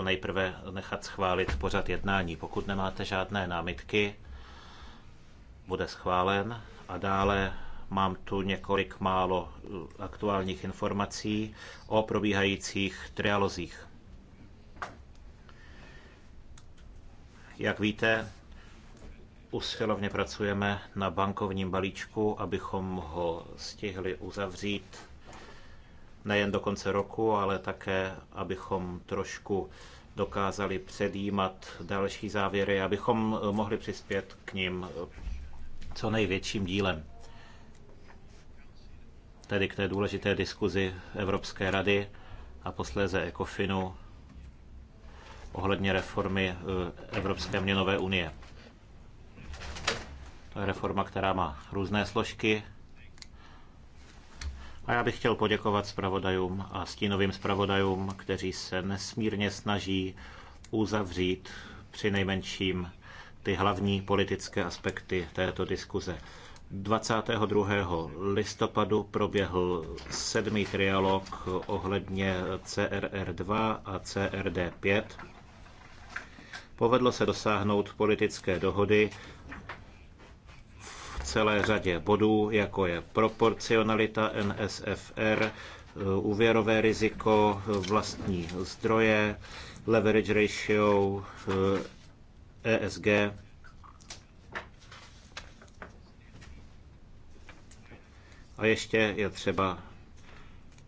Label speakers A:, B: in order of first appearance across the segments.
A: chtěl nejprve nechat schválit pořad jednání. Pokud nemáte žádné námitky, bude schválen. A dále mám tu několik málo eh, aktuálních informací o probíhajících trialozích. Jak víte, usilovně pracujeme na bankovním balíčku, abychom ho stihli uzavřít nejen do konce roku, ale také, abychom trošku dokázali předjímat další závěry, abychom eh, mohli přispět k ním eh, co největším dílem. Tedy k té důležité diskuzi Evropské rady a posléze ECOFINu ohledně reformy eh, Evropské měnové unie. To je reforma, která má různé složky, a já bych chtěl poděkovat zpravodajům a stínovým zpravodajům, kteří se nesmírně snaží uzavřít při nejmenším ty hlavní politické aspekty této diskuze. 22. listopadu proběhl sedmý trialog ohledně CRR2 a CRD5. Povedlo se dosáhnout politické dohody celé řadě bodů, jako je proporcionalita NSFR, úvěrové riziko, vlastní zdroje, leverage ratio, ESG. A ještě je třeba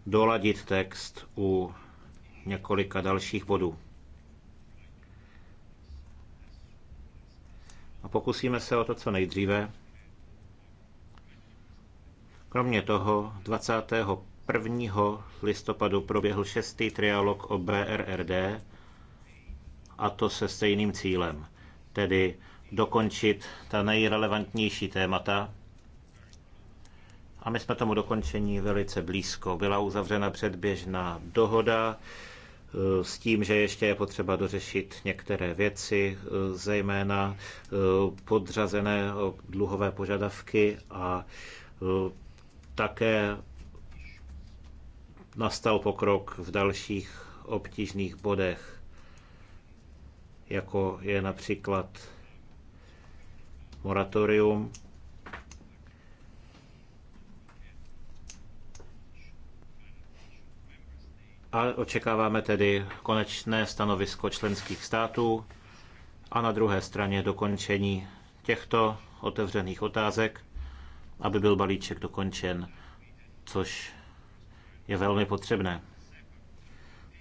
A: doladit text u několika dalších bodů. A pokusíme se o to co nejdříve. Kromě toho 21. listopadu proběhl šestý trialog o BRRD a to se stejným cílem, tedy dokončit ta nejrelevantnější témata. A my jsme tomu dokončení velice blízko. Byla uzavřena předběžná dohoda e, s tím, že ještě je potřeba dořešit některé věci, e, zejména e, podřazené dluhové požadavky a také nastal pokrok v dalších obtížných bodech, jako je například moratorium, a očekáváme tedy konečné stanovisko členských států a na druhé straně dokončení těchto otevřených otázek aby byl balíček dokončen, což je velmi potřebné.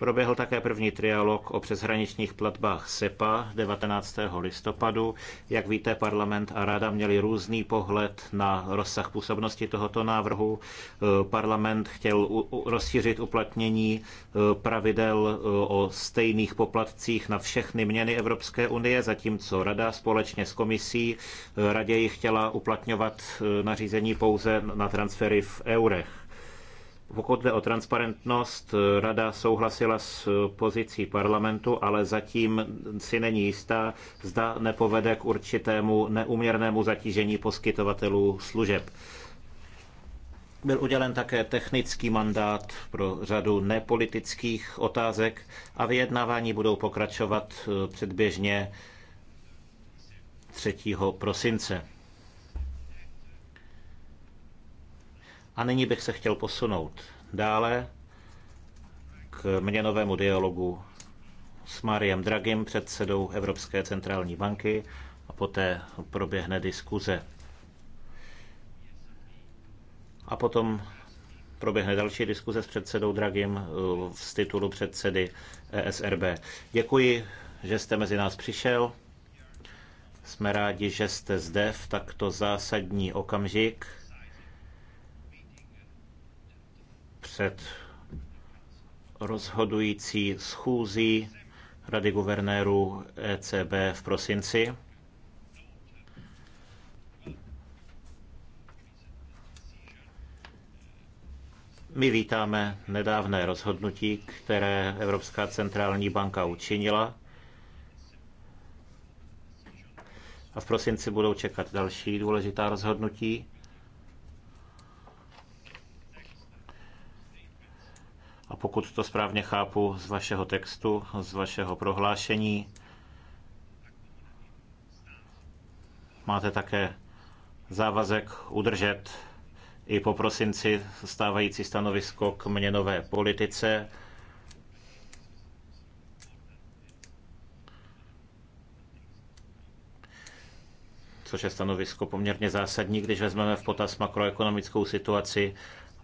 A: Proběhl také první trialog o přeshraničních platbách SEPA 19. listopadu. Jak víte, parlament a rada měli různý pohled na rozsah působnosti tohoto návrhu. Eh, parlament chtěl rozšířit uplatnění eh, pravidel eh, o stejných poplatcích na všechny měny Evropské unie, zatímco rada společně s komisí raději chtěla uplatňovat nařízení pouze na transfery v eurech. Pokud jde o transparentnost, rada souhlasila s pozicí parlamentu, ale zatím si není jistá, zda nepovede k určitému neuměrnému zatížení poskytovatelů služeb. Byl udělen také technický mandát pro řadu nepolitických otázek a vyjednávání budou pokračovat předběžně 3. prosince. A nyní bych se chtěl posunout dále k měnovému dialogu s Mariem Dragim, předsedou Evropské centrální banky, a poté proběhne diskuze. A potom proběhne další diskuze s předsedou Dragim eh, z titulu předsedy ESRB. Děkuji, že jste mezi nás přišel. Jsme rádi, že jste zde v takto zásadní okamžik. před rozhodující schůzí Rady guvernérů ECB v prosinci. My vítáme nedávné rozhodnutí, které Evropská centrální banka učinila. A v prosinci budou čekat další důležitá rozhodnutí. pokud to správně chápu z vašeho textu, z vašeho prohlášení, máte také závazek udržet i po prosinci stávající stanovisko k měnové politice. což je stanovisko poměrně zásadní, když vezmeme v potaz makroekonomickou situaci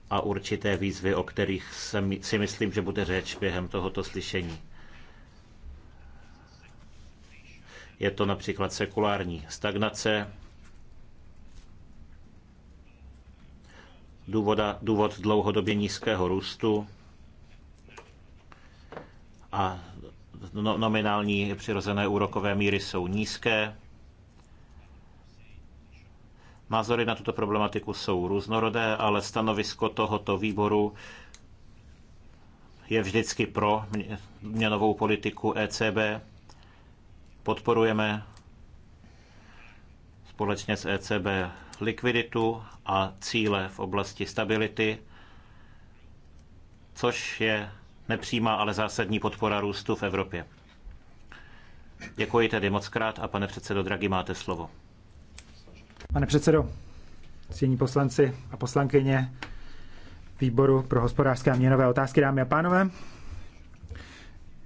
A: a určité výzvy, o kterých si myslím, že bude řeč během tohoto slyšení. Je to například sekulární stagnace, důvoda, důvod dlouhodobě nízkého růstu a no, nominální přirozené úrokové míry jsou nízké Názory na tuto problematiku jsou různorodé, ale stanovisko tohoto výboru je vždycky pro měnovou politiku ECB. Podporujeme společně s ECB likviditu a cíle v oblasti stability, což je nepřímá, ale zásadní podpora růstu v Evropě. Děkuji tedy moc krát a pane předsedo Draghi, máte slovo.
B: Pane předsedo, ctění poslanci a poslankyně výboru pro hospodářské a měnové otázky, dámy a pánové,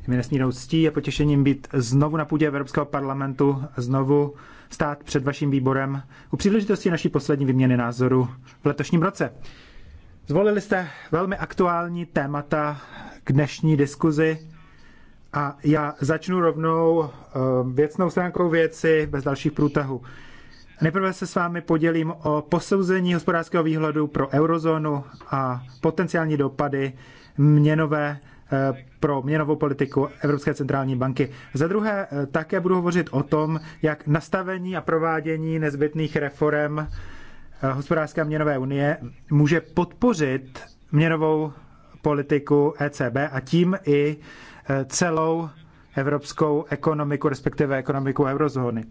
B: je mi nesmírnou ctí a potěšením být znovu na půdě Evropského parlamentu, znovu stát před vaším výborem u příležitosti naší poslední vyměny názoru v letošním roce. Zvolili jste velmi aktuální témata k dnešní diskuzi a já začnu rovnou eh, věcnou stránkou věci bez dalších průtahů. Nejprve se s vámi podělím o posouzení hospodářského výhledu pro eurozónu a potenciální dopady měnové eh, pro měnovou politiku Evropské centrální banky. Za druhé eh, také budu hovořit o tom, jak nastavení a provádění nezbytných reform eh, hospodářské měnové unie může podpořit měnovou politiku ECB a tím i celou evropskou ekonomiku, respektive ekonomiku eurozóny.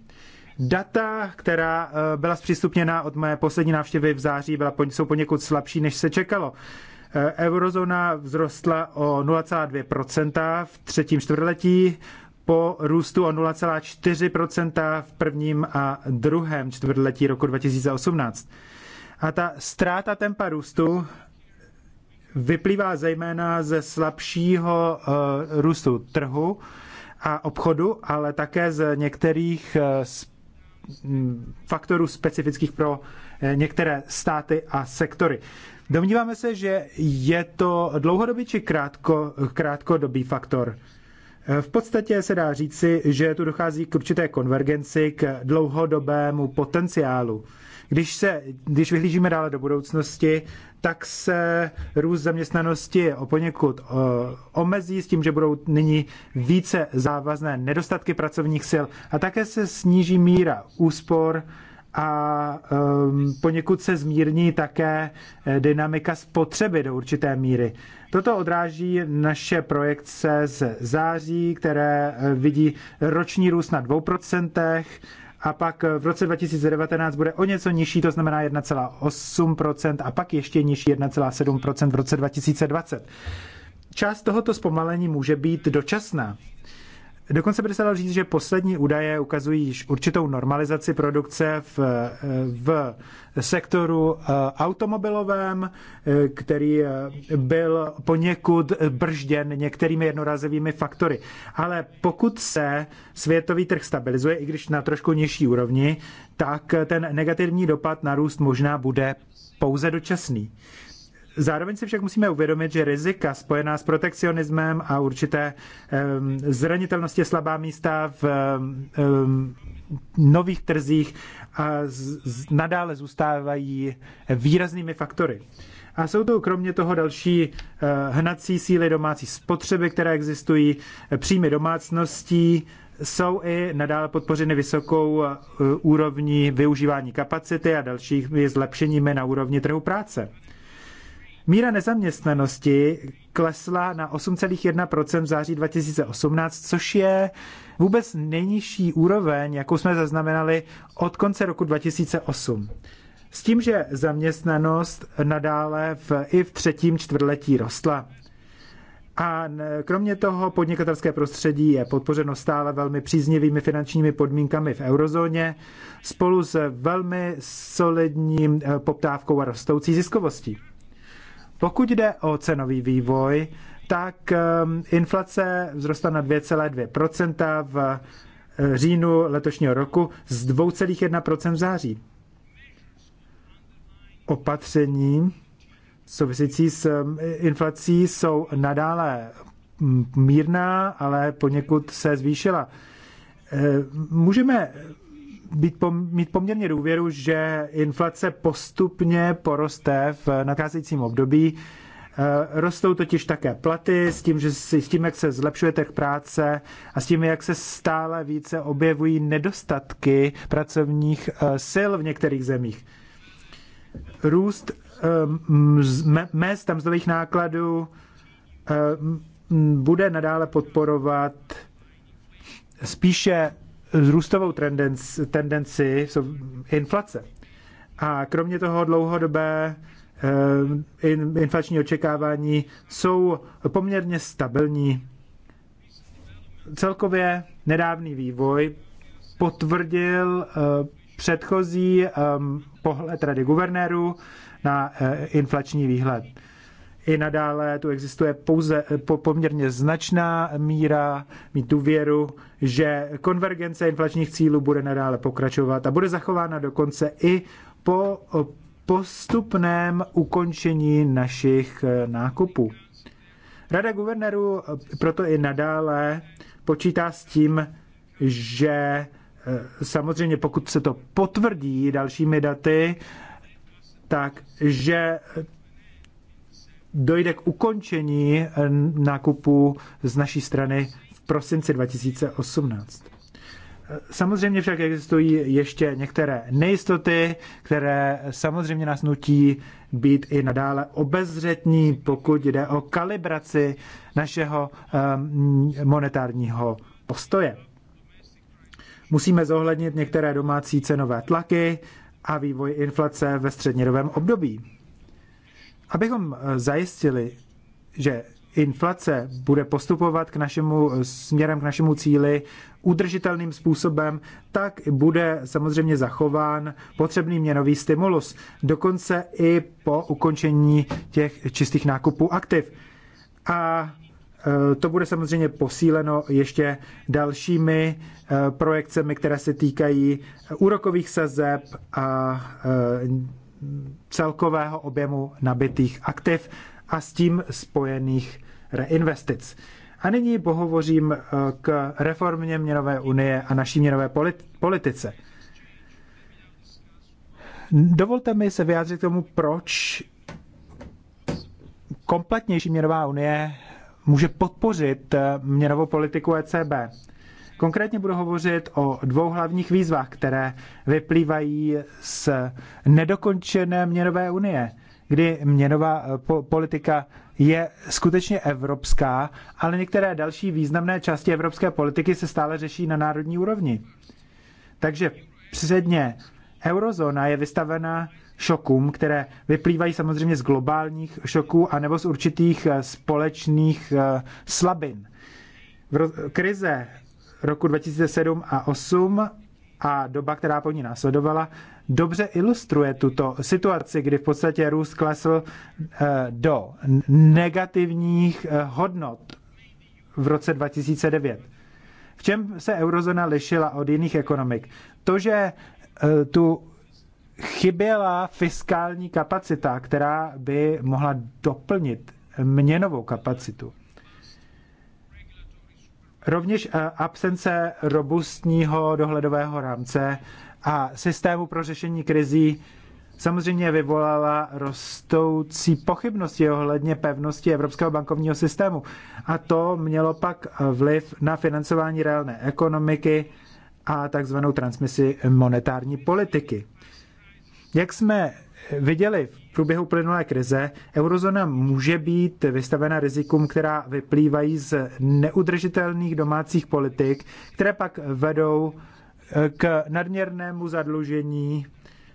B: Data, která eh, byla zpřístupněna od mé poslední návštěvy v září, byla, jsou poněkud slabší, než se čekalo. Eh, eurozóna vzrostla o 0,2% v třetím čtvrtletí, po růstu o 0,4% v prvním a druhém čtvrtletí roku 2018. A ta ztráta tempa růstu vyplývá zejména ze slabšího eh, růstu trhu a obchodu, ale také z některých z faktorů specifických pro eh, některé státy a sektory. Domníváme se, že je to dlouhodobý či krátko, krátkodobý faktor. Eh, v podstatě se dá říci, že tu dochází k určité konvergenci, k dlouhodobému potenciálu když, se, když vyhlížíme dále do budoucnosti, tak se růst zaměstnanosti o poněkud eh, omezí s tím, že budou nyní více závazné nedostatky pracovních sil a také se sníží míra úspor a um, poněkud se zmírní také eh, dynamika spotřeby do určité míry. Toto odráží naše projekce z září, které eh, vidí roční růst na 2%, a pak v roce 2019 bude o něco nižší, to znamená 1,8% a pak ještě nižší 1,7% v roce 2020. Část tohoto zpomalení může být dočasná. Dokonce by se dalo říct, že poslední údaje ukazují již určitou normalizaci produkce v, v sektoru eh, automobilovém, eh, který eh, byl poněkud bržděn některými jednorazovými faktory. Ale pokud se světový trh stabilizuje, i když na trošku nižší úrovni, tak ten negativní dopad na růst možná bude pouze dočasný. Zároveň si však musíme uvědomit, že rizika spojená s protekcionismem a určité zranitelnosti slabá místa v nových trzích a nadále zůstávají výraznými faktory. A jsou to kromě toho další eh, hnací síly domácí spotřeby, které existují, příjmy domácností, jsou i nadále podpořeny vysokou eh, úrovní využívání kapacity a dalšími zlepšeními na úrovni trhu práce. Míra nezaměstnanosti klesla na 8,1% v září 2018, což je vůbec nejnižší úroveň, jakou jsme zaznamenali od konce roku 2008. S tím, že zaměstnanost nadále v, i v třetím čtvrtletí rostla. A kromě toho podnikatelské prostředí je podpořeno stále velmi příznivými finančními podmínkami v eurozóně spolu s velmi solidním eh, poptávkou a rostoucí ziskovostí. Pokud jde o cenový vývoj, tak ehm, inflace vzrostla na 2,2% v eh, říjnu letošního roku z 2,1% v září. Opatření související s ehm, inflací jsou nadále mm, mírná, ale poněkud se zvýšila. Eh, můžeme být, mít poměrně důvěru, že inflace postupně poroste v nadcházejícím období. E, rostou totiž také platy s tím, že s tím, jak se zlepšuje trh práce a s tím, jak se stále více objevují nedostatky pracovních e, sil v některých zemích. Růst e, mest a mzdových nákladů bude nadále podporovat spíše zrůstovou tendenci, tendenci inflace. A kromě toho dlouhodobé eh, inflační očekávání jsou poměrně stabilní. Celkově nedávný vývoj potvrdil eh, předchozí eh, pohled Rady guvernérů na inflační výhled i nadále tu existuje pouze eh, po, poměrně značná míra mít důvěru, že konvergence inflačních cílů bude nadále pokračovat a bude zachována dokonce i po eh, postupném ukončení našich eh, nákupů. Rada guvernérů proto i nadále počítá s tím, že samozřejmě pokud se to potvrdí dalšími daty, tak že dojde k ukončení eh, nákupu z naší strany v prosinci 2018. Eh, samozřejmě však existují ještě některé nejistoty, které samozřejmě nás nutí být i nadále obezřetní, pokud jde o kalibraci našeho eh, monetárního postoje. Musíme zohlednit některé domácí cenové tlaky a vývoj inflace ve střednědobém období. Abychom eh, zajistili, že inflace bude postupovat k našemu, eh, směrem k našemu cíli udržitelným způsobem, tak bude samozřejmě zachován potřebný měnový stimulus, dokonce i po ukončení těch čistých nákupů aktiv. A eh, to bude samozřejmě posíleno ještě dalšími projekcemi, které se týkají úrokových sazeb a celkového objemu nabitých aktiv a s tím spojených reinvestic. A nyní pohovořím eh, k reformě měnové unie a naší měnové politice. Dovolte mi se vyjádřit k tomu, proč kompletnější měnová unie může podpořit eh, měnovou politiku ECB. Konkrétně budu hovořit o dvou hlavních výzvách, které vyplývají z nedokončené měnové unie, kdy měnová eh, politika je skutečně evropská, ale některé další významné části evropské politiky se stále řeší na národní úrovni. Takže předně eurozóna je vystavena šokům, které vyplývají samozřejmě z globálních šoků anebo z určitých eh, společných eh, slabin. Krize roku 2007 a 2008 a doba, která po ní následovala, dobře ilustruje tuto situaci, kdy v podstatě růst klesl eh, do negativních eh, hodnot v roce 2009. V čem se eurozona lišila od jiných ekonomik? To, že eh, tu chyběla fiskální kapacita, která by mohla doplnit měnovou kapacitu. Rovněž eh, absence robustního dohledového rámce a systému pro řešení krizí samozřejmě vyvolala rostoucí pochybnosti ohledně pevnosti evropského bankovního systému. A to mělo pak eh, vliv na financování reálné ekonomiky a takzvanou transmisi monetární politiky. Jak jsme viděli v průběhu plynulé krize, eurozóna může být vystavena rizikům, která vyplývají z neudržitelných domácích politik, které pak vedou eh, k nadměrnému zadlužení,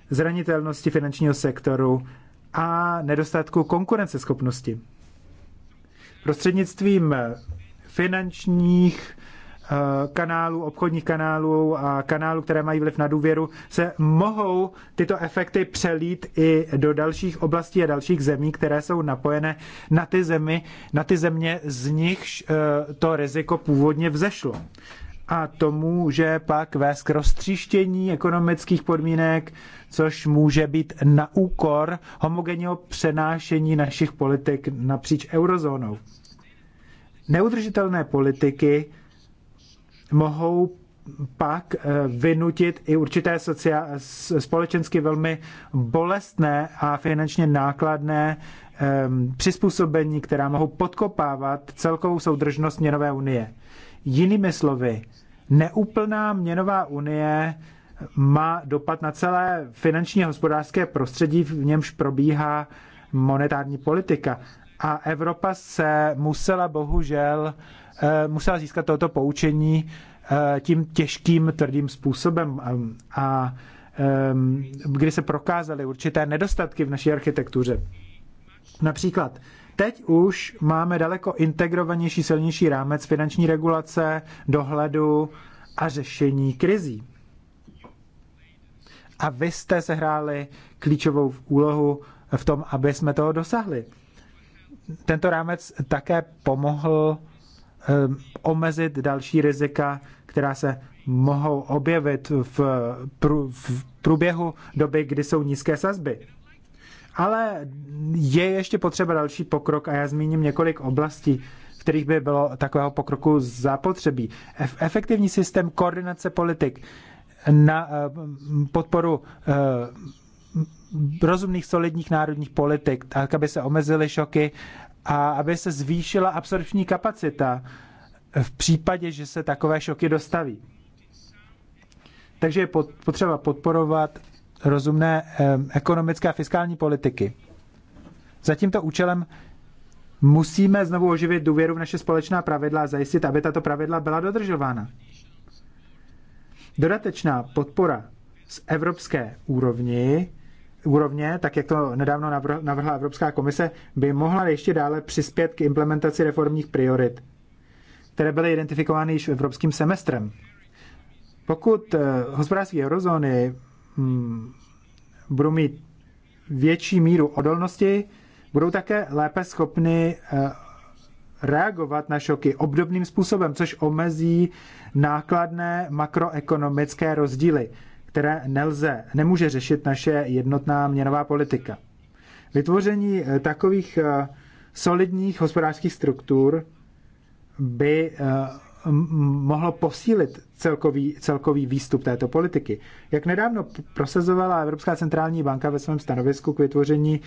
B: zranitelnosti finančního sektoru a nedostatku konkurenceschopnosti. Prostřednictvím finančních Eh, kanálů, obchodních kanálů a kanálů, které mají vliv na důvěru, se mohou tyto efekty přelít i do dalších oblastí a dalších zemí, které jsou napojené na ty, zemi, na ty země, z nichž eh, to riziko původně vzešlo. A to může pak vést k roztříštění ekonomických podmínek, což může být na úkor homogenního přenášení našich politik napříč eurozónou. Neudržitelné politiky mohou pak eh, vynutit i určité socia- společensky velmi bolestné a finančně nákladné ehm, přizpůsobení, která mohou podkopávat celkovou soudržnost měnové unie. Jinými slovy, neúplná měnová unie má dopad na celé finanční a hospodářské prostředí, v němž probíhá monetární politika. A Evropa se musela bohužel Eh, musela získat toto poučení eh, tím těžkým, tvrdým způsobem. A kdy se prokázaly určité nedostatky v naší architektuře. Například Teď už máme daleko integrovanější, silnější rámec finanční regulace, dohledu a řešení krizí. A vy jste sehráli klíčovou úlohu v tom, aby jsme toho dosahli. Tento rámec také pomohl Ehm, omezit další rizika, která se mohou objevit v, v průběhu doby, kdy jsou nízké sazby. Ale je ještě potřeba další pokrok a já zmíním několik oblastí, v kterých by bylo takového pokroku zapotřebí. Efektivní systém koordinace politik na ehm, podporu ehm, rozumných, solidních národních politik, tak aby se omezily šoky a aby se zvýšila absorpční kapacita v případě, že se takové šoky dostaví. Takže je potřeba podporovat rozumné ekonomické a fiskální politiky. Za tímto účelem musíme znovu oživit důvěru v naše společná pravidla a zajistit, aby tato pravidla byla dodržována. Dodatečná podpora z evropské úrovni úrovně, tak jak to nedávno navrhla Evropská komise, by mohla ještě dále přispět k implementaci reformních priorit, které byly identifikovány již evropským semestrem. Pokud eh, hospodářské eurozóny hmm, budou mít větší míru odolnosti, budou také lépe schopny eh, reagovat na šoky obdobným způsobem, což omezí nákladné makroekonomické rozdíly které nelze, nemůže řešit naše jednotná měnová politika. Vytvoření eh, takových eh, solidních hospodářských struktur by eh, mohlo posílit celkový, celkový výstup této politiky. Jak nedávno prosazovala Evropská centrální banka ve svém stanovisku k vytvoření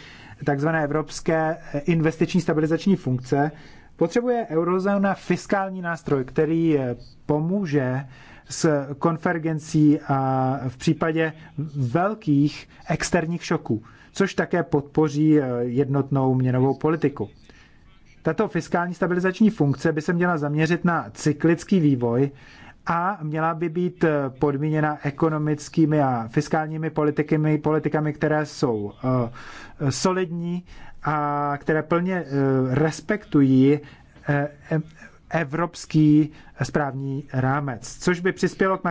B: tzv. Evropské investiční stabilizační funkce, potřebuje eurozóna fiskální nástroj, který pomůže s konvergencí a v případě velkých externích šoků, což také podpoří eh, jednotnou měnovou politiku. Tato fiskální stabilizační funkce by se měla zaměřit na cyklický vývoj a měla by být eh, podmíněna ekonomickými a fiskálními politikami, politikami které jsou eh, solidní a které plně respektují evropský správní rámec, což by přispělo k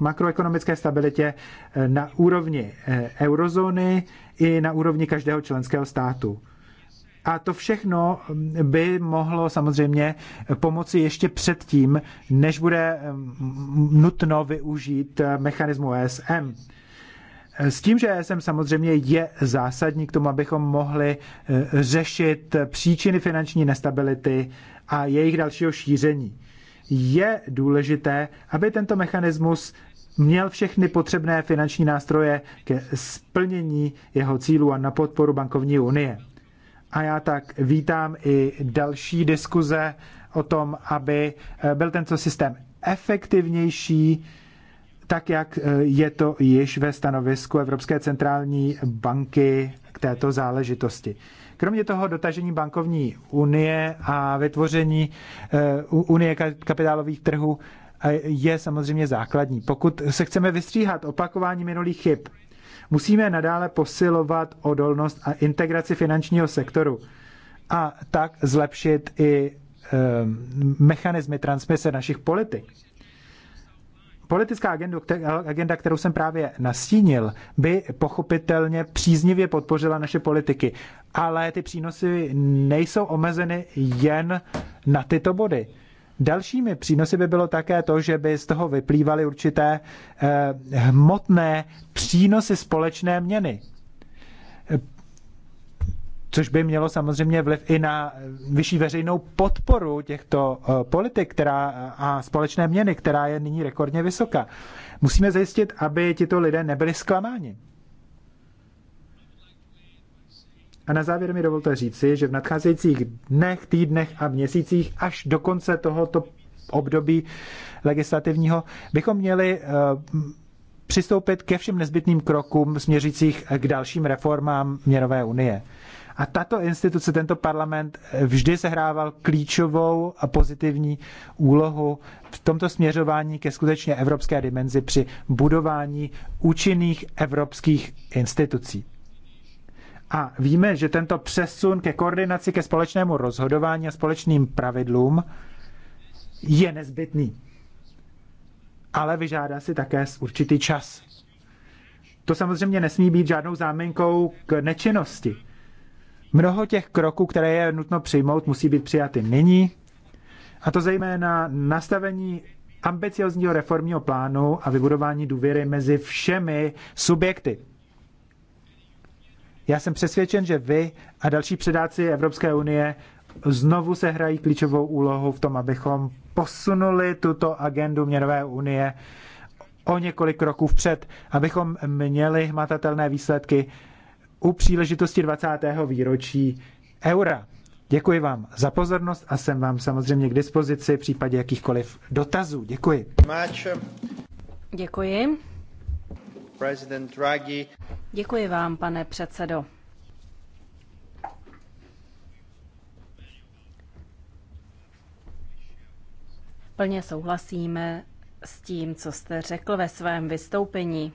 B: makroekonomické stabilitě eh, na úrovni eh, eurozóny i na úrovni každého členského státu. A to všechno mm, by mohlo samozřejmě pomoci ještě předtím, než bude mm, nutno využít eh, mechanismu ESM. S tím, že ESM samozřejmě je zásadní k tomu, abychom mohli řešit příčiny finanční nestability a jejich dalšího šíření. Je důležité, aby tento mechanismus měl všechny potřebné finanční nástroje ke splnění jeho cílu a na podporu bankovní unie. A já tak vítám i další diskuze o tom, aby eh, byl tento systém efektivnější, tak jak eh, je to již ve stanovisku Evropské centrální banky k této záležitosti. Kromě toho dotažení bankovní unie a vytvoření eh, unie kapitálových trhů eh, je samozřejmě základní. Pokud se chceme vystříhat opakování minulých chyb, musíme nadále posilovat odolnost a integraci finančního sektoru a tak zlepšit i eh, mechanismy transmise našich politik politická agenda, agenda, kterou jsem právě nastínil, by pochopitelně příznivě podpořila naše politiky, ale ty přínosy nejsou omezeny jen na tyto body. Dalšími přínosy by bylo také to, že by z toho vyplývaly určité eh, hmotné přínosy společné měny což by mělo samozřejmě vliv i na vyšší veřejnou podporu těchto eh, politik která, a společné měny, která je nyní rekordně vysoká. Musíme zajistit, aby tito lidé nebyli zklamáni. A na závěr mi dovolte říci, že v nadcházejících dnech, týdnech a měsících až do konce tohoto období legislativního bychom měli eh, přistoupit ke všem nezbytným krokům směřících k dalším reformám měnové unie. A tato instituce, tento parlament vždy sehrával klíčovou a pozitivní úlohu v tomto směřování ke skutečně evropské dimenzi při budování účinných evropských institucí. A víme, že tento přesun ke koordinaci, ke společnému rozhodování a společným pravidlům je nezbytný. Ale vyžádá si také určitý čas. To samozřejmě nesmí být žádnou záminkou k nečinnosti Mnoho těch kroků, které je nutno přijmout, musí být přijaty nyní, a to zejména nastavení ambiciozního reformního plánu a vybudování důvěry mezi všemi subjekty. Já jsem přesvědčen, že vy a další předáci Evropské unie znovu se hrají klíčovou úlohu v tom, abychom posunuli tuto agendu měnové unie o několik kroků vpřed, abychom měli hmatatelné výsledky u příležitosti 20. výročí eura. Děkuji vám za pozornost a jsem vám samozřejmě k dispozici v případě jakýchkoliv dotazů. Děkuji.
C: Děkuji. President Draghi. Děkuji vám, pane předsedo. Plně souhlasíme s tím, co jste řekl ve svém vystoupení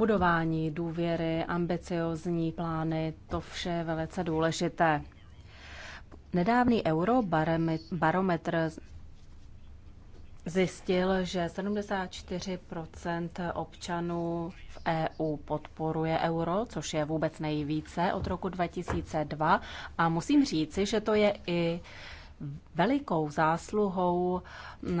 C: budování důvěry, ambiciozní plány, to vše je velice důležité. Nedávný eurobarometr zjistil, že 74 občanů v EU podporuje euro, což je vůbec nejvíce od roku 2002. A musím říci, že to je i velikou zásluhou eh,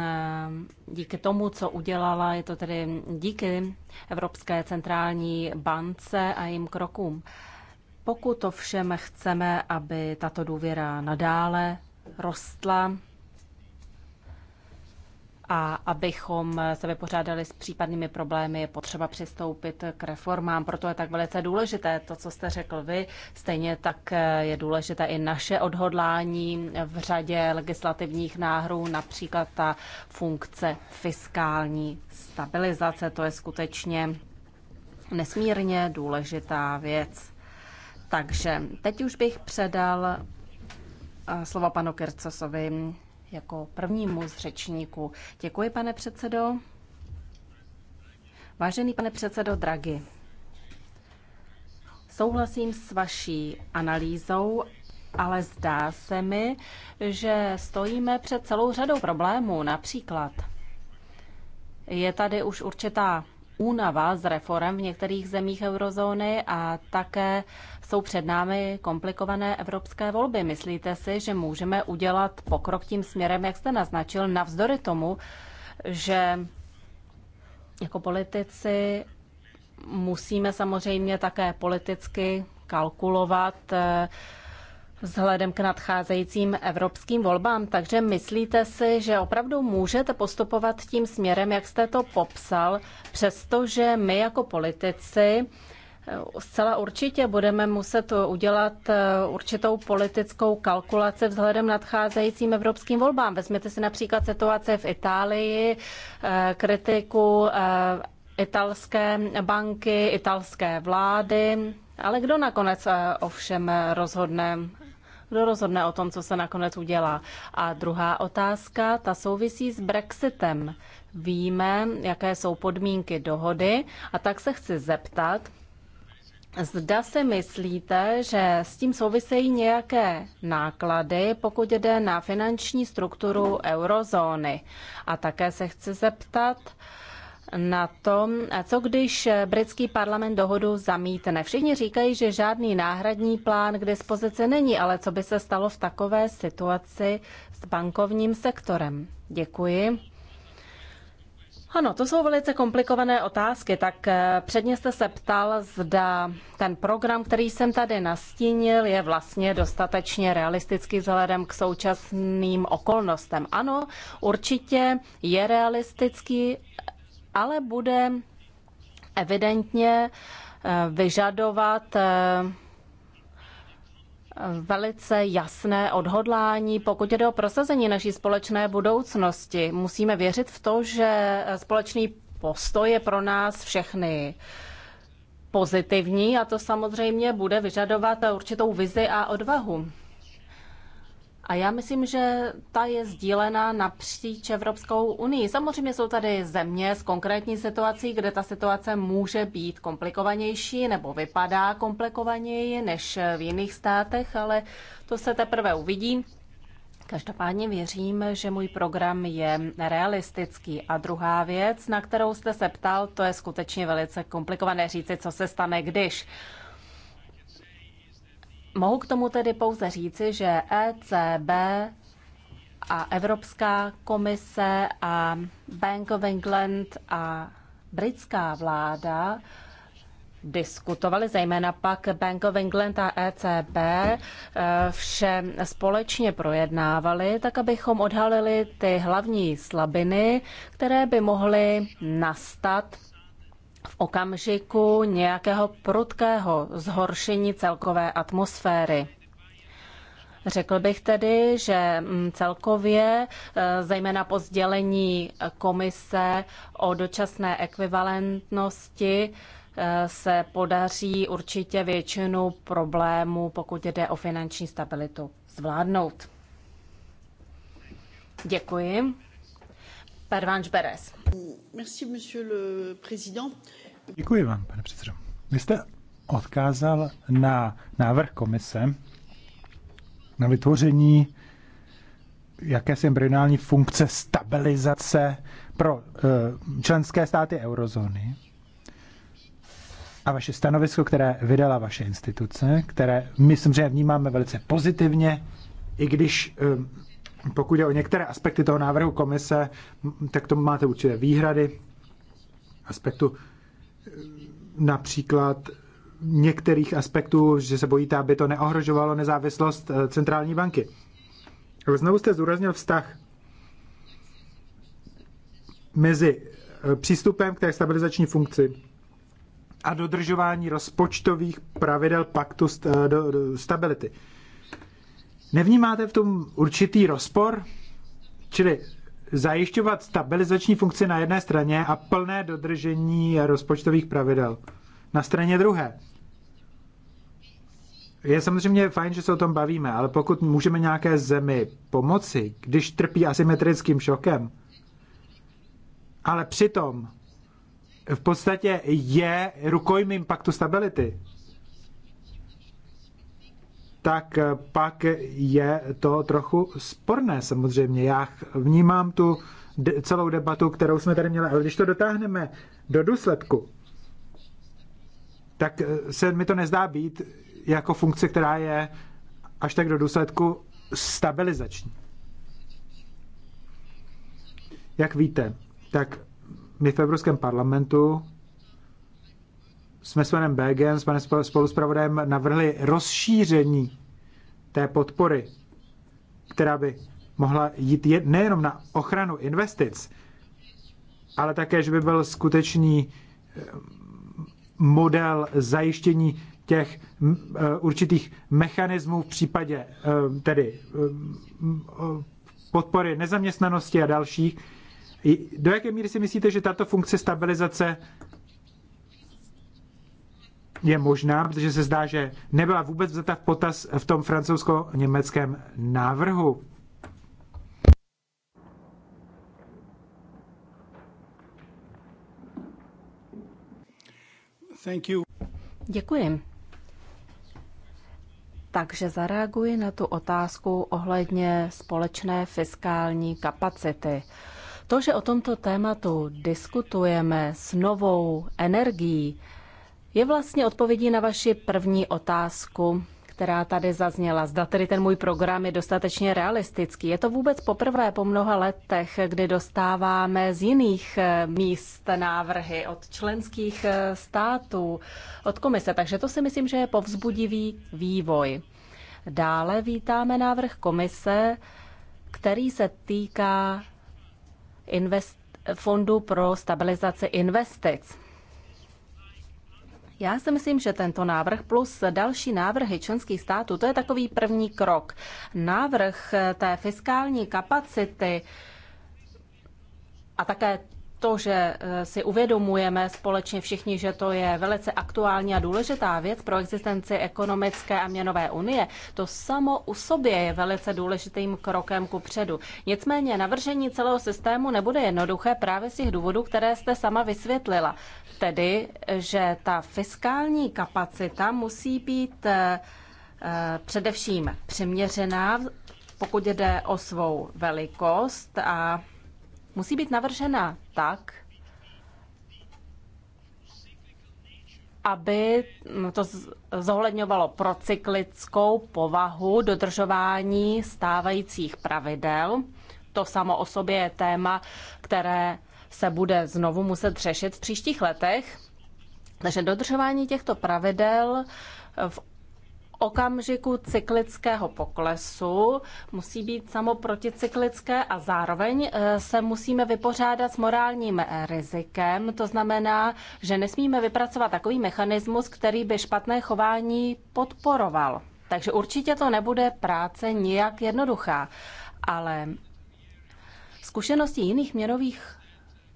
C: díky tomu, co udělala, je to tedy díky Evropské centrální bance a jejím krokům. Pokud to všem chceme, aby tato důvěra nadále rostla, a abychom se vypořádali s případnými problémy, je potřeba přistoupit k reformám. Proto je tak velice důležité to, co jste řekl vy. Stejně tak eh, je důležité i naše odhodlání v řadě legislativních náhrů, například ta funkce fiskální stabilizace. To je skutečně nesmírně důležitá věc. Takže teď už bych předal eh, slova panu Kircosovi jako prvnímu z řečníků. Děkuji, pane předsedo. Vážený pane předsedo Draghi, souhlasím s vaší analýzou, ale zdá se mi, že stojíme před celou řadou problémů. Například je tady už určitá únava z reform v některých zemích eurozóny a také jsou před námi komplikované evropské volby. Myslíte si, že můžeme udělat pokrok tím směrem, jak jste naznačil, navzdory tomu, že jako politici musíme samozřejmě také politicky kalkulovat eh, vzhledem k nadcházejícím evropským volbám. Takže myslíte si, že opravdu můžete postupovat tím směrem, jak jste to popsal, přestože my jako politici eh, Zcela určitě budeme muset udělat eh, určitou politickou kalkulaci vzhledem nadcházejícím evropským volbám. Vezměte si například situace v Itálii, eh, kritiku italské banky, italské vlády, ale kdo nakonec ovšem rozhodne kdo rozhodne o tom, co se nakonec udělá? A druhá otázka, ta souvisí s Brexitem. Víme, jaké jsou podmínky dohody a tak se chci zeptat, Zda si myslíte, že s tím souvisejí nějaké náklady, pokud jde na finanční strukturu eurozóny? A také se chci zeptat, na to, co když britský parlament dohodu zamítne. Všichni říkají, že žádný náhradní plán k dispozici není, ale co by se stalo v takové situaci s bankovním sektorem? Děkuji. Ano, to jsou velice komplikované otázky, tak eh, předně jste se ptal, zda ten program, který jsem tady nastínil, je vlastně dostatečně realistický vzhledem k současným okolnostem. Ano, určitě je realistický, ale bude evidentně eh, vyžadovat eh, velice jasné odhodlání, pokud jde o prosazení naší společné budoucnosti. Musíme věřit v to, že společný postoj je pro nás všechny pozitivní a to samozřejmě bude vyžadovat určitou vizi a odvahu. A já myslím, že ta je sdílená napříč Evropskou unii. Samozřejmě jsou tady země s konkrétní situací, kde ta situace může být komplikovanější nebo vypadá komplikovaněji než v jiných státech, ale to se teprve uvidí. Každopádně věřím, že můj program je realistický. A druhá věc, na kterou jste se ptal, to je skutečně velice komplikované říci, co se stane, když. Mohu k tomu tedy pouze říci, že ECB a Evropská komise a Bank of England a britská vláda diskutovali, zejména pak Bank of England a ECB eh, vše společně projednávali, tak abychom odhalili ty hlavní slabiny, které by mohly nastat okamžiku nějakého prudkého zhoršení celkové atmosféry. Řekl bych tedy, že mm, celkově, e, zejména po sdělení komise o dočasné ekvivalentnosti, e, se podaří určitě většinu problémů, pokud jde o finanční stabilitu, zvládnout. Děkuji. Pervanš Beres. Merci, monsieur le président.
B: Děkuji vám, pane předsedo. Vy jste odkázal na návrh komise na vytvoření jakési embryonální funkce stabilizace pro eh, členské státy eurozóny. A vaše stanovisko, které vydala vaše instituce, které myslím, že vnímáme velice pozitivně, i když eh, pokud je o některé aspekty toho návrhu komise, tak tomu máte určité výhrady aspektu například některých aspektů, že se bojíte, aby to neohrožovalo nezávislost eh, centrální banky. Ale znovu jste zúraznil vztah mezi eh, přístupem k té stabilizační funkci a dodržování rozpočtových pravidel paktu eh, stability. Nevnímáte v tom určitý rozpor? Čili zajišťovat stabilizační funkci na jedné straně a plné dodržení rozpočtových pravidel na straně druhé. Je samozřejmě fajn, že se o tom bavíme, ale pokud můžeme nějaké zemi pomoci, když trpí asymetrickým šokem, ale přitom v podstatě je rukojmím paktu stability, tak eh, pak je to trochu sporné samozřejmě. Já vnímám tu celou debatu, kterou jsme tady měli, ale když to dotáhneme do důsledku, tak eh, se mi to nezdá být jako funkce, která je až tak do důsledku stabilizační. Jak víte, tak my v Evropském parlamentu jsme s panem Begem, s panem spoluspravodajem navrhli rozšíření té podpory, která by mohla jít nejenom na ochranu investic, ale také, že by byl skutečný eh, model zajištění těch eh, určitých mechanismů v případě eh, tedy podpory nezaměstnanosti a dalších. Do jaké míry si myslíte, že tato funkce stabilizace je možná, protože se zdá, že nebyla vůbec vzata v potaz v tom francouzsko-německém návrhu. Thank you.
C: Děkuji. Takže zareaguji na tu otázku ohledně společné fiskální kapacity. To, že o tomto tématu diskutujeme s novou energií, je vlastně odpovědí na vaši první otázku, která tady zazněla. Zda tedy ten můj program je dostatečně realistický. Je to vůbec poprvé po mnoha letech, kdy dostáváme z jiných eh, míst návrhy od členských eh, států, od komise, takže to si myslím, že je povzbudivý vývoj. Dále vítáme návrh komise, který se týká invest- fondu pro stabilizaci investic. Já si myslím, že tento návrh plus další návrhy členských států, to je takový první krok. Návrh té fiskální kapacity a také to, že eh, si uvědomujeme společně všichni, že to je velice aktuální a důležitá věc pro existenci ekonomické a měnové unie, to samo u sobě je velice důležitým krokem ku předu. Nicméně navržení celého systému nebude jednoduché právě z těch důvodů, které jste sama vysvětlila. Tedy, že ta fiskální kapacita musí být eh, eh, především přiměřená, pokud jde o svou velikost a musí být navržena tak, aby to zohledňovalo procyklickou povahu dodržování stávajících pravidel. To samo o sobě je téma, které se bude znovu muset řešit v příštích letech. Takže dodržování těchto pravidel v okamžiku cyklického poklesu musí být samo proticyklické a zároveň eh, se musíme vypořádat s morálním eh, rizikem. To znamená, že nesmíme vypracovat takový mechanismus, který by špatné chování podporoval. Takže určitě to nebude práce nijak jednoduchá, ale zkušenosti jiných měnových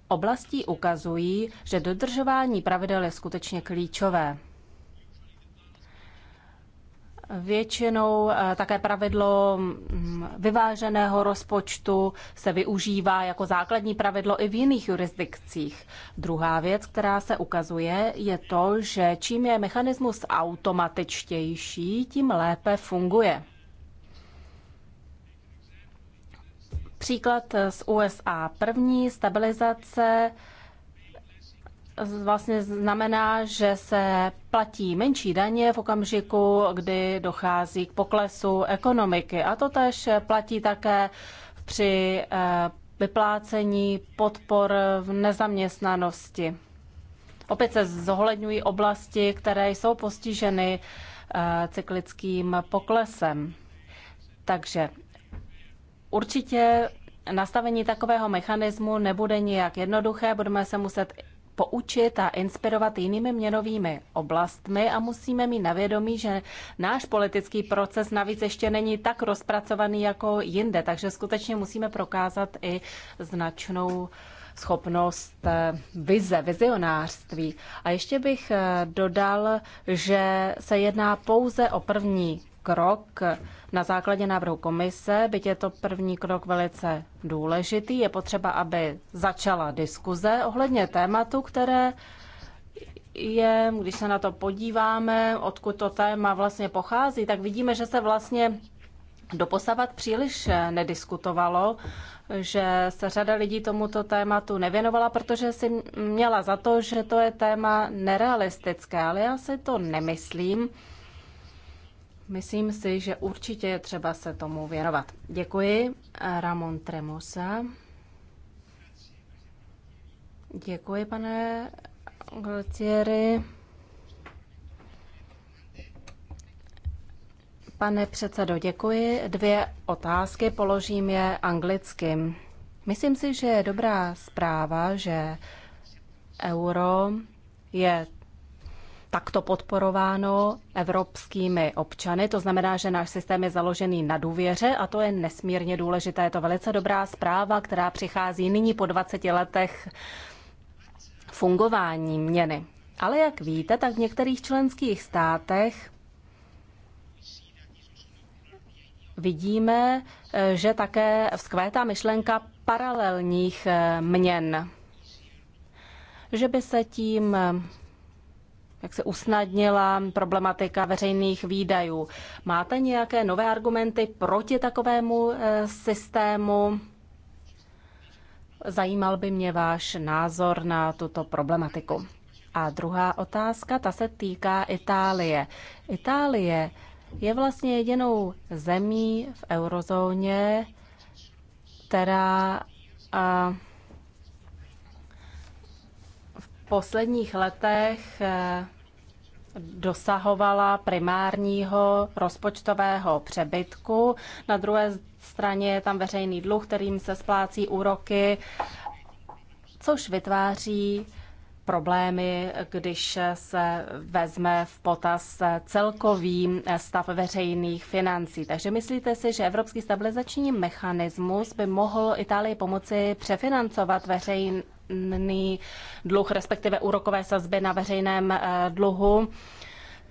C: oblastí ukazují, že dodržování pravidel je skutečně klíčové. Většinou eh, také pravidlo mm, vyváženého rozpočtu se využívá jako základní pravidlo i v jiných jurisdikcích. Druhá věc, která se ukazuje, je to, že čím je mechanismus automatičtější, tím lépe funguje. Příklad z USA. První stabilizace vlastně znamená, že se platí menší daně v okamžiku, kdy dochází k poklesu ekonomiky. A to tež platí také při eh, vyplácení podpor v nezaměstnanosti. Opět se zohledňují oblasti, které jsou postiženy eh, cyklickým poklesem. Takže určitě nastavení takového mechanismu nebude nijak jednoduché, budeme se muset poučit a inspirovat jinými měnovými oblastmi a musíme mít na vědomí, že náš politický proces navíc ještě není tak rozpracovaný jako jinde, takže skutečně musíme prokázat i značnou schopnost eh, vize, vizionářství. A ještě bych eh, dodal, že se jedná pouze o první krok na základě návrhu komise, byť je to první krok velice důležitý. Je potřeba, aby začala diskuze ohledně tématu, které je, když se na to podíváme, odkud to téma vlastně pochází, tak vidíme, že se vlastně doposavat příliš nediskutovalo, že se řada lidí tomuto tématu nevěnovala, protože si měla za to, že to je téma nerealistické, ale já si to nemyslím. Myslím si, že určitě je třeba se tomu věnovat. Děkuji, Ramon Tremosa. Děkuji, pane Glotieri. Pane předsedo, děkuji. Dvě otázky položím je anglicky. Myslím si, že je dobrá zpráva, že euro je takto podporováno evropskými občany. To znamená, že náš systém je založený na důvěře a to je nesmírně důležité. Je to velice dobrá zpráva, která přichází nyní po 20 letech fungování měny. Ale jak víte, tak v některých členských státech vidíme, že také vzkvétá myšlenka paralelních měn. Že by se tím jak se usnadnila problematika veřejných výdajů. Máte nějaké nové argumenty proti takovému eh, systému? Zajímal by mě váš názor na tuto problematiku. A druhá otázka, ta se týká Itálie. Itálie je vlastně jedinou zemí v eurozóně, která v posledních letech eh, dosahovala primárního rozpočtového přebytku. Na druhé straně je tam veřejný dluh, kterým se splácí úroky, což vytváří problémy, když se vezme v potaz celkový stav veřejných financí. Takže myslíte si, že Evropský stabilizační mechanismus by mohl Itálii pomoci přefinancovat veřejný dluh, respektive úrokové sazby na veřejném eh, dluhu,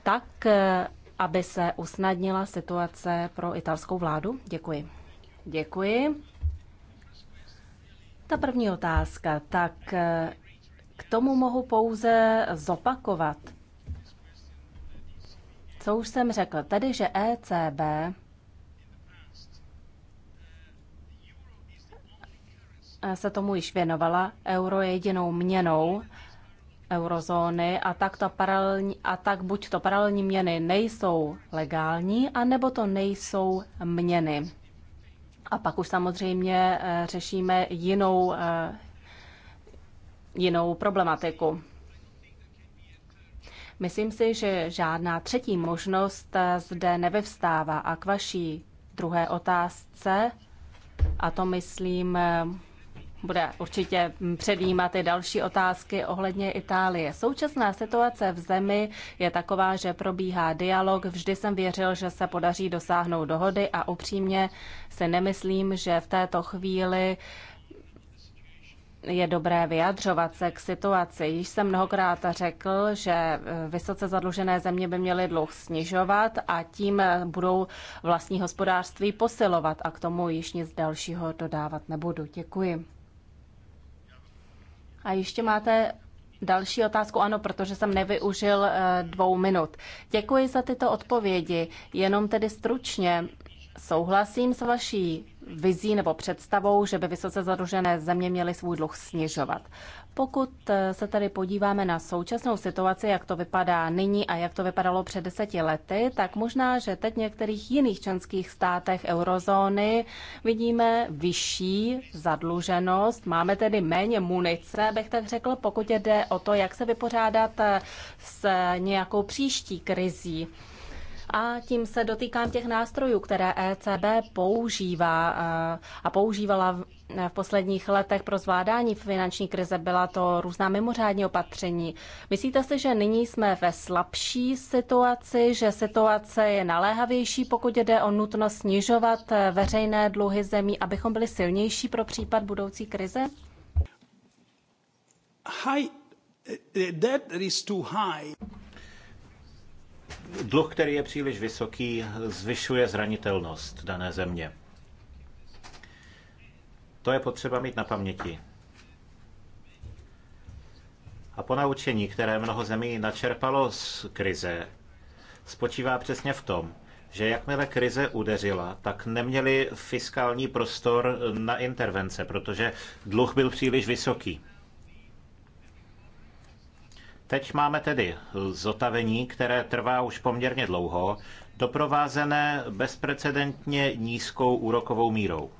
C: tak, eh, aby se usnadnila situace pro italskou vládu? Děkuji. Děkuji. Ta první otázka. Tak eh, k tomu mohu pouze zopakovat, co už jsem řekl, tedy že ECB se tomu již věnovala. Euro je jedinou měnou eurozóny a tak, to paralelní, a tak buď to paralelní měny nejsou legální, anebo to nejsou měny. A pak už samozřejmě eh, řešíme jinou eh, jinou problematiku. Myslím si, že žádná třetí možnost zde nevyvstává. A k vaší druhé otázce, a to myslím, bude určitě předjímat i další otázky ohledně Itálie. Současná situace v zemi je taková, že probíhá dialog. Vždy jsem věřil, že se podaří dosáhnout dohody a upřímně si nemyslím, že v této chvíli je dobré vyjadřovat se k situaci. Již jsem mnohokrát řekl, že vysoce zadlužené země by měly dluh snižovat a tím budou vlastní hospodářství posilovat a k tomu již nic dalšího dodávat nebudu. Děkuji. A ještě máte další otázku, ano, protože jsem nevyužil eh, dvou minut. Děkuji za tyto odpovědi. Jenom tedy stručně souhlasím s vaší vizí nebo představou, že by vysoce zadlužené země měly svůj dluh snižovat. Pokud eh, se tady podíváme na současnou situaci, jak to vypadá nyní a jak to vypadalo před deseti lety, tak možná, že teď v některých jiných členských státech eurozóny vidíme vyšší zadluženost. Máme tedy méně munice, bych tak řekl, pokud jde o to, jak se vypořádat eh, s nějakou příští krizí a tím se dotýkám těch nástrojů, které ECB používá eh, a používala eh, v posledních letech pro zvládání finanční krize. Byla to různá mimořádní opatření. Myslíte si, že nyní jsme ve slabší situaci, že situace je naléhavější, pokud jde o nutnost snižovat eh, veřejné dluhy zemí, abychom byli silnější pro případ budoucí krize?
A: High, that is too high dluh, který je příliš vysoký, zvyšuje zranitelnost dané země. To je potřeba mít na paměti. A ponaučení, které mnoho zemí načerpalo z krize, spočívá přesně v tom, že jakmile krize udeřila, tak neměli fiskální prostor na intervence, protože dluh byl příliš vysoký. Teď máme tedy zotavení, které trvá už poměrně dlouho, doprovázené bezprecedentně nízkou úrokovou mírou.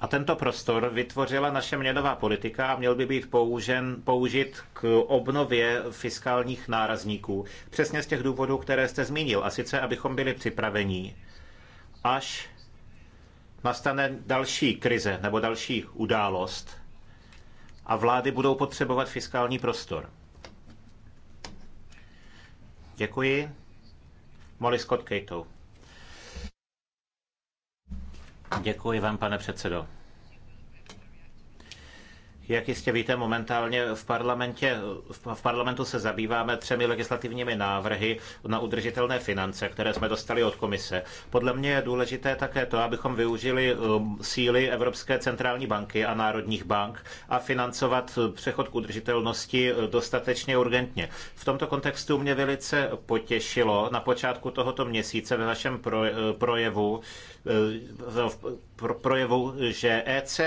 A: A tento prostor vytvořila naše měnová politika a měl by být použen, použit k obnově fiskálních nárazníků. Přesně z těch důvodů, které jste zmínil. A sice, abychom byli připraveni, až nastane další krize nebo další událost, a vlády budou potřebovat fiskální prostor. Děkuji. Molly Scott Cato. Děkuji vám, pane předsedo. Jak jistě víte, momentálně v, parlamentě, v parlamentu se zabýváme třemi legislativními návrhy na udržitelné finance, které jsme dostali od komise. Podle mě je důležité také to, abychom využili eh, síly Evropské centrální banky a národních bank a financovat přechod k udržitelnosti eh, dostatečně urgentně. V tomto kontextu mě velice potěšilo na počátku tohoto měsíce ve vašem eh, projevu, projevu že ECB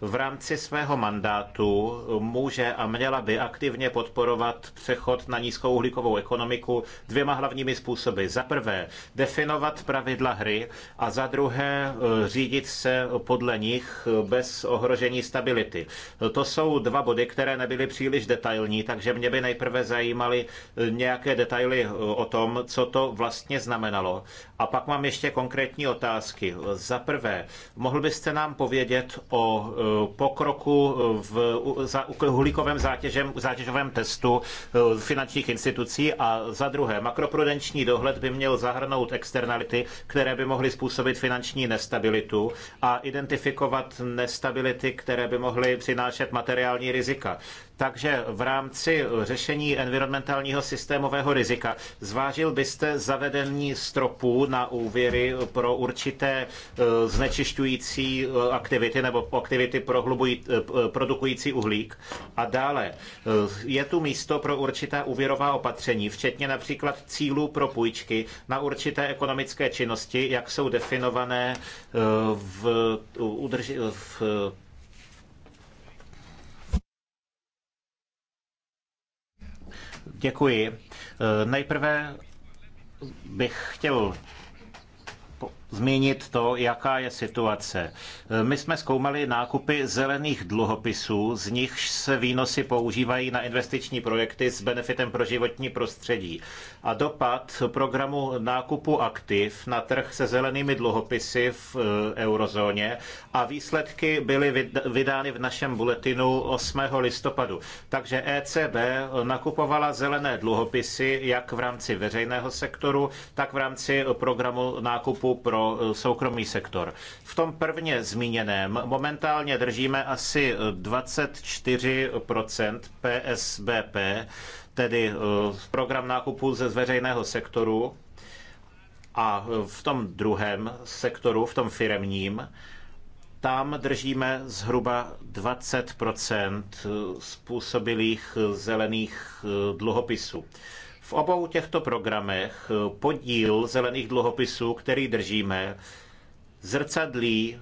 A: v rámci svého mandátu může a měla by aktivně podporovat přechod na nízkouhlíkovou ekonomiku dvěma hlavními způsoby. Za prvé definovat pravidla hry a za druhé eh, řídit se podle nich bez ohrožení stability. To jsou dva body, které nebyly příliš detailní, takže mě by nejprve zajímaly eh, nějaké detaily eh, o tom, co to vlastně znamenalo. A pak mám ještě konkrétní otázky. Za prvé, mohl byste nám povědět o pokroku účinku v uhlíkovém zátěžem, zátěžovém testu eh, finančních institucí a za druhé, makroprudenční dohled by měl zahrnout externality, které by mohly způsobit finanční nestabilitu a identifikovat nestability, které by mohly přinášet materiální rizika. Takže v rámci řešení environmentálního systémového rizika zvážil byste zavedení stropů na úvěry pro určité e, znečišťující e, aktivity nebo aktivity prohlubují, e, produkující uhlík. A dále je tu místo pro určitá úvěrová opatření, včetně například cílů pro půjčky na určité ekonomické činnosti, jak jsou definované v, udrži, v Děkuji. Eh, nejprve bych chtěl zmínit to, jaká je situace. Eh, my jsme zkoumali nákupy zelených dluhopisů, z nichž se výnosy používají na investiční projekty s benefitem pro životní prostředí a dopad programu nákupu aktiv na trh se zelenými dluhopisy v eh, eurozóně a výsledky byly vydány v našem buletinu 8. listopadu. Takže ECB nakupovala zelené dluhopisy jak v rámci veřejného sektoru, tak v rámci programu nákupu pro eh, soukromý sektor. V tom prvně zmíněném momentálně držíme asi 24% PSBP, tedy eh, program nákupů ze veřejného sektoru a v tom druhém sektoru, v tom firemním, tam držíme zhruba 20 eh, způsobilých eh, zelených dluhopisů. V obou těchto programech podíl zelených dluhopisů, který držíme, zrcadlí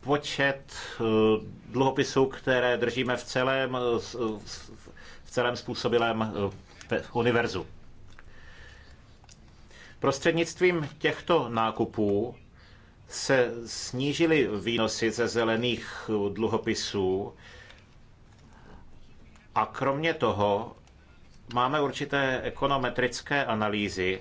A: počet eh, dluhopisů, které držíme v celém, eh, v celém způsobilém eh, univerzu. Prostřednictvím těchto nákupů se snížily výnosy ze zelených dluhopisů a kromě toho máme určité ekonometrické analýzy,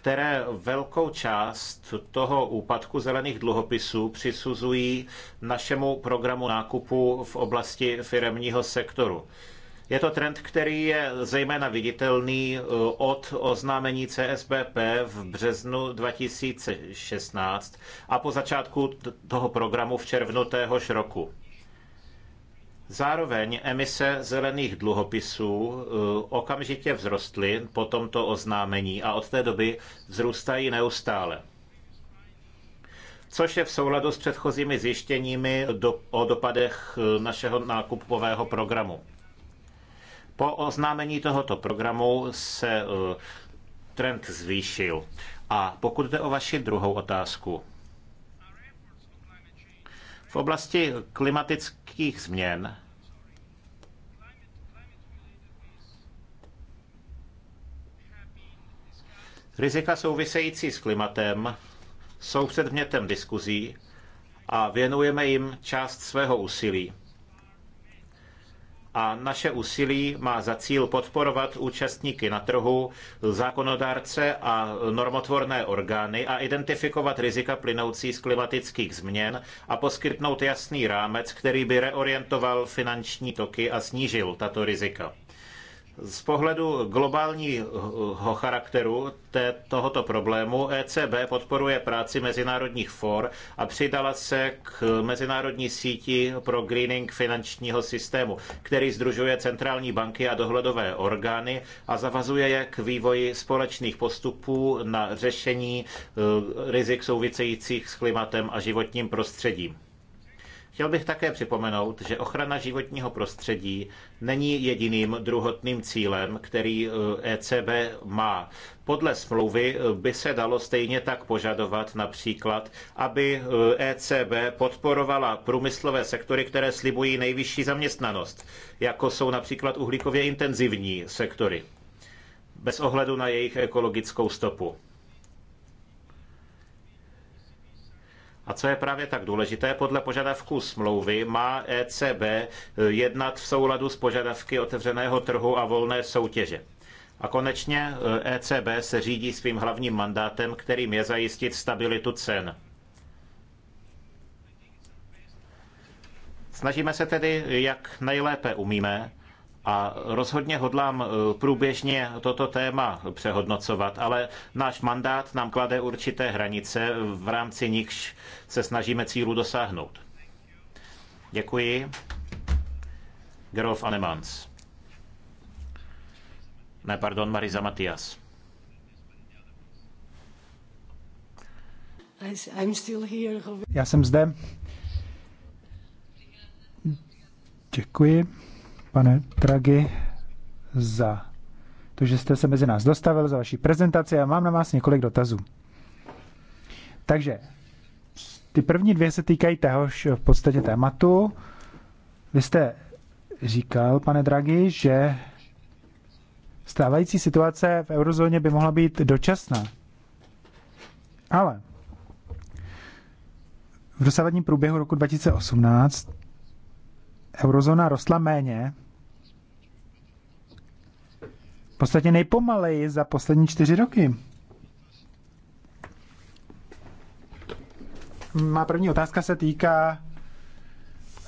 A: které velkou část toho úpadku zelených dluhopisů přisuzují našemu programu nákupu v oblasti firemního sektoru. Je to trend, který je zejména viditelný eh, od oznámení CSBP v březnu 2016 a po začátku toho programu v červnu téhož roku. Zároveň emise zelených dluhopisů eh, okamžitě vzrostly po tomto oznámení a od té doby vzrůstají neustále což je v souladu s předchozími zjištěními do, o dopadech eh, našeho nákupového programu. Po oznámení tohoto programu se eh, trend zvýšil. A pokud jde o vaši druhou otázku, v oblasti klimatické klimatických změn Rizika související s klimatem jsou předmětem diskuzí a věnujeme jim část svého úsilí a naše úsilí má za cíl podporovat účastníky na trhu, zákonodárce a normotvorné orgány a identifikovat rizika plynoucí z klimatických změn a poskytnout jasný rámec, který by reorientoval finanční toky a snížil tato rizika. Z pohledu globálního charakteru té, tohoto problému ECB podporuje práci mezinárodních for a přidala se k mezinárodní síti pro greening finančního systému, který združuje centrální banky a dohledové orgány a zavazuje je k vývoji společných postupů na řešení eh, rizik souvisejících s klimatem a životním prostředím. Chtěl bych také připomenout, že ochrana životního prostředí není jediným druhotným cílem, který ECB eh, e má. Podle smlouvy eh, by se dalo stejně tak požadovat například, aby ECB eh, e podporovala průmyslové sektory, které slibují nejvyšší zaměstnanost, jako jsou například uhlíkově intenzivní sektory, bez ohledu na jejich ekologickou stopu. A co je právě tak důležité, podle požadavků smlouvy má ECB eh, jednat v souladu s požadavky otevřeného trhu a volné soutěže. A konečně ECB eh, e se řídí svým hlavním mandátem, kterým je zajistit stabilitu cen. Snažíme se tedy, jak nejlépe umíme, a rozhodně hodlám eh, průběžně toto téma přehodnocovat, ale náš mandát nám klade určité hranice, v rámci nichž se snažíme cílu dosáhnout. Děkuji. Gerolf Anemans. Ne, pardon, Marisa Matias. Já jsem
B: zde. Děkuji pane Dragi, za to, že jste se mezi nás dostavil, za vaši prezentaci a mám na vás několik dotazů. Takže ty první dvě se týkají téhož v podstatě tématu. Vy jste říkal, pane Dragi, že stávající situace v eurozóně by mohla být dočasná. Ale v dosavadním průběhu roku 2018 eurozóna rostla méně, v podstatě nejpomaleji za poslední čtyři roky. Má první otázka se týká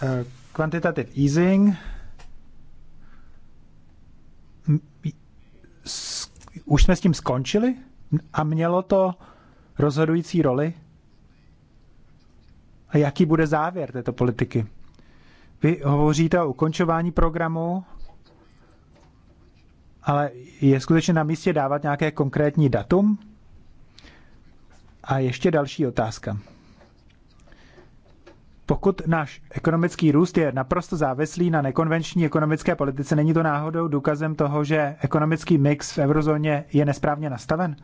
B: eh, quantitative easing. Už jsme s tím skončili? A mělo to rozhodující roli? A jaký bude závěr této politiky? Vy hovoříte o ukončování programu, ale je skutečně na místě dávat nějaké konkrétní datum? A ještě další otázka. Pokud náš ekonomický růst je naprosto závislý na nekonvenční ekonomické politice, není to náhodou důkazem toho, že ekonomický mix v eurozóně je nesprávně nastaven?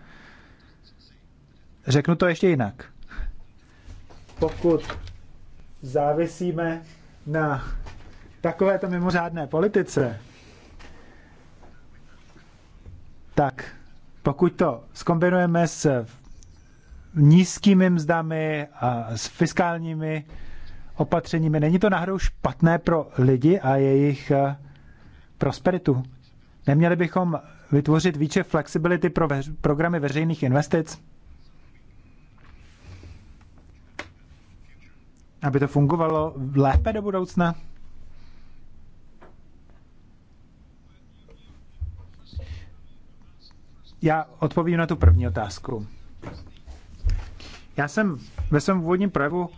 B: Řeknu to ještě jinak. Pokud závisíme na takovéto mimořádné politice, tak pokud to skombinujeme s nízkými mzdami a s fiskálními opatřeními, není to náhodou špatné pro lidi a jejich eh, prosperitu? Neměli bychom vytvořit více flexibility pro programy veřejných investic? aby to fungovalo lépe do budoucna? Já odpovím na tu první otázku. Já jsem ve svém úvodním projevu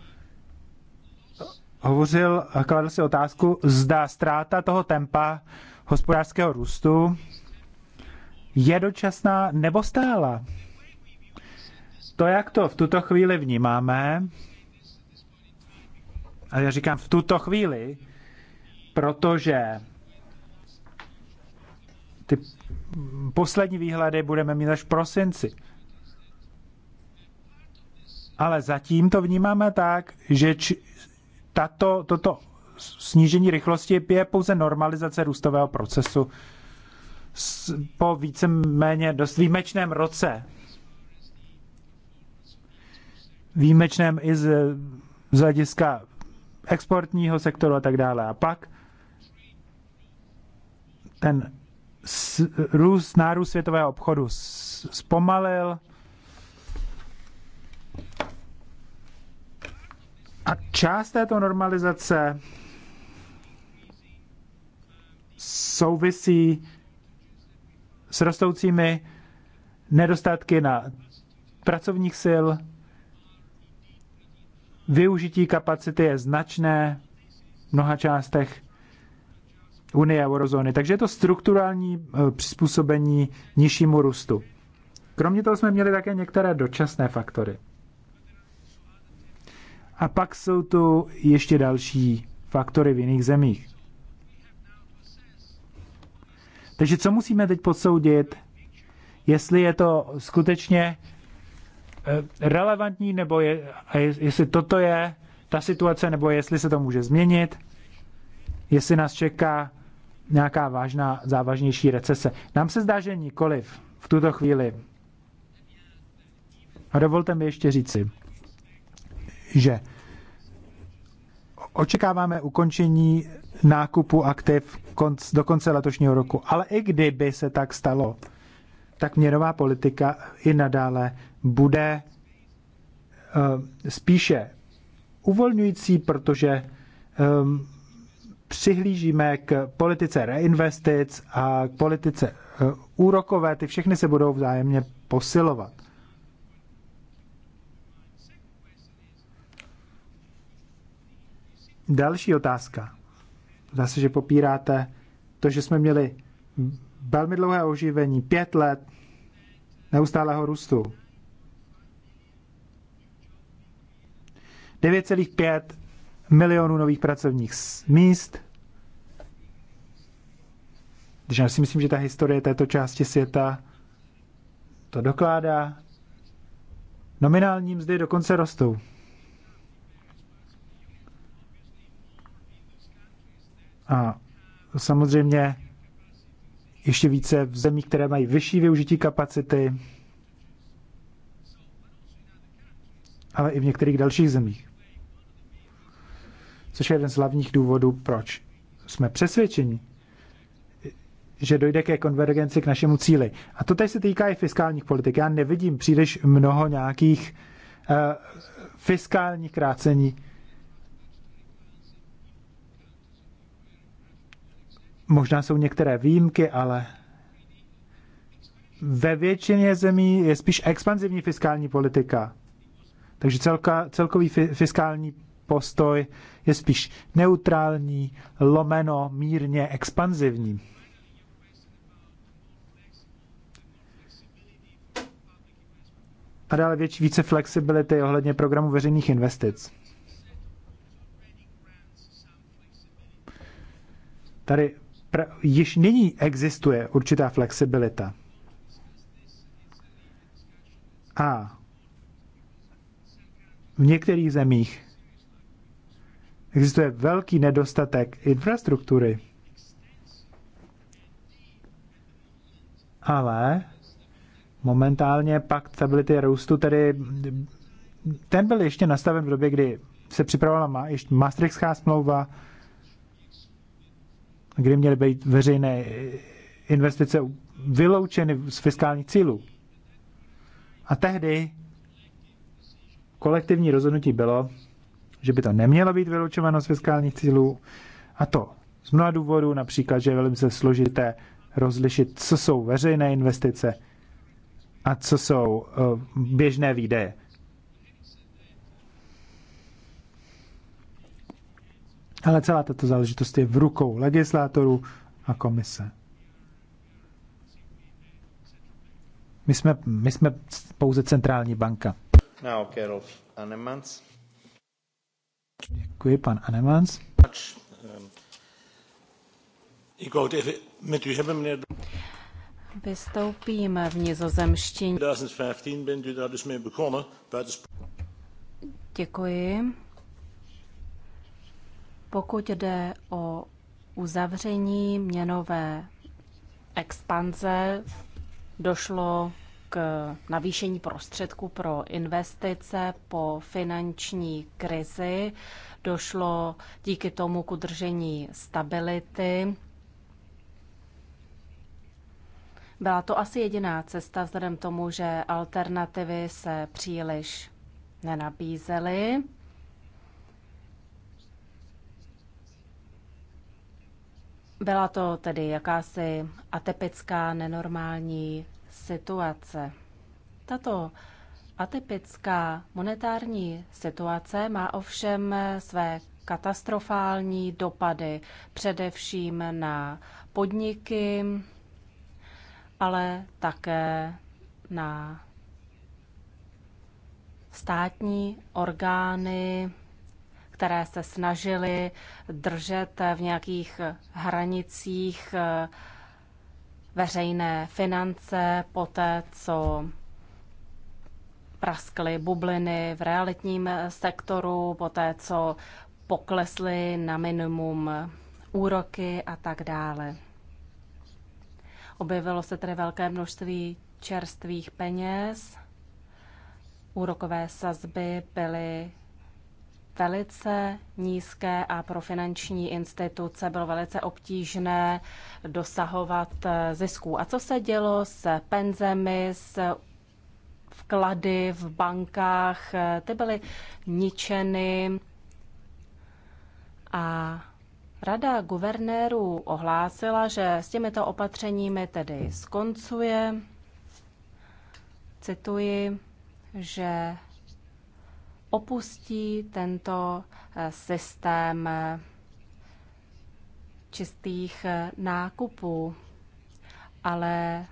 B: hovořil, kladl si otázku, zda ztráta toho tempa hospodářského růstu je dočasná nebo stála. To, jak to v tuto chvíli vnímáme, a já říkám v tuto chvíli, protože ty poslední výhledy budeme mít až v prosinci. Ale zatím to vnímáme tak, že či, tato, toto snížení rychlosti je pouze normalizace růstového procesu s, po víceméně dost výjimečném roce. Výjimečném i z, z hlediska exportního sektoru a tak dále. A pak ten růst, nárůst světového obchodu zpomalil. A část této normalizace souvisí s rostoucími nedostatky na pracovních sil, Využití kapacity je značné v mnoha částech Unie a eurozóny. Takže je to strukturální e, přizpůsobení nižšímu růstu. Kromě toho jsme měli také některé dočasné faktory. A pak jsou tu ještě další faktory v jiných zemích. Takže co musíme teď posoudit, jestli je to skutečně Eh, relevantní, nebo je, jestli toto je ta situace, nebo jestli se to může změnit, jestli nás čeká nějaká vážná, závažnější recese. Nám se zdá, že nikoliv v tuto chvíli. A dovolte mi ještě říci, že očekáváme ukončení nákupu aktiv konc, do konce letošního roku. Ale i kdyby se tak stalo, tak měnová politika i nadále bude eh, spíše uvolňující, protože eh, přihlížíme k politice reinvestic a k politice eh, úrokové, ty všechny se budou vzájemně posilovat. Další otázka. Zdá se, že popíráte to, že jsme měli velmi dlouhé oživení, pět let neustálého růstu. 9,5 milionů nových pracovních míst. Když já si myslím, že ta historie této části světa to dokládá, nominální mzdy dokonce rostou. A samozřejmě ještě více v zemích, které mají vyšší využití kapacity, ale i v některých dalších zemích což je jeden z hlavních důvodů, proč jsme přesvědčeni, že dojde ke konvergenci k našemu cíli. A to teď se týká i fiskálních politik. Já nevidím příliš mnoho nějakých uh, fiskálních krácení. Možná jsou některé výjimky, ale ve většině zemí je spíš expanzivní fiskální politika. Takže celka, celkový fiskální postoj je spíš neutrální, lomeno, mírně expanzivní. A dále větší více flexibility ohledně programu veřejných investic. Tady pra, již nyní existuje určitá flexibilita. A v některých zemích Existuje velký nedostatek infrastruktury. Ale momentálně pakt stability růstu, tedy ten byl ještě nastaven v době, kdy se připravovala Maastrichtská smlouva, kdy měly být veřejné investice vyloučeny z fiskálních cílů. A tehdy kolektivní rozhodnutí bylo, že by to nemělo být vylučováno z fiskálních cílů. A to z mnoha důvodů, například, že je velmi složité rozlišit, co jsou veřejné investice a co jsou eh, běžné výdaje. Ale celá tato záležitost je v rukou legislátorů a komise. My jsme, my jsme pouze centrální banka.
C: Now,
A: Carol Annemans.
B: Děkuji, pan Anemans.
C: Vystoupím v nizozemštině. Děkuji. Pokud jde o uzavření měnové expanze, došlo k navýšení prostředků pro investice po finanční krizi. Došlo díky tomu k udržení stability. Byla to asi jediná cesta vzhledem tomu, že alternativy se příliš nenabízely. Byla to tedy jakási atypická, nenormální situace. Tato atypická monetární situace má ovšem své katastrofální dopady, především na podniky, ale také na státní orgány, které se snažily držet v nějakých hranicích veřejné finance poté, co praskly bubliny v realitním sektoru, poté, co poklesly na minimum úroky a tak dále. Objevilo se tedy velké množství čerstvých peněz, úrokové sazby byly velice nízké a pro finanční instituce bylo velice obtížné dosahovat eh, zisků. A co se dělo s penzemi, s vklady v bankách? Eh, ty byly ničeny a Rada guvernérů ohlásila, že s těmito opatřeními tedy skoncuje. Cituji, že opustí tento eh, systém eh, čistých eh, nákupů, ale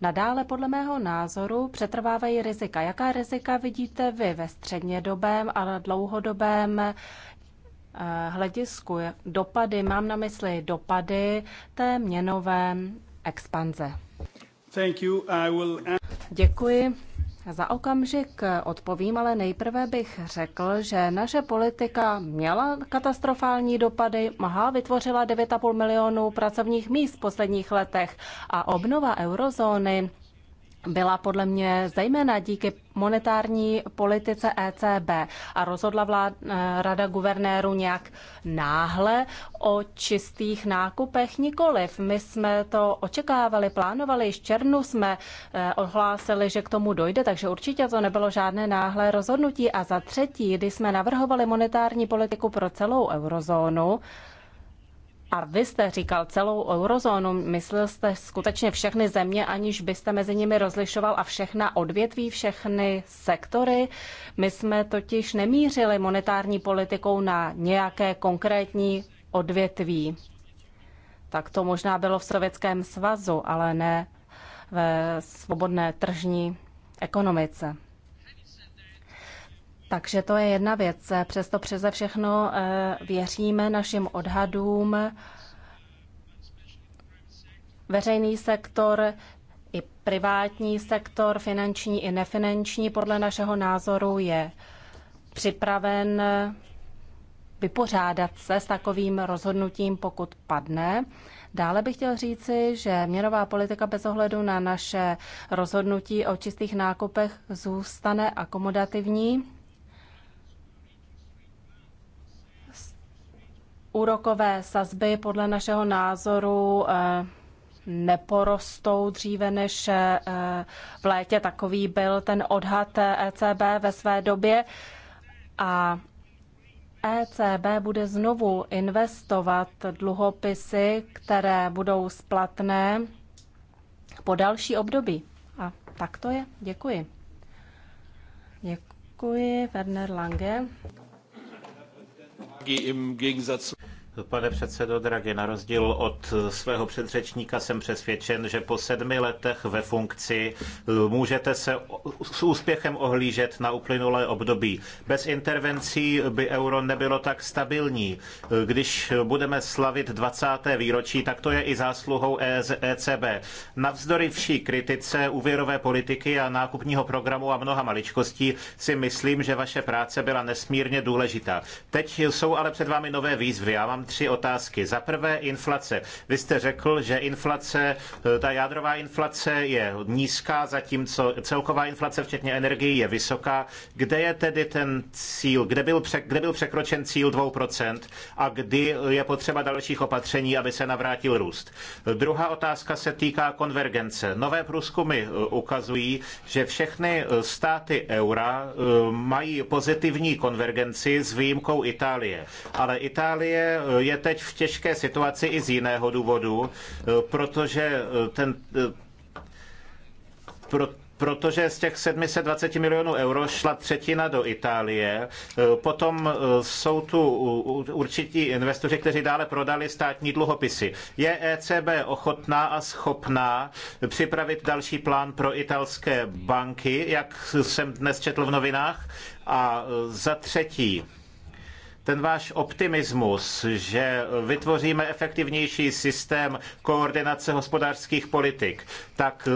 C: Nadále podle mého názoru přetrvávají rizika. Jaká rizika vidíte vy ve střednědobém a dlouhodobém hledisku? Dopady, mám na mysli dopady té měnové expanze.
B: Thank you. I will...
C: Děkuji. Za okamžik odpovím, ale nejprve bych řekl, že naše politika měla katastrofální dopady, Aha, vytvořila 9,5 milionů pracovních míst v posledních letech a obnova eurozóny byla podle mě zejména díky monetární politice ECB a rozhodla vlád, eh, rada guvernéru nějak náhle o čistých nákupech nikoliv. My jsme to očekávali, plánovali, již černu jsme eh, ohlásili, že k tomu dojde, takže určitě to nebylo žádné náhle rozhodnutí. A za třetí, kdy jsme navrhovali monetární politiku pro celou eurozónu, a vy jste říkal celou eurozónu, myslel jste skutečně všechny země, aniž byste mezi nimi rozlišoval a všechna odvětví, všechny sektory. My jsme totiž nemířili monetární politikou na nějaké konkrétní odvětví. Tak to možná bylo v Sovětském svazu, ale ne ve svobodné tržní ekonomice. Takže to je jedna věc. Přesto přeze všechno eh, věříme našim odhadům. Veřejný sektor i privátní sektor, finanční i nefinanční, podle našeho názoru je připraven vypořádat se s takovým rozhodnutím, pokud padne. Dále bych chtěl říci, že měnová politika bez ohledu na naše rozhodnutí o čistých nákupech zůstane akomodativní. úrokové sazby podle našeho názoru eh, neporostou dříve než eh, v létě. Takový byl ten odhad ECB eh, e ve své době. A ECB bude znovu investovat dluhopisy, které budou splatné po další období. A tak to je. Děkuji. Děkuji, Werner Lange
A: im Gegensatz zu Pane předsedo dragi, na rozdíl od svého předřečníka jsem přesvědčen, že po sedmi letech ve funkci eh, můžete se s úspěchem ohlížet na uplynulé období. Bez intervencí by euro nebylo tak stabilní. Eh, když budeme slavit 20. výročí, tak to je i zásluhou ECB. E Navzdory vší kritice úvěrové politiky a nákupního programu a mnoha maličkostí si myslím, že vaše práce byla nesmírně důležitá. Teď jsou ale před vámi nové výzvy. Já mám tři otázky. Za prvé inflace. Vy jste řekl, že inflace, eh, ta jádrová inflace je nízká, zatímco celková inflace, včetně energii, je vysoká. Kde je tedy ten cíl? Kde byl, pře- kde byl překročen cíl 2% a kdy je potřeba dalších opatření, aby se navrátil růst? Druhá otázka se týká konvergence. Nové průzkumy eh, ukazují, že všechny eh, státy eura mají pozitivní konvergenci s výjimkou Itálie. Ale Itálie je teď v těžké situaci i z jiného důvodu, protože eh, ten eh, pro, protože z těch 720 milionů euro šla třetina do Itálie. Eh, potom jsou tu určití investoři, kteří dále prodali státní dluhopisy. Je ECB ochotná a schopná připravit další plán pro italské banky, jak jsem dnes četl v novinách? A za třetí, ten váš optimismus, že vytvoříme efektivnější systém koordinace hospodářských politik, tak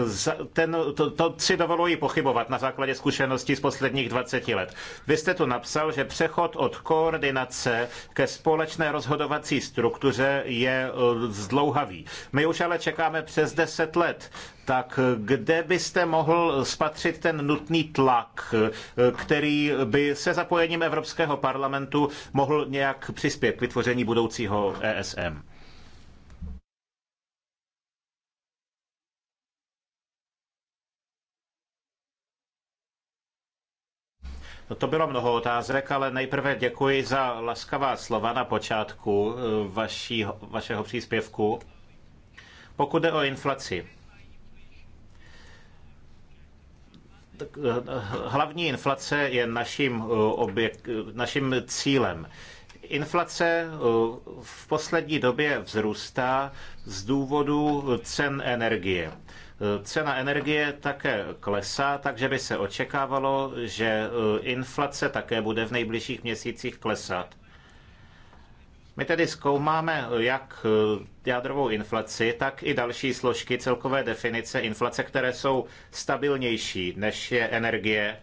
A: ten, to, to si dovoluji pochybovat na základě zkušeností z posledních 20 let. Vy jste tu napsal, že přechod od koordinace ke společné rozhodovací struktuře je eh, zdlouhavý. My už ale čekáme přes 10 let tak kde byste mohl spatřit ten nutný tlak, který by se zapojením Evropského parlamentu mohl nějak přispět k vytvoření budoucího ESM? No to bylo mnoho otázek, ale nejprve děkuji za laskavá slova na počátku eh, vašího, vašeho příspěvku. Pokud jde o inflaci, Eh, eh, hlavní inflace je naším, eh, objek, naším cílem. Inflace v poslední době vzrůstá z důvodu cen energie. Cena energie také klesá, takže by se očekávalo, že inflace také bude v nejbližších měsících klesat. My tedy zkoumáme, jak eh, jádrovou inflaci, tak i další složky celkové definice inflace, které jsou stabilnější, než je energie.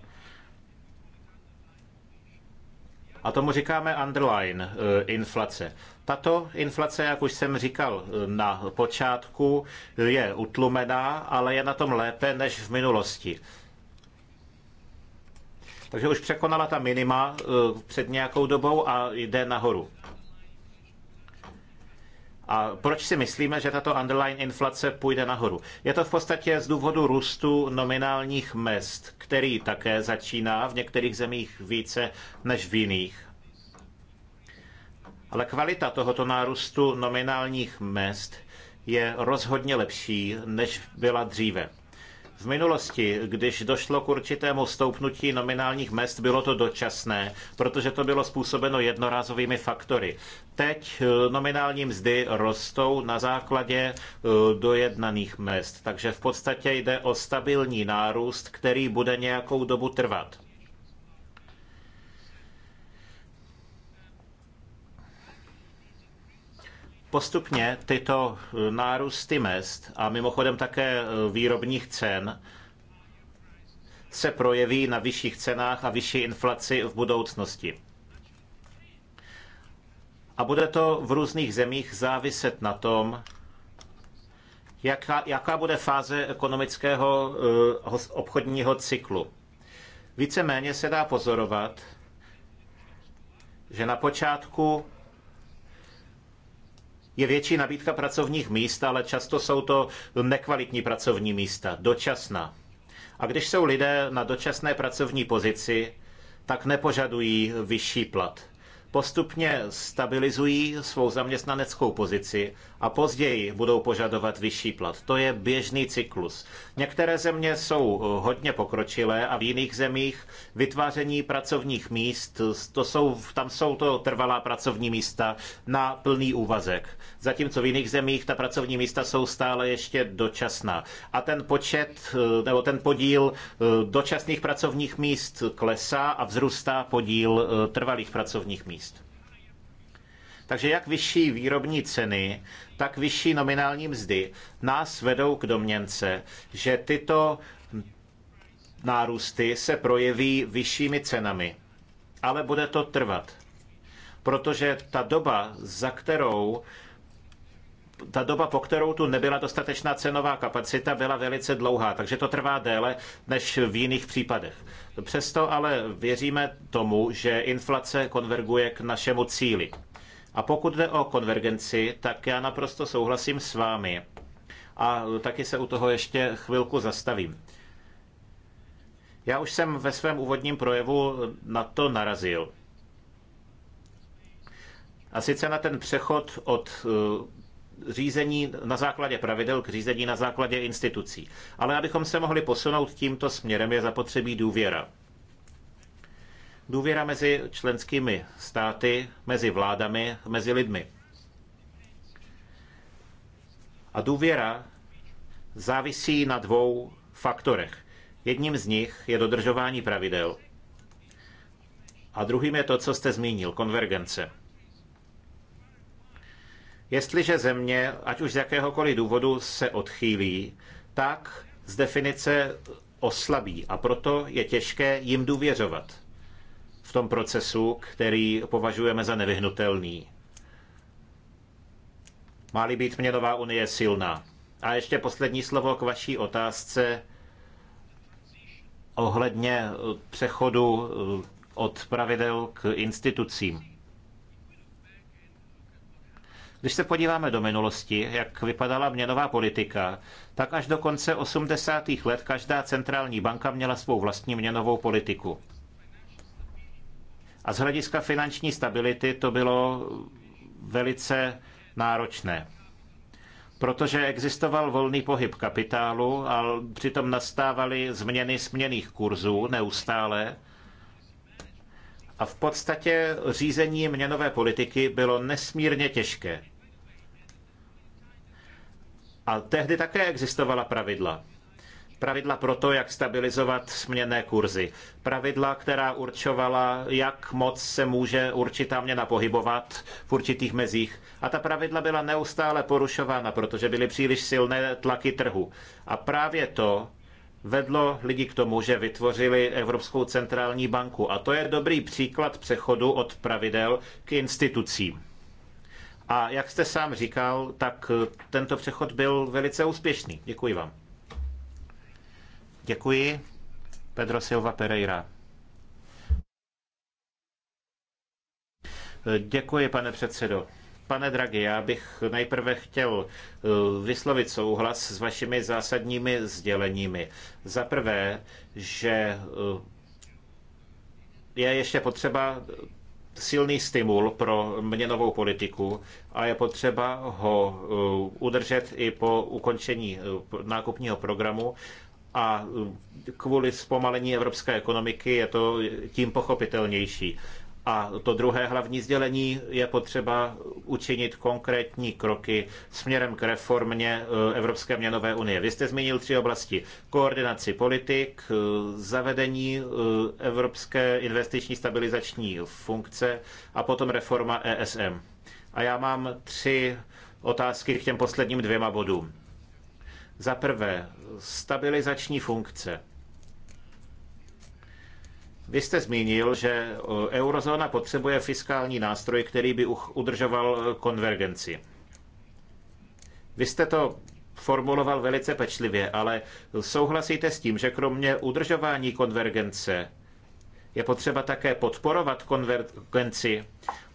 A: A tomu říkáme underline eh, inflace. Tato inflace, jak už jsem říkal eh, na počátku, je utlumená, ale je na tom lépe než v minulosti. Takže už překonala ta minima před nějakou dobou a jde nahoru. A proč si myslíme, že tato underline inflace půjde nahoru? Je to v podstatě z důvodu růstu nominálních mest, který také začíná v některých zemích více než v jiných. Ale kvalita tohoto nárůstu nominálních mest je rozhodně lepší, než byla dříve. V minulosti, když došlo k určitému stoupnutí nominálních mest, bylo to dočasné, protože to bylo způsobeno jednorázovými faktory. Teď eh, nominální mzdy rostou na základě eh, dojednaných mest, takže v podstatě jde o stabilní nárůst, který bude nějakou dobu trvat. Postupně tyto eh, nárůsty mest a mimochodem také eh, výrobních cen se projeví na vyšších cenách a vyšší inflaci v budoucnosti. A bude to v různých zemích záviset na tom, jaká, jaká bude fáze ekonomického uh, obchodního cyklu. Víceméně se dá pozorovat, že na počátku je větší nabídka pracovních míst, ale často jsou to nekvalitní pracovní místa, dočasná. A když jsou lidé na dočasné pracovní pozici, tak nepožadují vyšší plat postupně stabilizují svou zaměstnaneckou pozici a později budou požadovat vyšší plat. To je běžný cyklus. Některé země jsou eh, hodně pokročilé a v jiných zemích vytváření pracovních míst, to jsou, tam jsou to trvalá pracovní místa na plný úvazek. Zatímco v jiných zemích ta pracovní místa jsou stále ještě dočasná. A ten počet, eh, nebo ten podíl eh, dočasných pracovních míst klesá a vzrůstá podíl trvalých pracovních míst. Takže jak vyšší výrobní ceny, tak vyšší nominální mzdy nás vedou k domněnce, že tyto nárůsty se projeví vyššími cenami. Ale bude to trvat, protože ta doba, za kterou ta doba, po kterou tu nebyla dostatečná cenová kapacita, byla velice dlouhá, takže to trvá déle než v jiných případech. Přesto ale věříme tomu, že inflace konverguje k našemu cíli. A pokud jde o konvergenci, tak já naprosto souhlasím s vámi. A taky se u toho ještě chvilku zastavím. Já už jsem ve svém úvodním projevu na to narazil. A sice na ten přechod od eh, řízení na základě pravidel k řízení na základě institucí. Ale abychom se mohli posunout tímto směrem, je zapotřebí důvěra. Důvěra mezi členskými státy, mezi vládami, mezi lidmi. A důvěra závisí na dvou faktorech. Jedním z nich je dodržování pravidel a druhým je to, co jste zmínil, konvergence. Jestliže země, ať už z jakéhokoliv důvodu, se odchýlí, tak z definice oslabí a proto je těžké jim důvěřovat v tom procesu, který považujeme za nevyhnutelný. má být měnová unie silná. A ještě poslední slovo k vaší otázce ohledně eh, přechodu eh, od pravidel k institucím. Když se podíváme do minulosti, jak vypadala měnová politika, tak až do konce 80. let každá centrální banka měla svou vlastní měnovou politiku. A z hlediska finanční stability to bylo velice náročné protože existoval volný pohyb kapitálu a přitom nastávaly změny směných kurzů neustále. A v podstatě řízení měnové politiky bylo nesmírně těžké. A tehdy také existovala pravidla pravidla pro to, jak stabilizovat směnné kurzy. Pravidla, která určovala, jak moc se může určitá měna pohybovat v určitých mezích. A ta pravidla byla neustále porušována, protože byly příliš silné tlaky trhu. A právě to vedlo lidi k tomu, že vytvořili Evropskou centrální banku. A to je dobrý příklad přechodu od pravidel k institucím. A jak jste sám říkal, tak tento přechod byl velice úspěšný. Děkuji vám. Děkuji. Pedro Silva Pereira. Děkuji, pane předsedo. Pane Draghi, já bych nejprve chtěl eh, vyslovit souhlas s vašimi zásadními sděleními. Za prvé, že eh, je ještě potřeba silný stimul pro měnovou politiku a je potřeba ho eh, udržet i po ukončení nákupního programu a kvůli zpomalení evropské ekonomiky je to tím pochopitelnější. A to druhé hlavní sdělení je potřeba učinit konkrétní kroky směrem k reformě eh, Evropské měnové unie. Vy jste zmínil tři oblasti. Koordinaci politik, eh, zavedení eh, Evropské investiční stabilizační funkce a potom reforma ESM. A já mám tři otázky k těm posledním dvěma bodům. Za prvé, stabilizační funkce. Vy jste zmínil, že eurozóna potřebuje fiskální nástroj, který by udržoval e, konvergenci. Vy jste to formuloval velice pečlivě, ale souhlasíte s tím, že kromě udržování konvergence je potřeba také podporovat konvergenci,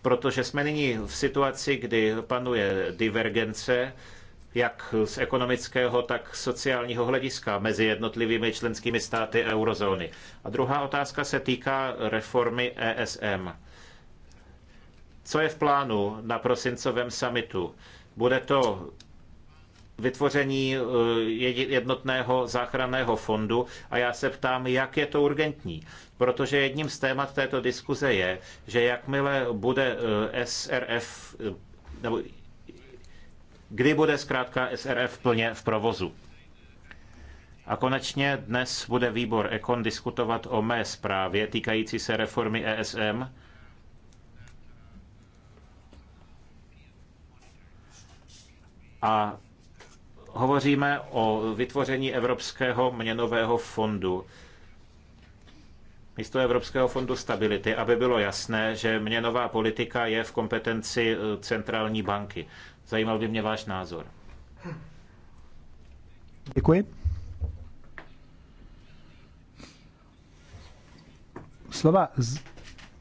A: protože jsme nyní v situaci, kdy panuje divergence jak z ekonomického, tak sociálního hlediska mezi jednotlivými členskými státy eurozóny. A druhá otázka se týká reformy ESM. Co je v plánu na prosincovém summitu? Bude to vytvoření eh, jednotného záchranného fondu a já se ptám, jak je to urgentní. Protože jedním z témat této diskuze je, že jakmile bude eh, SRF eh, nebo kdy bude zkrátka SRF plně v provozu. A konečně dnes bude výbor Ekon diskutovat o mé zprávě týkající se reformy ESM. A hovoříme o vytvoření Evropského měnového fondu. Místo Evropského fondu stability, aby bylo jasné, že měnová politika je v kompetenci eh, centrální banky. Zajímal by mě váš názor.
B: Děkuji. Slova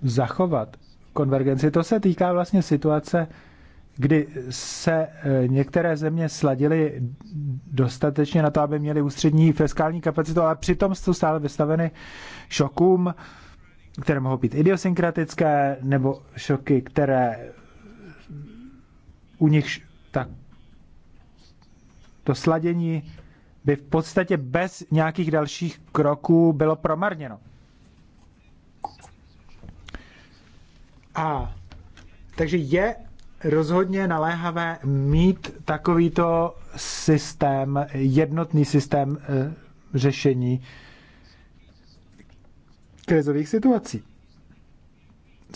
B: zachovat konvergenci, to se týká vlastně situace, kdy se e, některé země sladily dostatečně na to, aby měly ústřední fiskální kapacitu, ale přitom jsou stále vystaveny šokům, které mohou být idiosynkratické, nebo šoky, které u nichž ta, to sladění by v podstatě bez nějakých dalších kroků bylo promarněno. A takže je rozhodně naléhavé mít takovýto systém, jednotný systém eh, řešení krizových situací.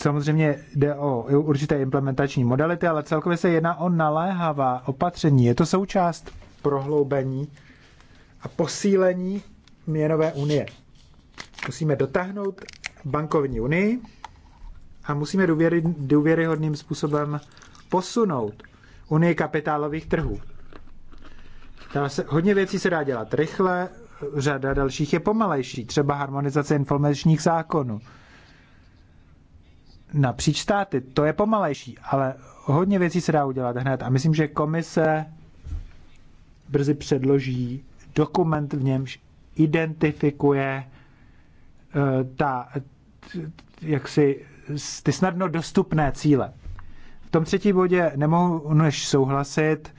B: Samozřejmě jde o určité implementační modality, ale celkově se jedná o naléhavá opatření. Je to součást prohloubení a posílení měnové unie. Musíme dotáhnout bankovní unii a musíme důvěry, důvěryhodným způsobem posunout unii kapitálových trhů. Dá se, hodně věcí se dá dělat rychle, řada dalších je pomalejší, třeba harmonizace informačních zákonů napříč státy. To je pomalejší, ale hodně věcí se dá udělat hned a myslím, že komise brzy předloží dokument, v němž identifikuje eh, ta, jaksi, ty snadno dostupné cíle. V tom třetí bodě nemohu než souhlasit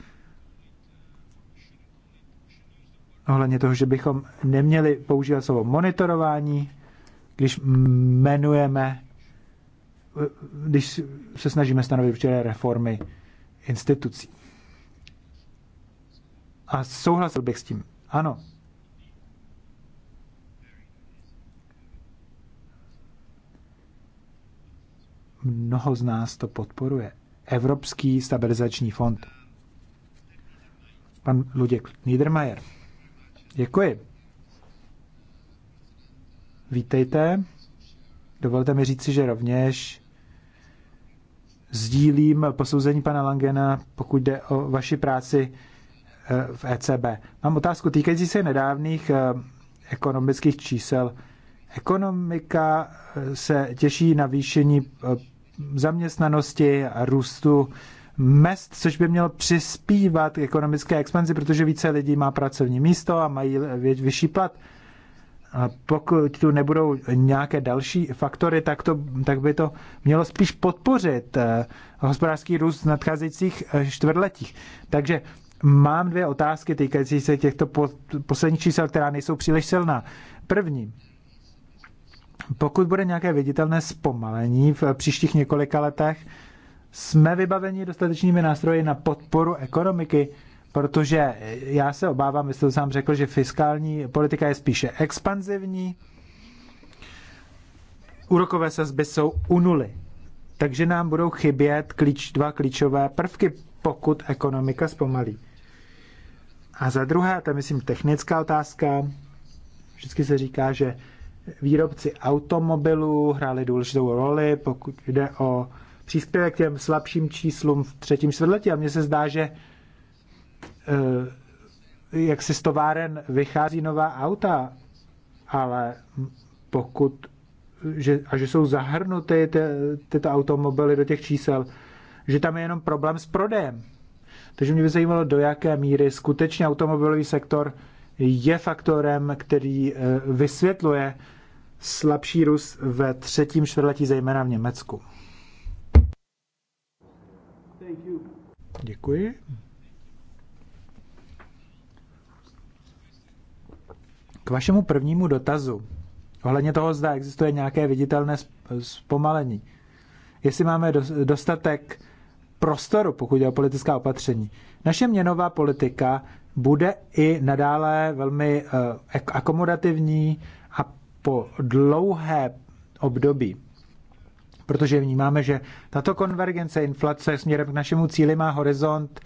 B: ohledně toho, že bychom neměli používat slovo monitorování, když jmenujeme když se snažíme stanovit určité reformy institucí. A souhlasil bych s tím. Ano. Mnoho z nás to podporuje. Evropský stabilizační fond. Pan Luděk Niedermayer. Děkuji. Vítejte. Dovolte mi říci, že rovněž sdílím posouzení pana Langena, pokud jde o vaši práci eh, v ECB. Mám otázku týkající se nedávných eh, ekonomických čísel. Ekonomika eh, se těší na výšení zaměstnanosti a růstu mest, což by mělo přispívat k ekonomické expanzi, protože více lidí má pracovní místo a mají vyšší plat. A pokud tu nebudou nějaké další faktory, tak, to, tak by to mělo spíš podpořit eh, hospodářský růst v nadcházejících eh, čtvrtletích. Takže mám dvě otázky týkající se těchto posledních čísel, která nejsou příliš silná. První, pokud bude nějaké viditelné zpomalení v příštích několika letech, jsme vybaveni dostatečnými nástroji na podporu ekonomiky protože eh, já se obávám, jestli to sám řekl, že fiskální politika je spíše expanzivní, úrokové sazby jsou u nuly, takže nám budou chybět klíč, dva klíčové prvky, pokud ekonomika zpomalí. A za druhé, to je myslím technická otázka, vždycky se říká, že výrobci automobilů hráli důležitou roli, pokud jde o příspěvek těm slabším číslům v třetím čtvrtletí. A mně se zdá, že Eh, jak si z továren vychází nová auta, ale pokud, že, a že jsou zahrnuty ty, tyto automobily do těch čísel, že tam je jenom problém s prodejem. Takže mě by zajímalo, do jaké míry skutečně automobilový sektor je faktorem, který eh, vysvětluje slabší růst ve třetím čtvrtletí, zejména v Německu. Děkuji. K vašemu prvnímu dotazu, ohledně toho, zda existuje nějaké viditelné zpomalení, jestli máme dostatek prostoru, pokud je o politická opatření. Naše měnová politika bude i nadále velmi eh, akomodativní a po dlouhé období, protože vnímáme, že tato konvergence inflace směrem k našemu cíli má horizont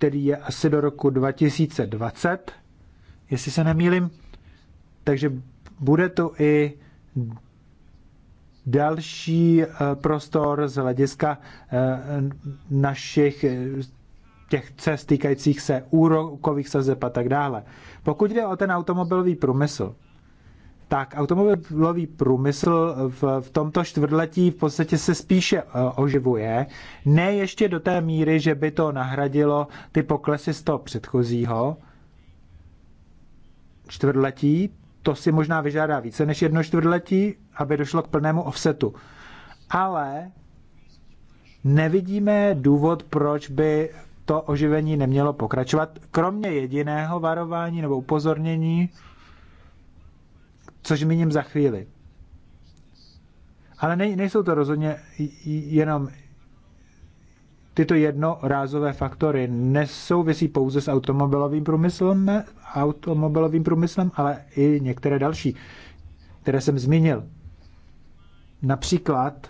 B: který je asi do roku 2020, jestli se nemýlim. Takže bude tu i další eh, prostor z hlediska eh, našich eh, těch cest týkajících se úrokových sazeb a tak dále. Pokud jde o ten automobilový průmysl, tak automobilový průmysl v, v tomto čtvrtletí v podstatě se spíše e, oživuje, ne ještě do té míry, že by to nahradilo ty poklesy z toho předchozího čtvrtletí, to si možná vyžádá více než jedno čtvrtletí, aby došlo k plnému offsetu. Ale nevidíme důvod, proč by to oživení nemělo pokračovat, kromě jediného varování nebo upozornění, což miním za chvíli. Ale ne, nejsou to rozhodně jenom tyto jednorázové faktory. Nesouvisí pouze s automobilovým průmyslem, automobilovým průmyslem, ale i některé další, které jsem zmínil. Například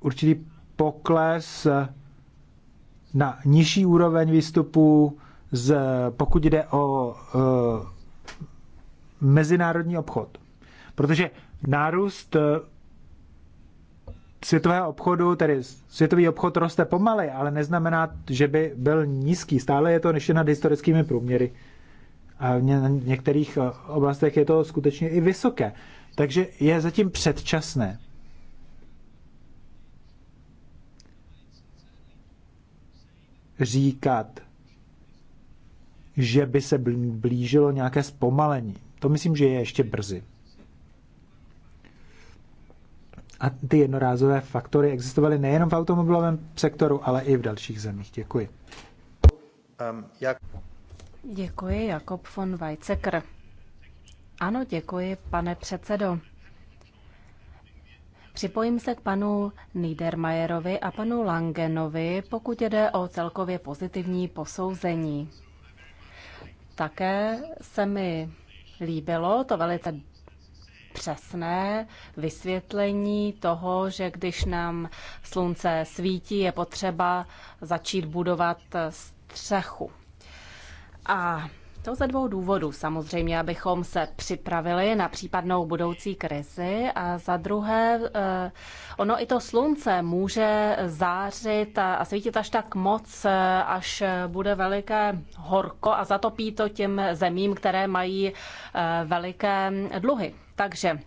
B: určitý pokles na nižší úroveň výstupů, z, pokud jde o eh, mezinárodní obchod. Protože nárůst eh, světového obchodu, tedy světový obchod roste pomaly, ale neznamená, že by byl nízký. Stále je to ještě nad historickými průměry. A v některých eh, oblastech je to skutečně i vysoké. Takže je zatím předčasné. Říkat, že by se blížilo nějaké zpomalení. To myslím, že je ještě brzy. A ty jednorázové faktory existovaly nejenom v automobilovém sektoru, ale i v dalších zemích. Děkuji. Um, jak...
C: Děkuji, Jakob von Weizsäcker. Ano, děkuji, pane předsedo. Připojím se k panu Niedermayerovi a panu Langenovi, pokud jde o celkově pozitivní posouzení. Také se mi líbilo, to velice přesné vysvětlení toho, že když nám slunce svítí, je potřeba začít budovat střechu. A to ze dvou důvodů. Samozřejmě, abychom se připravili na případnou budoucí krizi a za druhé, eh, ono i to slunce může zářit a svítit až tak moc, eh, až bude veliké horko a zatopí to těm zemím, které mají eh, veliké dluhy. Takže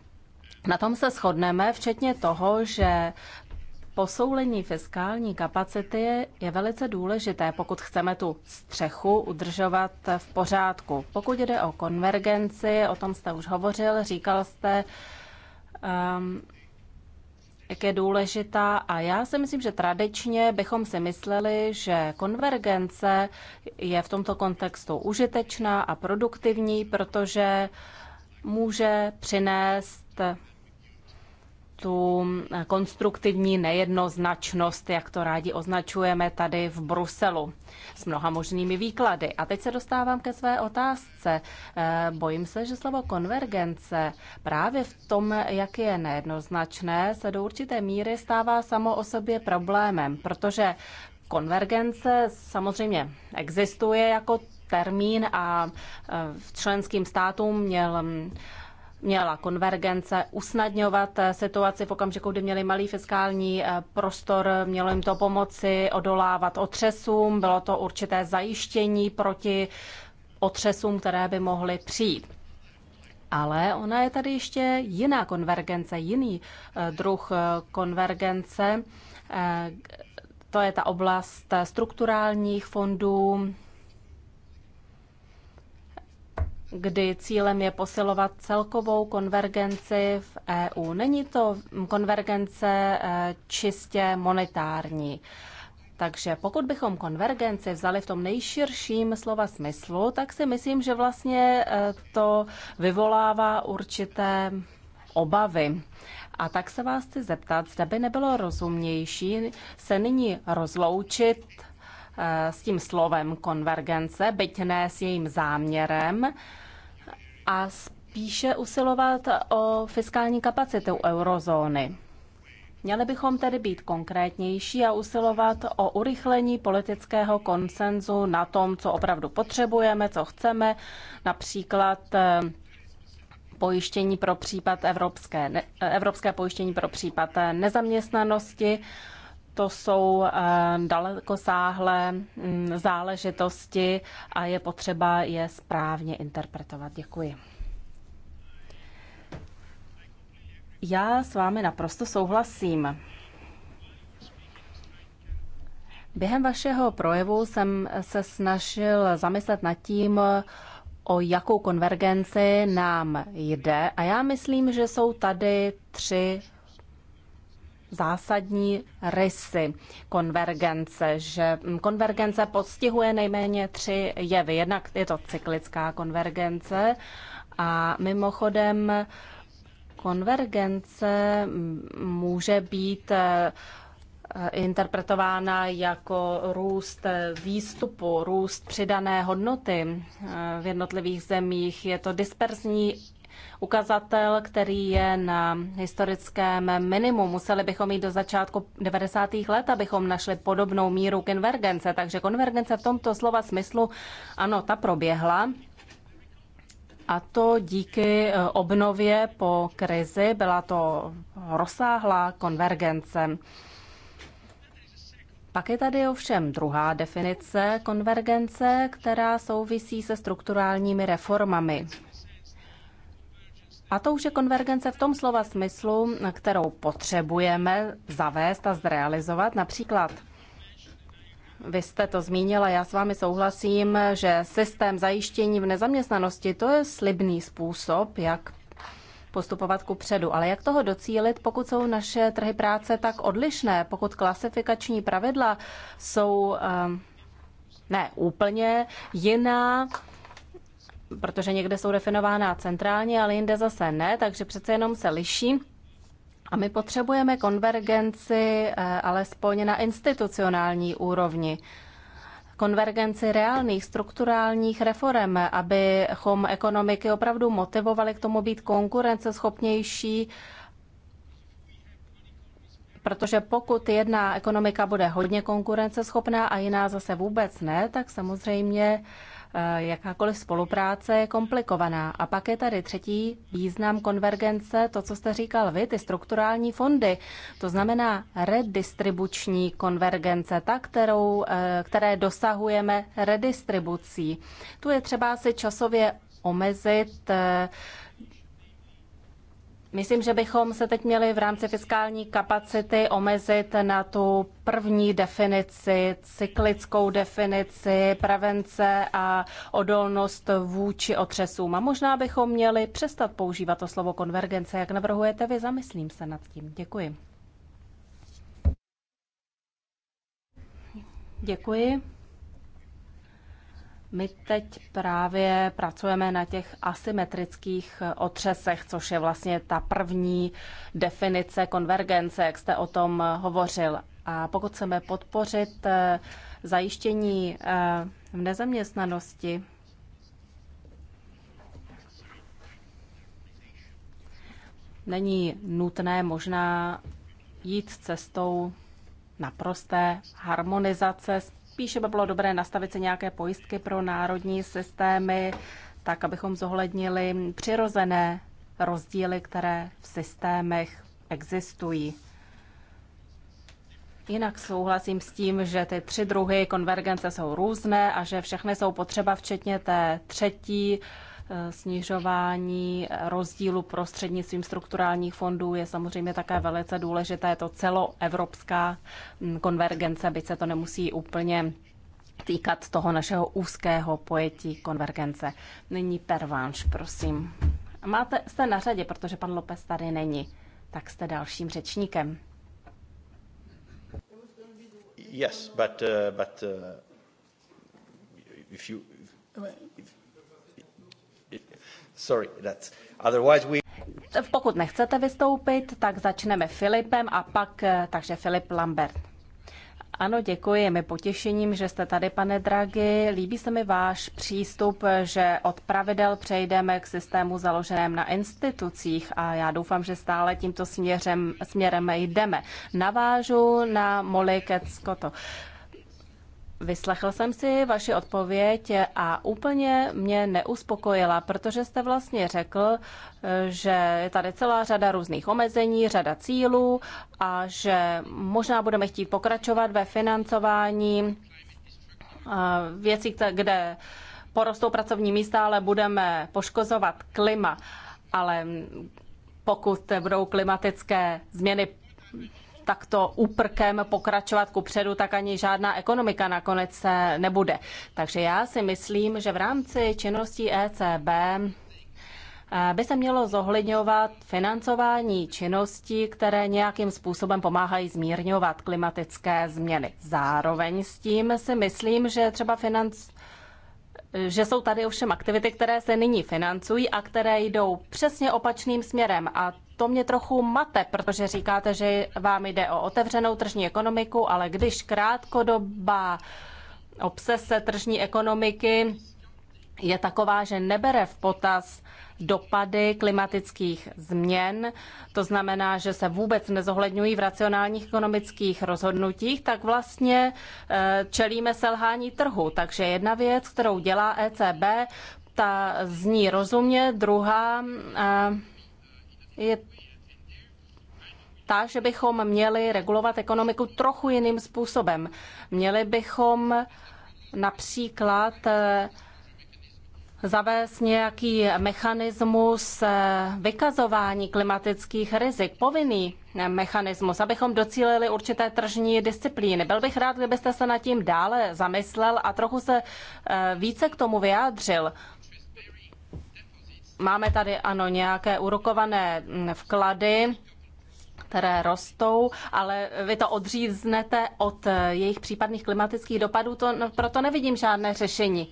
C: na tom se shodneme, včetně toho, že Posoulení fiskální kapacity je velice důležité, pokud chceme tu střechu udržovat v pořádku. Pokud jde o konvergenci, o tom jste už hovořil, říkal jste, um, jak je důležitá. A já si myslím, že tradičně bychom si mysleli, že konvergence je v tomto kontextu užitečná a produktivní, protože může přinést tu konstruktivní nejednoznačnost, jak to rádi označujeme tady v Bruselu, s mnoha možnými výklady. A teď se dostávám ke své otázce. Eh, bojím se, že slovo konvergence právě v tom, jak je nejednoznačné, se do určité míry stává samo o sobě problémem, protože konvergence samozřejmě existuje jako termín a eh, v členským státům měl měla konvergence usnadňovat eh, situaci v okamžiku, kdy měli malý fiskální eh, prostor, mělo jim to pomoci odolávat otřesům, bylo to určité zajištění proti otřesům, které by mohly přijít. Ale ona je tady ještě jiná konvergence, jiný eh, druh konvergence. To je ta oblast strukturálních fondů, kdy cílem je posilovat celkovou konvergenci v EU. Není to konvergence e, čistě monetární. Takže pokud bychom konvergenci vzali v tom nejširším slova smyslu, tak si myslím, že vlastně e, to vyvolává určité obavy. A tak se vás chci zeptat, zda by nebylo rozumnější se nyní rozloučit e, s tím slovem konvergence, byť ne s jejím záměrem, a spíše usilovat o fiskální kapacitu eurozóny. Měli bychom tedy být konkrétnější a usilovat o urychlení politického konsenzu na tom, co opravdu potřebujeme, co chceme, například eh, pojištění pro případ evropské, eh, evropské pojištění pro případ eh, nezaměstnanosti to jsou eh, dalekosáhlé mm, záležitosti a je potřeba je správně interpretovat. Děkuji. Já s vámi naprosto souhlasím. Během vašeho projevu jsem se snažil zamyslet nad tím, o jakou konvergenci nám jde a já myslím, že jsou tady tři zásadní rysy konvergence, že konvergence postihuje nejméně tři jevy. Jednak je to cyklická konvergence a mimochodem konvergence může být eh, interpretována jako růst výstupu, růst přidané hodnoty eh, v jednotlivých zemích. Je to disperzní ukazatel, který je na historickém minimum. Museli bychom jít do začátku 90. let, abychom našli podobnou míru konvergence. Takže konvergence v tomto slova smyslu, ano, ta proběhla. A to díky eh, obnově po krizi byla to rozsáhlá konvergence. Pak je tady ovšem druhá definice konvergence, která souvisí se strukturálními reformami. A to už je konvergence v tom slova smyslu, kterou potřebujeme zavést a zrealizovat. Například vy jste to zmínila, já s vámi souhlasím, že systém zajištění v nezaměstnanosti to je slibný způsob, jak postupovat ku předu. Ale jak toho docílit, pokud jsou naše trhy práce tak odlišné, pokud klasifikační pravidla jsou eh, ne úplně jiná protože někde jsou definována centrálně, ale jinde zase ne, takže přece jenom se liší. A my potřebujeme konvergenci eh, alespoň na institucionální úrovni konvergenci reálných strukturálních reform, abychom ekonomiky opravdu motivovali k tomu být konkurenceschopnější, protože pokud jedna ekonomika bude hodně konkurenceschopná a jiná zase vůbec ne, tak samozřejmě Eh, jakákoliv spolupráce je komplikovaná. A pak je tady třetí význam konvergence, to, co jste říkal vy, ty strukturální fondy. To znamená redistribuční konvergence, ta, kterou, eh, které dosahujeme redistribucí. Tu je třeba si časově omezit eh, Myslím, že bychom se teď měli v rámci fiskální kapacity omezit na tu první definici, cyklickou definici prevence a odolnost vůči otřesům. A možná bychom měli přestat používat to slovo konvergence, jak navrhujete vy, zamyslím se nad tím. Děkuji. Děkuji. My teď právě pracujeme na těch asymetrických otřesech, což je vlastně ta první definice konvergence, jak jste o tom hovořil. A pokud chceme podpořit eh, zajištění eh, v nezaměstnanosti, není nutné možná jít cestou naprosté harmonizace spíše by bylo dobré nastavit si nějaké pojistky pro národní systémy, tak abychom zohlednili přirozené rozdíly, které v systémech existují. Jinak souhlasím s tím, že ty tři druhy konvergence jsou různé a že všechny jsou potřeba, včetně té třetí, Eh, snižování eh, rozdílu prostřednictvím strukturálních fondů je samozřejmě také velice důležité. Je to celoevropská hm, konvergence, byť se to nemusí úplně týkat toho našeho úzkého pojetí konvergence. Nyní pervánš, prosím. Máte, jste na řadě, protože pan Lopez tady není, tak jste dalším řečníkem.
B: Yes, but, uh, but uh, if you,
C: if Sorry, that's... Otherwise we... Pokud nechcete vystoupit, tak začneme Filipem a pak, eh, takže Filip Lambert. Ano, děkuji. Mi potěšením, že jste tady, pane Draghi. Líbí se mi váš přístup, že od pravidel přejdeme k systému založeném na institucích a já doufám, že stále tímto směrem, směrem jdeme. Navážu na Molly Keckoto. Vyslechl jsem si vaši odpověď a úplně mě neuspokojila, protože jste vlastně řekl, že je tady celá řada různých omezení, řada cílů a že možná budeme chtít pokračovat ve financování eh, věcí, kde porostou pracovní místa, ale budeme poškozovat klima. Ale pokud budou klimatické změny takto úprkem pokračovat ku předu, tak ani žádná ekonomika nakonec nebude. Takže já si myslím, že v rámci činností ECB eh, by se mělo zohledňovat financování činností, které nějakým způsobem pomáhají zmírňovat klimatické změny. Zároveň s tím si myslím, že třeba financ že jsou tady ovšem aktivity, které se nyní financují a které jdou přesně opačným směrem. A to mě trochu mate, protože říkáte, že vám jde o otevřenou tržní ekonomiku, ale když krátkodobá obsese tržní ekonomiky je taková, že nebere v potaz dopady klimatických změn, to znamená, že se vůbec nezohledňují v racionálních ekonomických rozhodnutích, tak vlastně eh, čelíme selhání trhu. Takže jedna věc, kterou dělá ECB, ta zní rozumně, druhá eh, je ta, že bychom měli regulovat ekonomiku trochu jiným způsobem. Měli bychom například eh, zavést nějaký mechanismus eh, vykazování klimatických rizik, povinný eh, mechanismus, abychom docílili určité tržní disciplíny. Byl bych rád, kdybyste se nad tím dále zamyslel a trochu se více k tomu vyjádřil máme tady ano nějaké urokované mm, vklady, které rostou, ale vy to odříznete od eh, jejich případných klimatických dopadů, to, no, proto nevidím žádné řešení.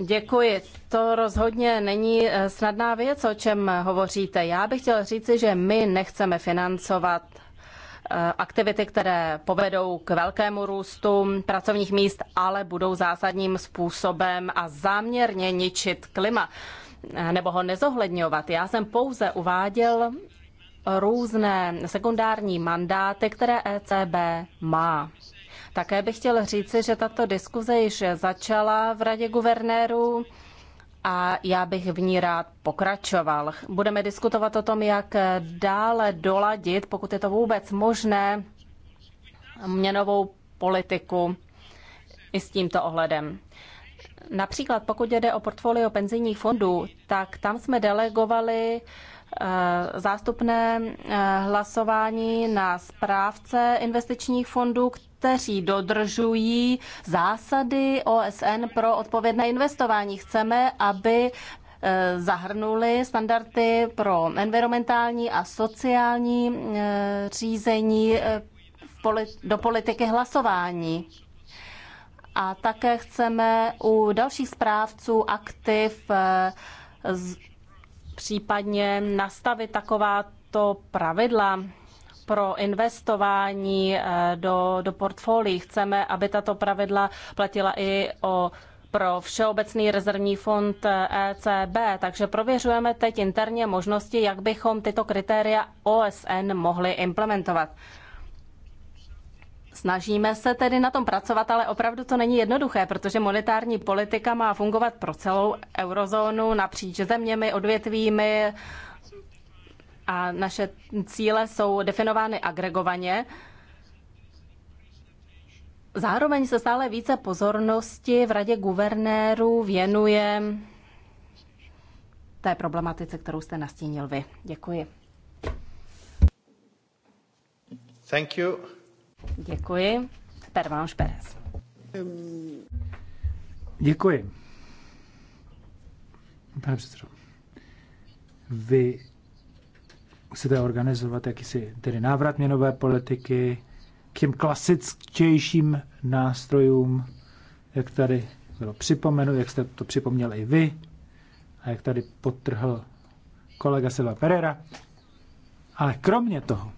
C: Děkuji. To rozhodně není eh, snadná věc, o čem hovoříte. Já bych chtěl říci, že my nechceme financovat eh, aktivity, které povedou k velkému růstu pracovních míst, ale budou zásadním způsobem a záměrně ničit klima nebo ho nezohledňovat. Já jsem pouze uváděl různé sekundární mandáty, které ECB má. Také bych chtěl říci, že tato diskuze již začala v Radě guvernérů a já bych v ní rád pokračoval. Budeme diskutovat o tom, jak dále doladit, pokud je to vůbec možné, měnovou politiku i s tímto ohledem. Například pokud jde o portfolio penzijních fondů, tak tam jsme delegovali eh, zástupné eh, hlasování na správce investičních fondů, kteří dodržují zásady OSN pro odpovědné investování. Chceme, aby eh, zahrnuli standardy pro environmentální a sociální řízení do politiky hlasování a také chceme u dalších správců aktiv eh, případně nastavit takováto pravidla pro investování eh, do, do portfolí. Chceme, aby tato pravidla platila i o pro Všeobecný rezervní fond ECB, eh, e takže prověřujeme teď interně možnosti, jak bychom tyto kritéria OSN mohli implementovat. Snažíme se tedy na tom pracovat, ale opravdu to není jednoduché, protože monetární politika má fungovat pro celou eurozónu napříč zeměmi, odvětvími a naše cíle jsou definovány agregovaně. Zároveň se stále více pozornosti v Radě guvernérů věnuje té problematice, kterou jste nastínil vy. Děkuji.
A: Thank you.
C: Děkuji. vám Perez.
B: Děkuji. Pane předsedo, vy chcete organizovat jakýsi tedy návrat měnové politiky k těm klasičtějším nástrojům, jak tady bylo připomenu, jak jste to připomněl i vy a jak tady potrhl kolega Silva Pereira. Ale kromě toho,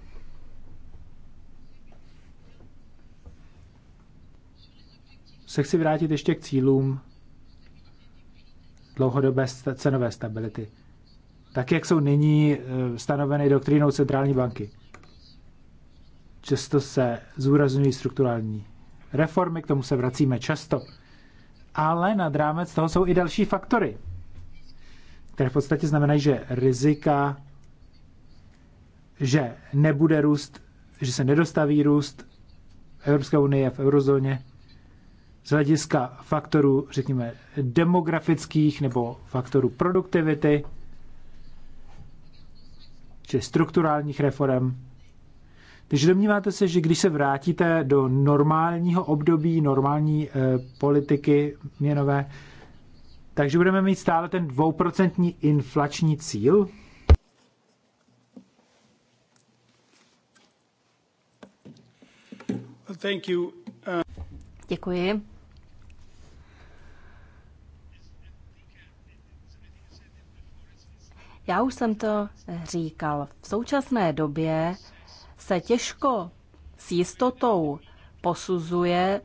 B: se chci vrátit ještě k cílům dlouhodobé cenové stability, tak jak jsou nyní eh, stanoveny doktrínou centrální banky. Často se zúraznují strukturální reformy, k tomu se vracíme často. Ale nad rámec toho jsou i další faktory, které v podstatě znamenají, že rizika, že nebude růst, že se nedostaví růst Evropské unie v eurozóně, z hlediska faktorů, řekněme, demografických nebo faktorů produktivity, či strukturálních reform. Takže domníváte se, že když se vrátíte do normálního období, normální e, politiky měnové, takže budeme mít stále ten dvouprocentní inflační cíl? Thank you. Uh,
C: Děkuji. Já už jsem to říkal. V současné době se těžko s jistotou posuzuje,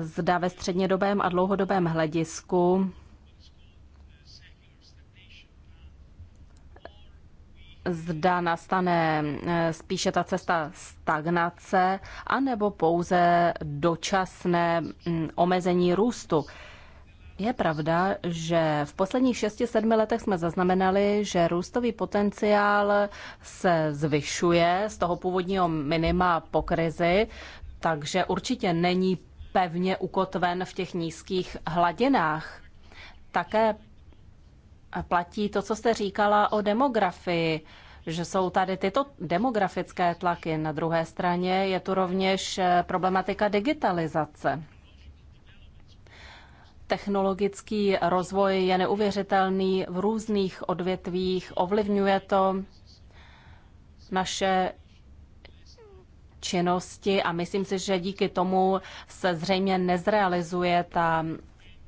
C: zda ve střednědobém a dlouhodobém hledisku zda nastane eh, spíše ta cesta stagnace, anebo pouze dočasné mm, omezení růstu. Je pravda, že v posledních 6-7 letech jsme zaznamenali, že růstový potenciál se zvyšuje z toho původního minima po krizi, takže určitě není pevně ukotven v těch nízkých hladinách. Také platí to, co jste říkala o demografii, že jsou tady tyto demografické tlaky. Na druhé straně je tu rovněž problematika digitalizace. Technologický rozvoj je neuvěřitelný v různých odvětvích, ovlivňuje to naše činnosti a myslím si, že díky tomu se zřejmě nezrealizuje ta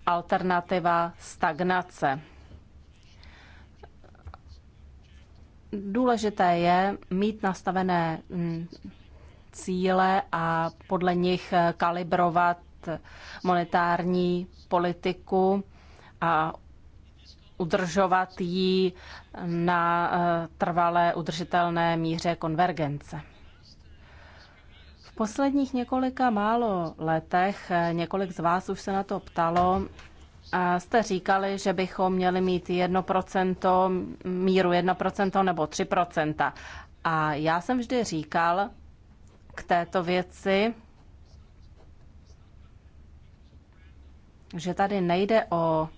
C: alternativa stagnace. Důležité je mít nastavené mm, cíle a podle nich kalibrovat monetární politiku a udržovat ji na eh, trvalé udržitelné míře konvergence. V posledních několika málo letech, eh, několik z vás už se na to ptalo, a jste říkali, že bychom měli mít 1%, míru 1% nebo 3%. A já jsem vždy říkal k této věci, že tady nejde o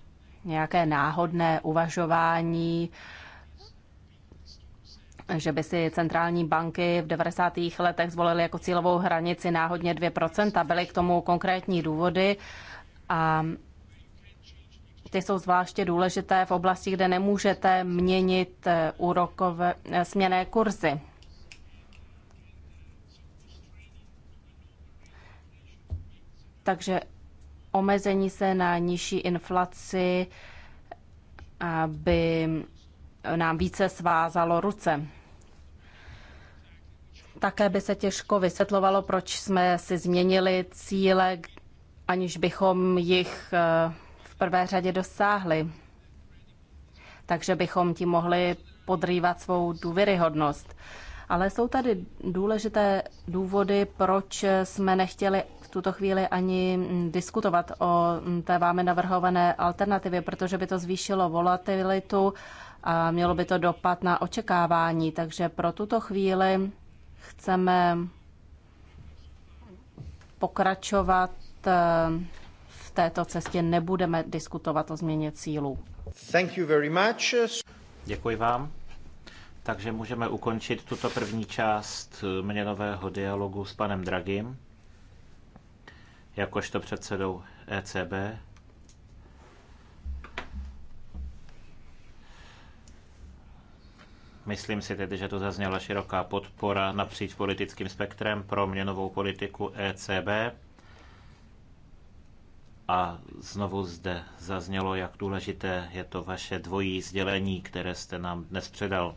C: nějaké náhodné uvažování, že by si centrální banky v 90. letech zvolily jako cílovou hranici náhodně 2%, byly k tomu konkrétní důvody a ty jsou zvláště důležité v oblasti, kde nemůžete měnit eh, úrokové eh, směné kurzy. Takže omezení se na nižší inflaci by nám více svázalo ruce. Také by se těžko vysvětlovalo, proč jsme si změnili cíle, aniž bychom jich eh, v prvé řadě dosáhli. Takže bychom tím mohli podrývat svou důvěryhodnost. Ale jsou tady důležité důvody, proč jsme nechtěli tuto chvíli ani diskutovat o té vámi navrhované alternativě, protože by to zvýšilo volatilitu a mělo by to dopad na očekávání. Takže pro tuto chvíli chceme pokračovat eh, v této cestě. Nebudeme diskutovat o změně cílů.
A: Thank you very much. Děkuji vám. Takže můžeme ukončit tuto první část eh, měnového dialogu s panem Dragim jakožto předsedou ECB. Myslím si tedy, že tu zazněla široká podpora napříč politickým spektrem pro měnovou politiku ECB. A znovu zde zaznělo, jak důležité je to vaše dvojí sdělení, které jste nám dnes předal.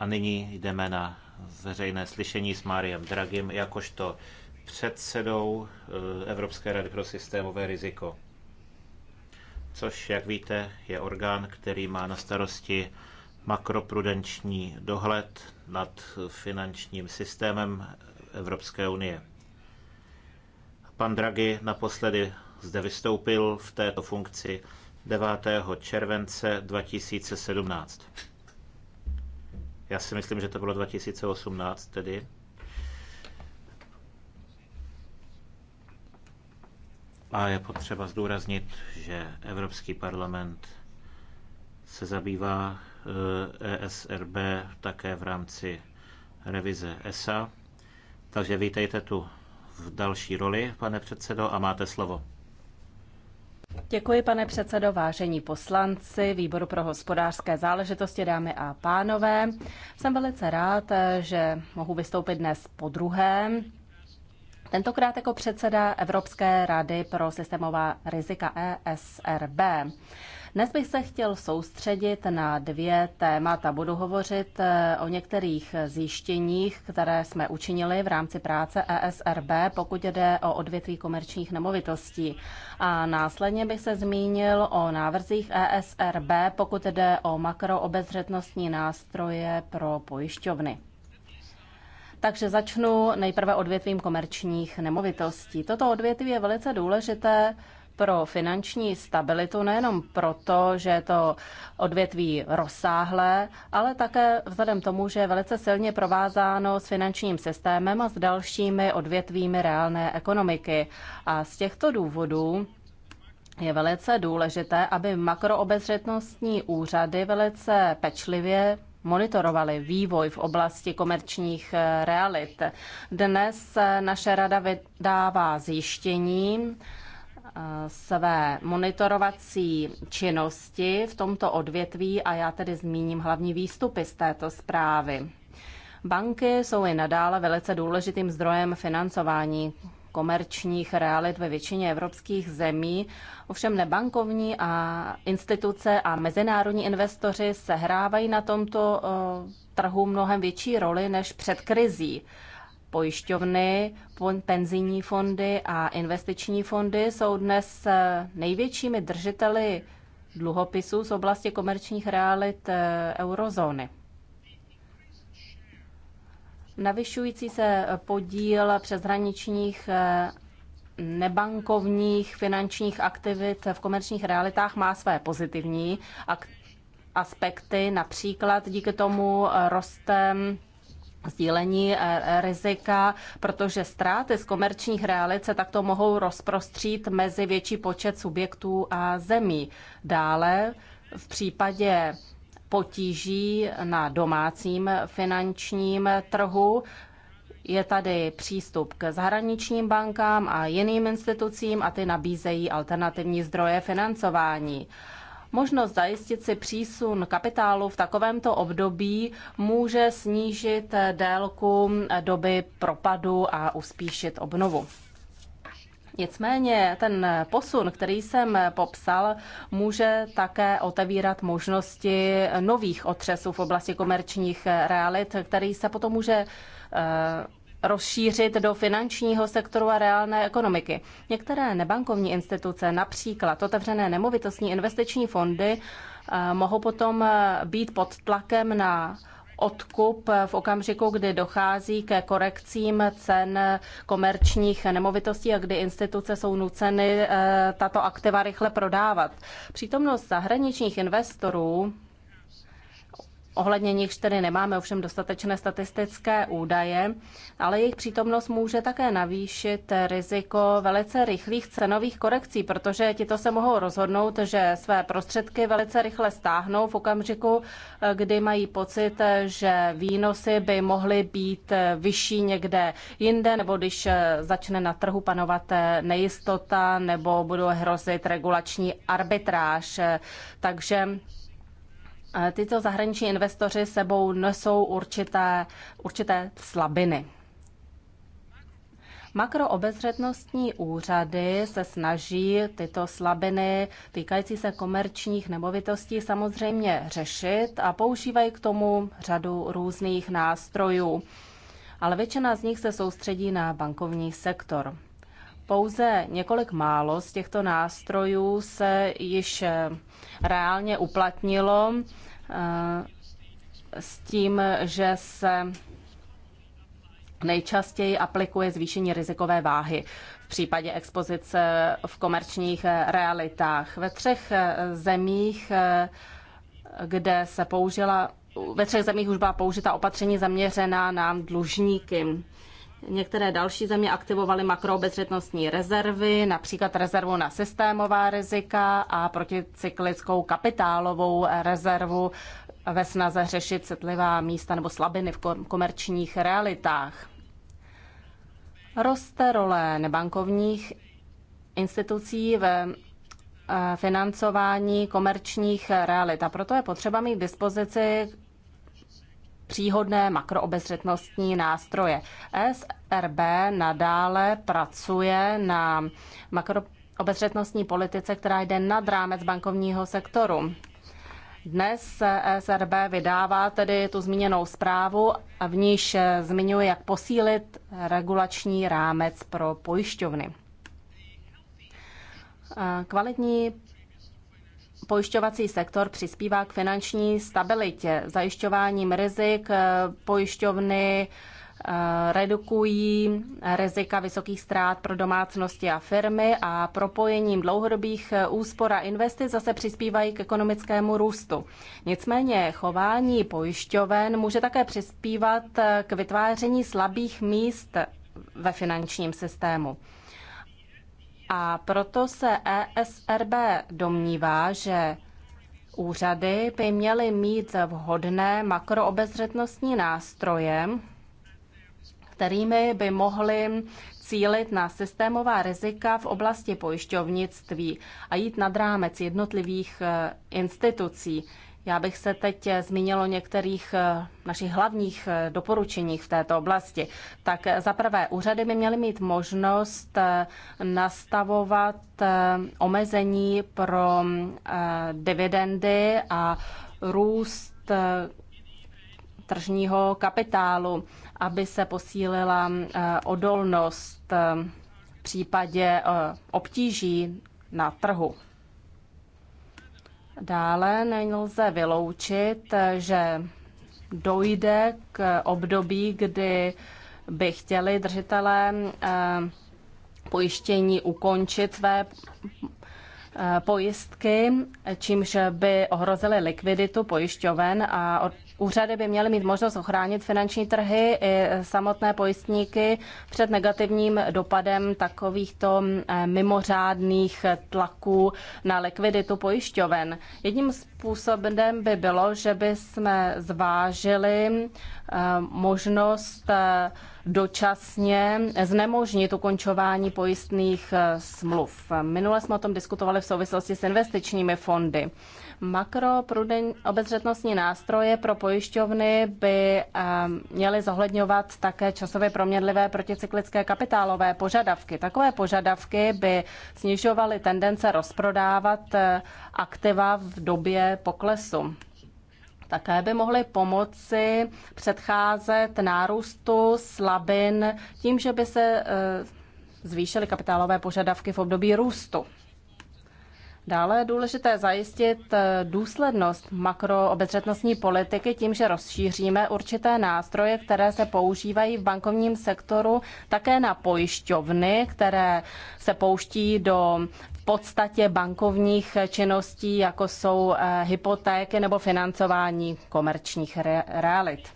A: A nyní jdeme na veřejné slyšení s Máriem Dragim jakožto předsedou eh, Evropské rady pro systémové riziko. Což, jak víte, je orgán, který má na starosti makroprudenční dohled nad finančním systémem Evropské unie. Pan Draghi naposledy zde vystoupil v této funkci 9. července 2017. Já si myslím, že to bylo 2018 tedy. A je potřeba zdůraznit, že Evropský parlament se zabývá ESRB eh, e také v rámci revize ESA. Takže vítejte tu v další roli, pane předsedo, a máte slovo.
C: Děkuji, pane předsedo, vážení poslanci Výboru pro hospodářské záležitosti, dámy a pánové. Jsem velice rád, že mohu vystoupit dnes po druhém. Tentokrát jako předseda Evropské rady pro systémová rizika ESRB. Dnes bych se chtěl soustředit na dvě témata. Budu hovořit eh, o některých zjištěních, které jsme učinili v rámci práce ESRB, pokud jde o odvětví komerčních nemovitostí. A následně bych se zmínil o návrzích ESRB, pokud jde o makroobezřetnostní nástroje pro pojišťovny. Takže začnu nejprve odvětvím komerčních nemovitostí. Toto odvětví je velice důležité pro finanční stabilitu nejenom proto, že je to odvětví rozsáhlé, ale také vzhledem tomu, že je velice silně provázáno s finančním systémem a s dalšími odvětvími reálné ekonomiky. A z těchto důvodů je velice důležité, aby makroobezřetnostní úřady velice pečlivě monitorovali vývoj v oblasti komerčních eh, realit. Dnes eh, naše rada vydává zjištění své monitorovací činnosti v tomto odvětví a já tedy zmíním hlavní výstupy z této zprávy. Banky jsou i nadále velice důležitým zdrojem financování komerčních realit ve většině evropských zemí. Ovšem nebankovní a instituce a mezinárodní investoři sehrávají na tomto eh, trhu mnohem větší roli než před krizí pojišťovny, penzijní fondy a investiční fondy jsou dnes eh, největšími držiteli dluhopisů z oblasti komerčních realit eh, eurozóny. Navyšující se podíl přeshraničních eh, nebankovních finančních aktivit v komerčních realitách má své pozitivní aspekty. Například díky tomu roste sdílení eh, eh, rizika, protože ztráty z komerčních realit se takto mohou rozprostřít mezi větší počet subjektů a zemí. Dále v případě potíží na domácím finančním trhu je tady přístup k zahraničním bankám a jiným institucím a ty nabízejí alternativní zdroje financování. Možnost zajistit si přísun kapitálu v takovémto období může snížit délku doby propadu a uspíšit obnovu. Nicméně ten posun, který jsem popsal, může také otevírat možnosti nových otřesů v oblasti komerčních realit, který se potom může eh, rozšířit do finančního sektoru a reálné ekonomiky. Některé nebankovní instituce, například otevřené nemovitostní investiční fondy, eh, mohou potom eh, být pod tlakem na odkup v okamžiku, kdy dochází ke korekcím cen komerčních nemovitostí a kdy instituce jsou nuceny eh, tato aktiva rychle prodávat. Přítomnost zahraničních investorů ohledně nich tedy nemáme ovšem dostatečné statistické údaje, ale jejich přítomnost může také navýšit riziko velice rychlých cenových korekcí, protože tito se mohou rozhodnout, že své prostředky velice rychle stáhnou v okamžiku, kdy mají pocit, že výnosy by mohly být vyšší někde jinde, nebo když začne na trhu panovat nejistota, nebo budou hrozit regulační arbitráž. Takže Eh, tyto zahraniční investoři sebou nesou určité, určité slabiny. Makroobezřetnostní úřady se snaží tyto slabiny týkající se komerčních nemovitostí samozřejmě řešit a používají k tomu řadu různých nástrojů, ale většina z nich se soustředí na bankovní sektor pouze několik málo z těchto nástrojů se již eh, reálně uplatnilo eh, s tím, že se nejčastěji aplikuje zvýšení rizikové váhy v případě expozice v komerčních eh, realitách. Ve třech zemích, kde se použila, ve třech zemích už byla použita opatření zaměřená na dlužníky. Některé další země aktivovaly makroobezřetnostní rezervy, například rezervu na systémová rizika a proticyklickou kapitálovou rezervu ve snaze řešit citlivá místa nebo slabiny v komerčních realitách. Roste role nebankovních institucí ve eh, financování komerčních realit. A proto je potřeba mít k dispozici příhodné makroobezřetnostní nástroje. SRB nadále pracuje na makroobezřetnostní politice, která jde nad rámec bankovního sektoru. Dnes SRB vydává tedy tu zmíněnou zprávu, a v níž zmiňuje, jak posílit regulační rámec pro pojišťovny. Kvalitní pojišťovací sektor přispívá k finanční stabilitě. Zajišťováním rizik eh, pojišťovny eh, redukují rizika vysokých ztrát pro domácnosti a firmy a propojením dlouhodobých eh, úspor a investic zase přispívají k ekonomickému růstu. Nicméně chování pojišťoven může také přispívat k vytváření slabých míst ve finančním systému. A proto se ESRB domnívá, že úřady by měly mít vhodné makroobezřetnostní nástroje, kterými by mohly cílit na systémová rizika v oblasti pojišťovnictví a jít nad rámec jednotlivých eh, institucí. Já bych se teď zmínila o některých eh, našich hlavních eh, doporučeních v této oblasti. Tak eh, za prvé, úřady by měly mít možnost nastavovat omezení pro mm, dividendy a růst tržního kapitálu, aby se posílila mm, odolnost v případě obtíží na trhu. Dále nelze vyloučit, že dojde k období, kdy by chtěli držitelé eh, pojištění ukončit své eh, pojistky, čímž by ohrozili likviditu pojišťoven a Úřady by měly mít možnost ochránit finanční trhy i samotné pojistníky před negativním dopadem takovýchto eh, mimořádných tlaků na likviditu pojišťoven. Jedním způsobem by bylo, že by jsme zvážili eh, možnost eh, dočasně znemožnit ukončování pojistných smluv. Minule jsme o tom diskutovali v souvislosti s investičními fondy. Makropruden obezřetnostní nástroje pro pojišťovny by eh, měly zohledňovat také časově proměnlivé proticyklické kapitálové požadavky. Takové požadavky by snižovaly tendence rozprodávat eh, aktiva v době poklesu. Také by mohly pomoci předcházet nárůstu slabin tím, že by se eh, zvýšily kapitálové požadavky v období růstu. Dále je důležité zajistit eh, důslednost makroobezřetnostní politiky tím, že rozšíříme určité nástroje, které se používají v bankovním sektoru, také na pojišťovny, které se pouští do v podstatě bankovních činností, jako jsou eh, hypotéky nebo financování komerčních realit.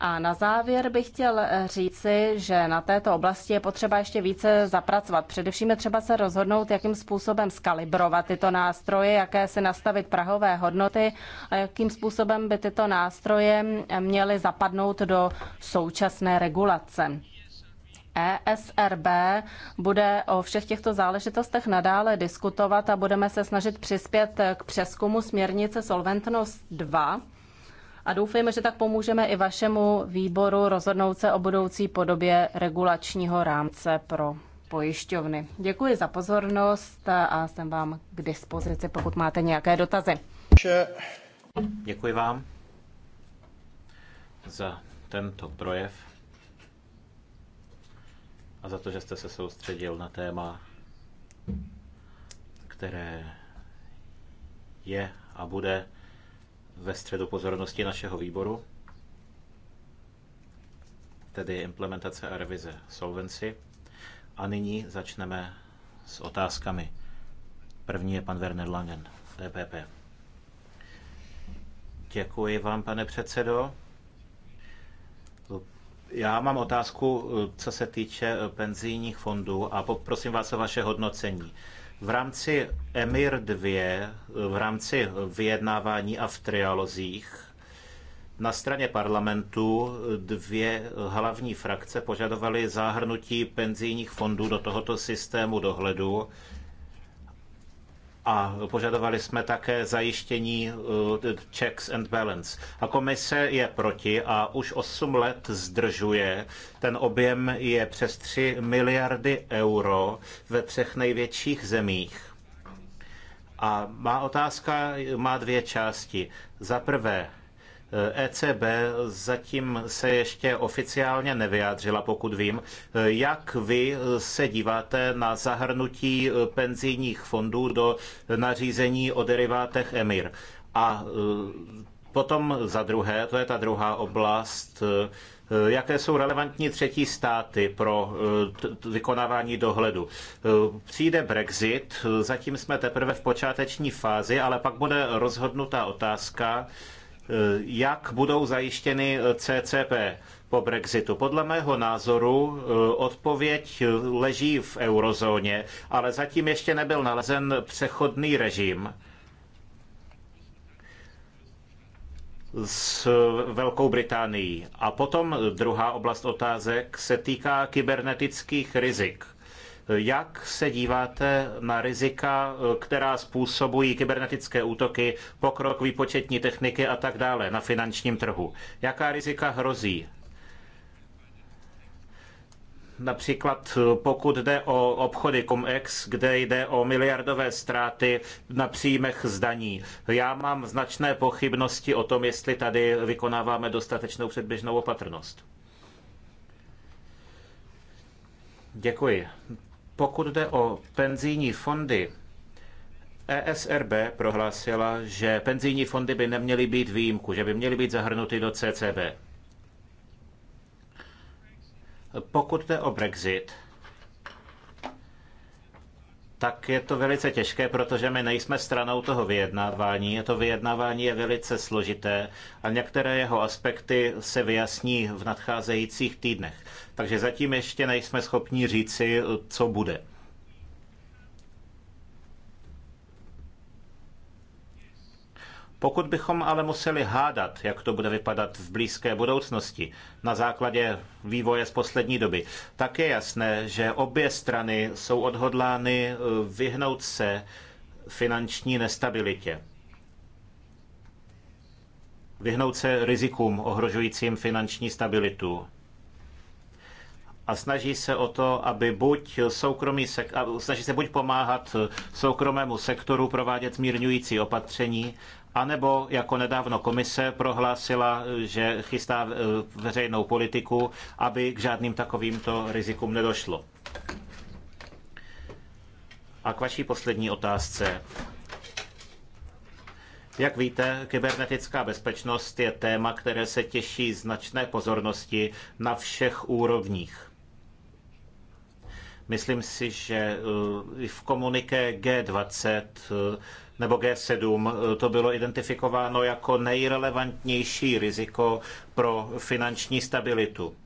C: A na závěr bych chtěl eh, říci, že na této oblasti je potřeba ještě více zapracovat. Především je třeba se rozhodnout, jakým způsobem skalibrovat tyto nástroje, jaké si nastavit prahové hodnoty a jakým způsobem by tyto nástroje eh, měly zapadnout do současné regulace. ESRB bude o všech těchto záležitostech nadále diskutovat a budeme se snažit přispět k přeskumu směrnice Solventnost 2 a doufejme, že tak pomůžeme i vašemu výboru rozhodnout se o budoucí podobě regulačního rámce pro pojišťovny. Děkuji za pozornost a jsem vám k dispozici, pokud máte nějaké dotazy.
A: Děkuji vám za tento projev a za to, že jste se soustředil na téma, které je a bude ve středu pozornosti našeho výboru, tedy implementace a revize Solvency. A nyní začneme s otázkami. První je pan Werner Langen, DPP. Děkuji vám, pane předsedo. Já mám otázku, co se týče penzijních fondů a poprosím vás o vaše hodnocení. V rámci EMIR 2, v rámci vyjednávání a v trialozích, na straně parlamentu dvě hlavní frakce požadovaly záhrnutí penzijních fondů do tohoto systému dohledu a požadovali jsme také zajištění eh, checks and balance. A komise je proti a už 8 let zdržuje. Ten objem je přes 3 miliardy euro ve třech největších zemích. A má otázka má dvě části. Za prvé, ECB eh, e zatím se ještě oficiálně nevyjádřila, pokud vím. Eh, jak vy eh, se díváte na zahrnutí penzijních fondů do nařízení o derivátech EMIR? A potom za druhé, to je ta druhá oblast, jaké jsou relevantní třetí státy pro vykonávání dohledu. Přijde Brexit, zatím jsme teprve v počáteční fázi, ale pak bude rozhodnutá otázka, Eh, jak budou zajištěny eh, CCP po Brexitu. Podle mého názoru eh, odpověď leží v eurozóně, ale zatím ještě nebyl nalezen přechodný režim s Velkou Británií. A potom druhá oblast otázek se týká kybernetických rizik jak se díváte na rizika, která způsobují kybernetické útoky, pokrok výpočetní techniky a tak dále na finančním trhu? Jaká rizika hrozí? Například pokud jde o obchody CumEx, kde jde o miliardové ztráty na příjmech zdaní. Já mám značné pochybnosti o tom, jestli tady vykonáváme dostatečnou předběžnou opatrnost. Děkuji. Pokud jde o penzijní fondy, ESRB prohlásila, že penzijní fondy by neměly být výjimku, že by měly být zahrnuty do CCB. Pokud jde o Brexit, tak je to velice těžké, protože my nejsme stranou toho vyjednávání. To vyjednávání je velice složité a některé jeho aspekty se vyjasní v nadcházejících týdnech. Takže zatím ještě nejsme schopni říci, co bude. Pokud bychom ale museli hádat, jak to bude vypadat v blízké budoucnosti na základě vývoje z poslední doby, tak je jasné, že obě strany jsou odhodlány eh, vyhnout se finanční nestabilitě. Vyhnout se rizikům ohrožujícím finanční stabilitu a snaží se o to, aby buď soukromý sek- snaží se buď pomáhat eh, soukromému sektoru provádět zmírňující opatření, anebo jako nedávno komise prohlásila, že chystá eh, veřejnou politiku, aby k žádným takovýmto rizikům nedošlo. A k vaší poslední otázce. Jak víte, kybernetická bezpečnost je téma, které se těší značné pozornosti na všech úrovních. Myslím si, že eh, v komuniké G20 eh, nebo G7 eh, to bylo identifikováno jako nejrelevantnější riziko pro finanční stabilitu.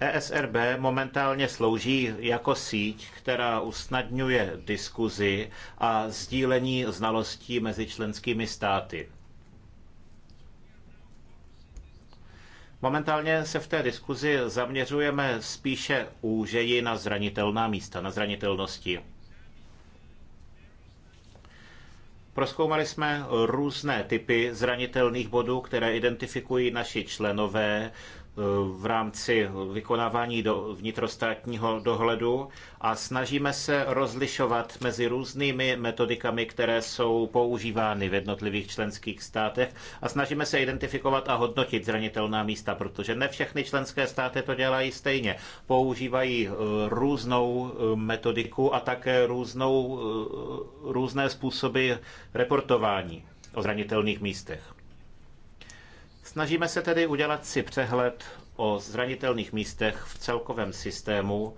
A: ESRB momentálně slouží jako síť, která usnadňuje diskuzi a sdílení znalostí mezi členskými státy. Momentálně se v té diskuzi zaměřujeme spíše úžeji na zranitelná místa, na zranitelnosti. Proskoumali jsme různé typy zranitelných bodů, které identifikují naši členové v rámci vykonávání do vnitrostátního dohledu a snažíme se rozlišovat mezi různými metodikami, které jsou používány v jednotlivých členských státech a snažíme se identifikovat a hodnotit zranitelná místa, protože ne všechny členské státy to dělají stejně. Používají eh, různou eh, metodiku a také různou, eh, různé způsoby reportování o zranitelných místech. Snažíme se tedy udělat si přehled o zranitelných místech v celkovém systému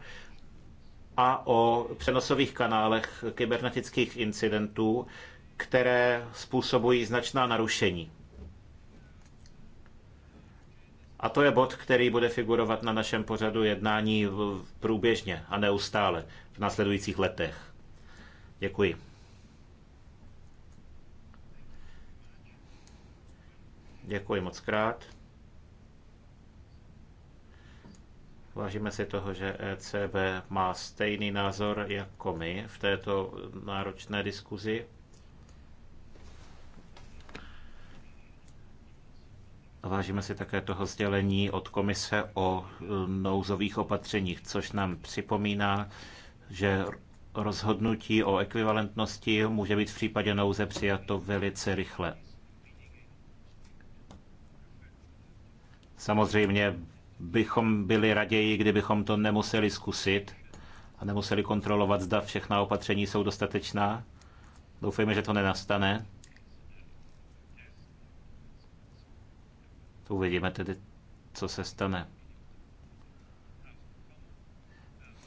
A: a o přenosových kanálech kybernetických incidentů, které způsobují značná narušení. A to je bod, který bude figurovat na našem pořadu jednání průběžně a neustále v následujících letech. Děkuji. Děkuji moc krát. Vážíme si toho, že ECB má stejný názor jako my v této náročné diskuzi. Vážíme si také toho sdělení od komise o um, nouzových opatřeních, což nám připomíná, že rozhodnutí o ekvivalentnosti může být v případě nouze přijato velice rychle. Samozřejmě bychom byli raději, kdybychom to nemuseli zkusit a nemuseli kontrolovat, zda všechna opatření jsou dostatečná. Doufejme, že to nenastane. Uvidíme tedy, co se stane.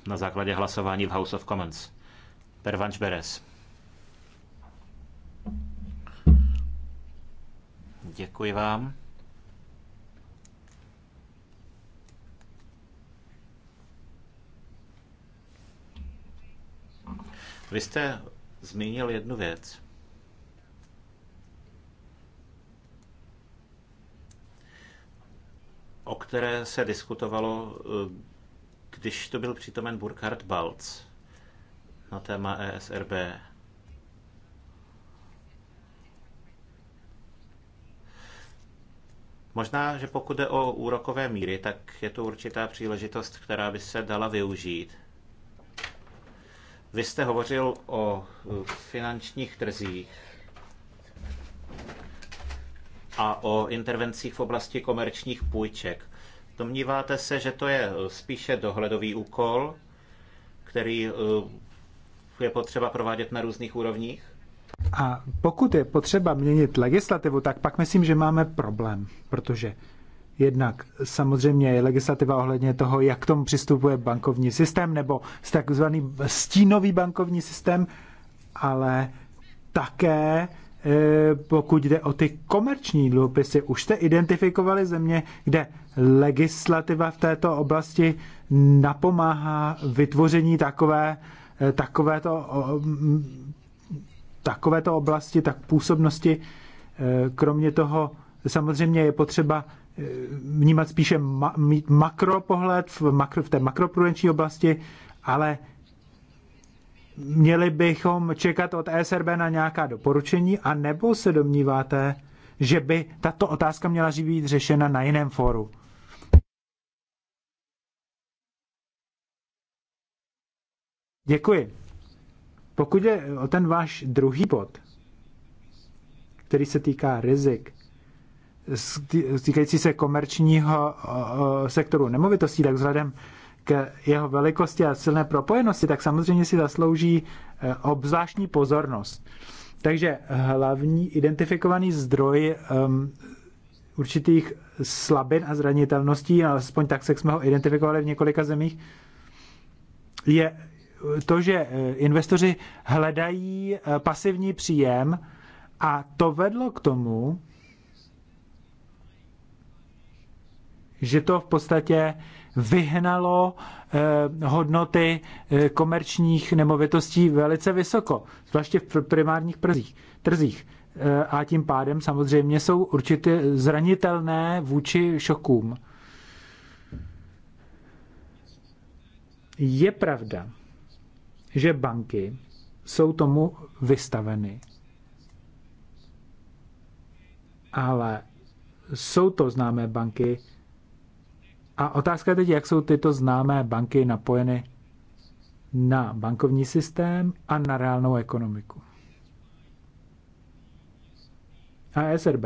A: Na základě hlasování v House of Commons. Pervanč Beres. Děkuji vám. Vy jste zmínil jednu věc. o které se diskutovalo, eh, když to byl přítomen Burkhard Balc na téma ESRB. Možná, že pokud jde o úrokové míry, tak je to určitá příležitost, která by se dala využít. Vy jste hovořil o eh, finančních trzích a o intervencích v oblasti komerčních půjček. Domníváte se, že to je eh, spíše dohledový úkol, který eh, je potřeba provádět na různých úrovních?
B: A pokud je potřeba měnit legislativu, tak pak myslím, že máme problém, protože Jednak samozřejmě je legislativa ohledně toho, jak k tomu přistupuje bankovní systém nebo takzvaný stínový bankovní systém, ale také e, pokud jde o ty komerční dluhopisy, už jste identifikovali země, kde legislativa v této oblasti napomáhá vytvoření takové, e, takovéto, takovéto oblasti, tak působnosti. E, kromě toho samozřejmě je potřeba vnímat spíše ma, mít makropohled v, makro, v té makroprudenční oblasti, ale měli bychom čekat od ESRB na nějaká doporučení, a nebo se domníváte, že by tato otázka měla být řešena na jiném fóru? Děkuji. Pokud je o ten váš druhý bod, který se týká rizik, týkající se komerčního sektoru nemovitostí, tak vzhledem k jeho velikosti a silné propojenosti, tak samozřejmě si zaslouží e, obzvláštní pozornost. Takže hlavní identifikovaný zdroj um, určitých slabin a zranitelností, alespoň tak, jak jsme ho identifikovali v několika zemích, je to, že e, investoři hledají pasivní příjem a to vedlo k tomu, že to v podstatě vyhnalo eh, hodnoty eh, komerčních nemovitostí velice vysoko, zvláště v primárních przích, trzích. Eh, a tím pádem samozřejmě jsou určitě zranitelné vůči šokům. Je pravda, že banky jsou tomu vystaveny. Ale jsou to známé banky, a otázka teď, jak jsou tyto známé banky napojeny na bankovní systém a na reálnou ekonomiku. A SRB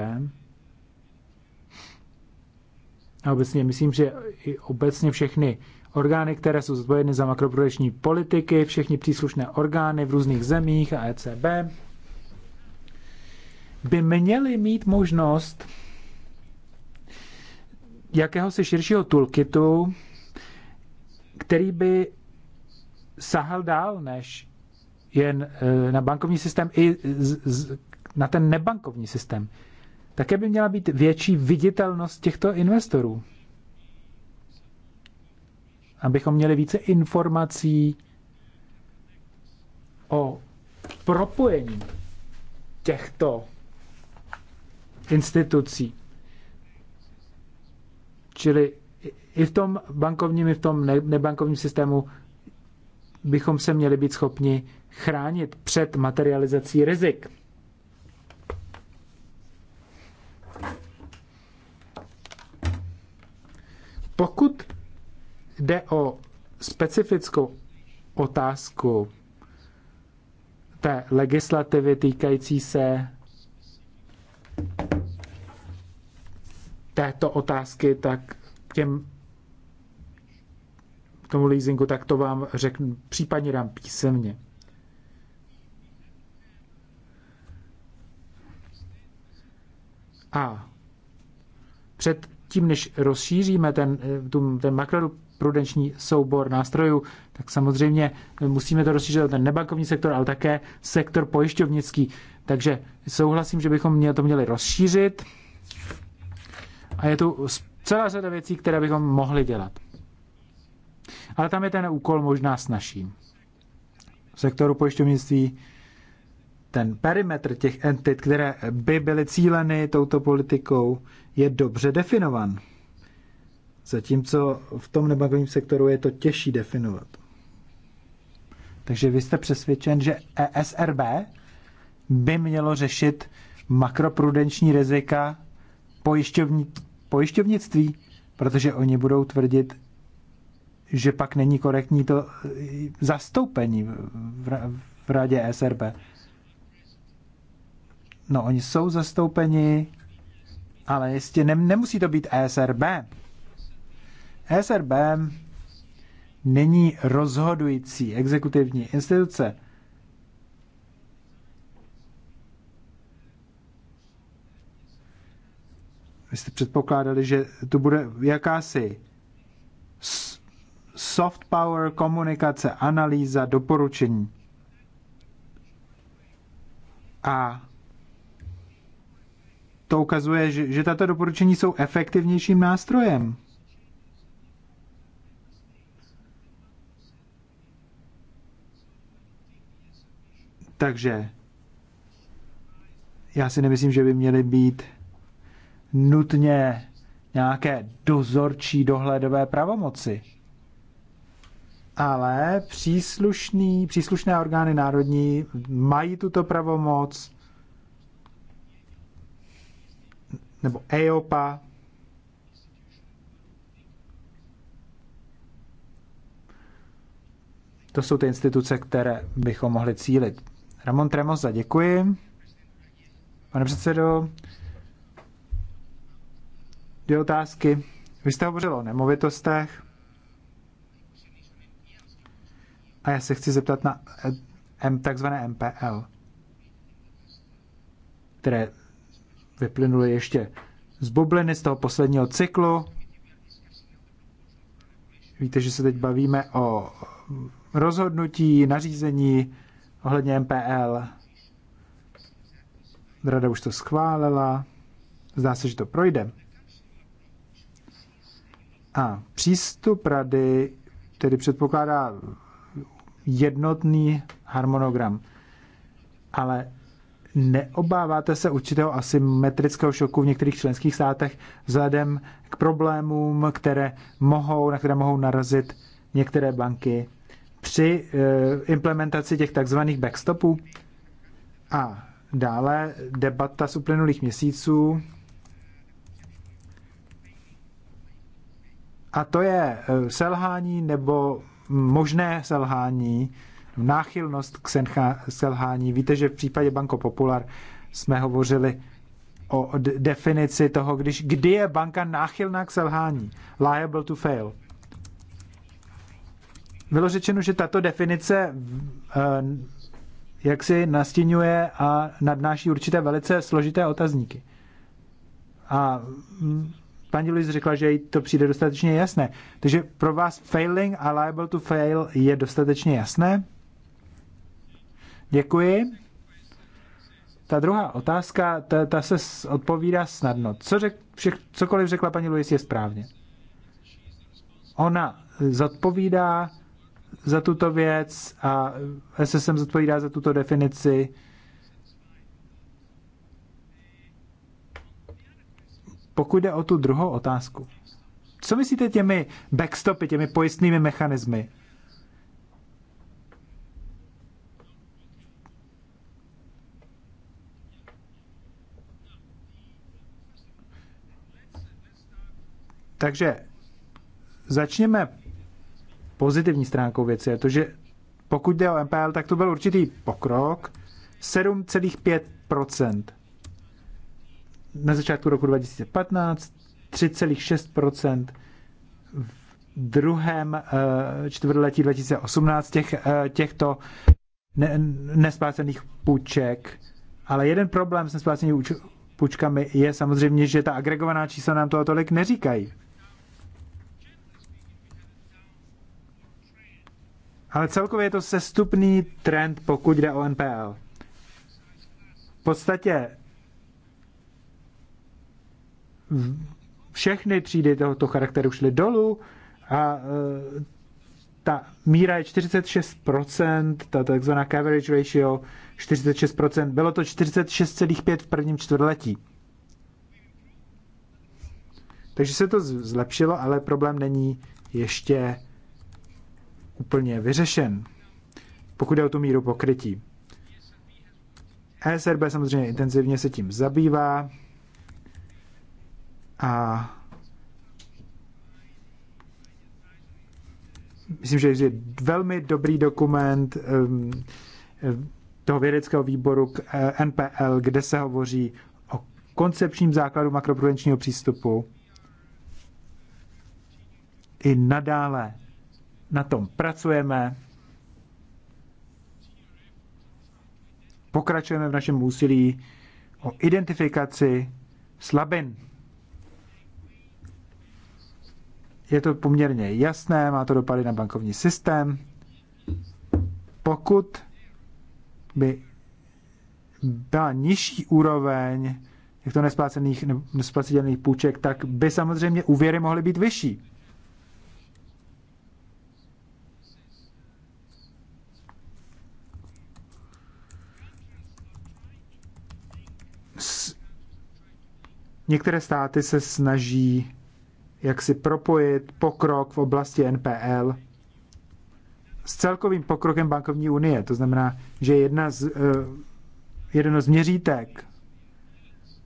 B: a obecně myslím, že i obecně všechny orgány, které jsou zodpovědné za makroprudenční politiky, všechny příslušné orgány v různých zemích a ECB, by měly mít možnost jakéhosi širšího toolkitu, který by sahal dál než jen eh, na bankovní systém i na ten nebankovní systém. Také by měla být větší viditelnost těchto investorů. Abychom měli více informací o propojení těchto institucí. Čili i v tom bankovním, i v tom nebankovním systému bychom se měli být schopni chránit před materializací rizik. Pokud jde o specifickou otázku té legislativy týkající se této otázky, tak k těm k tomu leasingu, tak to vám řeknu, případně dám písemně. A před tím, než rozšíříme ten, eh, ten makroprudenční soubor nástrojů, tak samozřejmě musíme to rozšířit na ten nebankovní sektor, ale také sektor pojišťovnický. Takže souhlasím, že bychom to měli rozšířit. A je tu celá řada věcí, které bychom mohli dělat. Ale tam je ten úkol možná snažší. V sektoru pojišťovnictví ten perimetr těch entit, které by byly cíleny touto politikou, je dobře definovan. Zatímco v tom nebankovním sektoru je to těžší definovat. Takže vy jste přesvědčen, že ESRB by mělo řešit makroprudenční rizika pojišťovní, pojišťovnictví, protože oni budou tvrdit, že pak není korektní to eh, zastoupení v, radě SRB. No, oni jsou zastoupeni, ale jistě ne, nemusí to být SRB. SRB není rozhodující exekutivní instituce. Vy jste předpokládali, že to bude jakási soft power, komunikace, analýza, doporučení. A to ukazuje, že, že tato doporučení jsou efektivnějším nástrojem. Takže já si nemyslím, že by měly být nutně nějaké dozorčí dohledové pravomoci, ale příslušný, příslušné orgány národní mají tuto pravomoc, nebo EOPA, To jsou ty instituce, které bychom mohli cílit. Ramon Tremosa, děkuji. Pane předsedo, Dvě otázky. Vy jste hovořil o nemovitostech a já se chci zeptat na eh, takzvané MPL, které vyplynuly ještě z bubliny z toho posledního cyklu. Víte, že se teď bavíme o rozhodnutí, nařízení ohledně MPL. Rada už to schválila. Zdá se, že to projde. A přístup rady tedy předpokládá jednotný harmonogram. Ale neobáváte se určitého asymetrického šoku v některých členských státech vzhledem k problémům, které mohou, na které mohou narazit některé banky při eh, implementaci těch takzvaných backstopů? A dále debata z uplynulých měsíců A to je eh, selhání nebo možné selhání, náchylnost k selhání. Víte, že v případě Banko Popular jsme hovořili o definici toho, když, kdy je banka náchylná k selhání. Liable to fail. Bylo řečeno, že tato definice eh, jak si nastínuje a nadnáší určité velice složité otazníky. A mm, paní Luis řekla, že jí to přijde dostatečně jasné. Takže pro vás failing a liable to fail je dostatečně jasné? Děkuji. Ta druhá otázka, ta, ta se odpovídá snadno. Co řek, vše, cokoliv řekla paní Luis je správně. Ona zodpovídá za tuto věc a SSM zodpovídá za tuto definici Pokud jde o tu druhou otázku, co myslíte těmi backstopy, těmi pojistnými mechanismy? Takže začněme pozitivní stránkou věci. Je to, že pokud jde o MPL, tak to byl určitý pokrok. 7,5% na začátku roku 2015, 3,6% v druhém eh, čtvrtletí 2018 těch, eh, těchto ne, nesplácených půjček. Ale jeden problém s nesplácenými půjčkami je samozřejmě, že ta agregovaná čísla nám toho tolik neříkají. Ale celkově je to sestupný trend, pokud jde o NPL. V podstatě všechny třídy tohoto charakteru šly dolů a e, ta míra je 46%, ta takzvaná coverage ratio 46%, bylo to 46,5 v prvním čtvrtletí. Takže se to zlepšilo, ale problém není ještě úplně vyřešen, pokud je o tu míru pokrytí. ESRB samozřejmě intenzivně se tím zabývá, a myslím, že je velmi dobrý dokument ehm, ehm, toho vědeckého výboru k eh, NPL, kde se hovoří o koncepčním základu makroprudenčního přístupu. I nadále na tom pracujeme. Pokračujeme v našem úsilí o identifikaci slabin je to poměrně jasné, má to dopady na bankovní systém. Pokud by byla nižší úroveň těchto nesplácených, nesplacených půjček, tak by samozřejmě úvěry mohly být vyšší. Některé státy se snaží jak si propojit pokrok v oblasti NPL s celkovým pokrokem bankovní unie. To znamená, že jedna z, eh, jedno z měřítek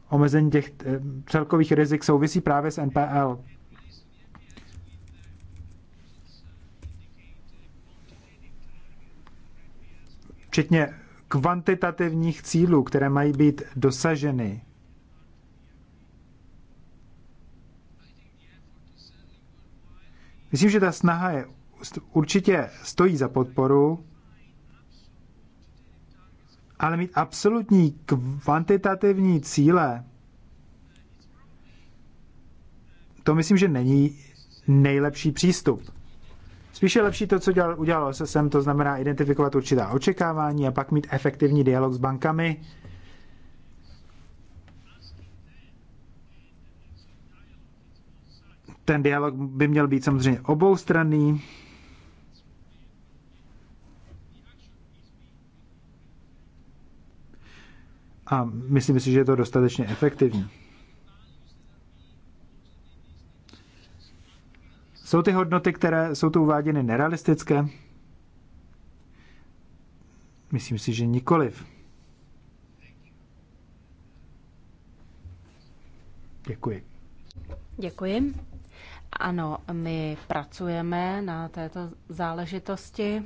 B: omezení těch eh, celkových rizik souvisí právě s NPL. Včetně kvantitativních cílů, které mají být dosaženy Myslím, že ta snaha je, určitě stojí za podporu, ale mít absolutní kvantitativní cíle, to myslím, že není nejlepší přístup. Spíše lepší to, co udělalo udělal SSM, to znamená identifikovat určitá očekávání a pak mít efektivní dialog s bankami, ten dialog by měl být samozřejmě oboustranný. A myslím si, že je to dostatečně efektivní. Jsou ty hodnoty, které jsou tu uváděny, nerealistické? Myslím si, že nikoliv. Děkuji.
C: Děkuji. Ano, my pracujeme na této záležitosti.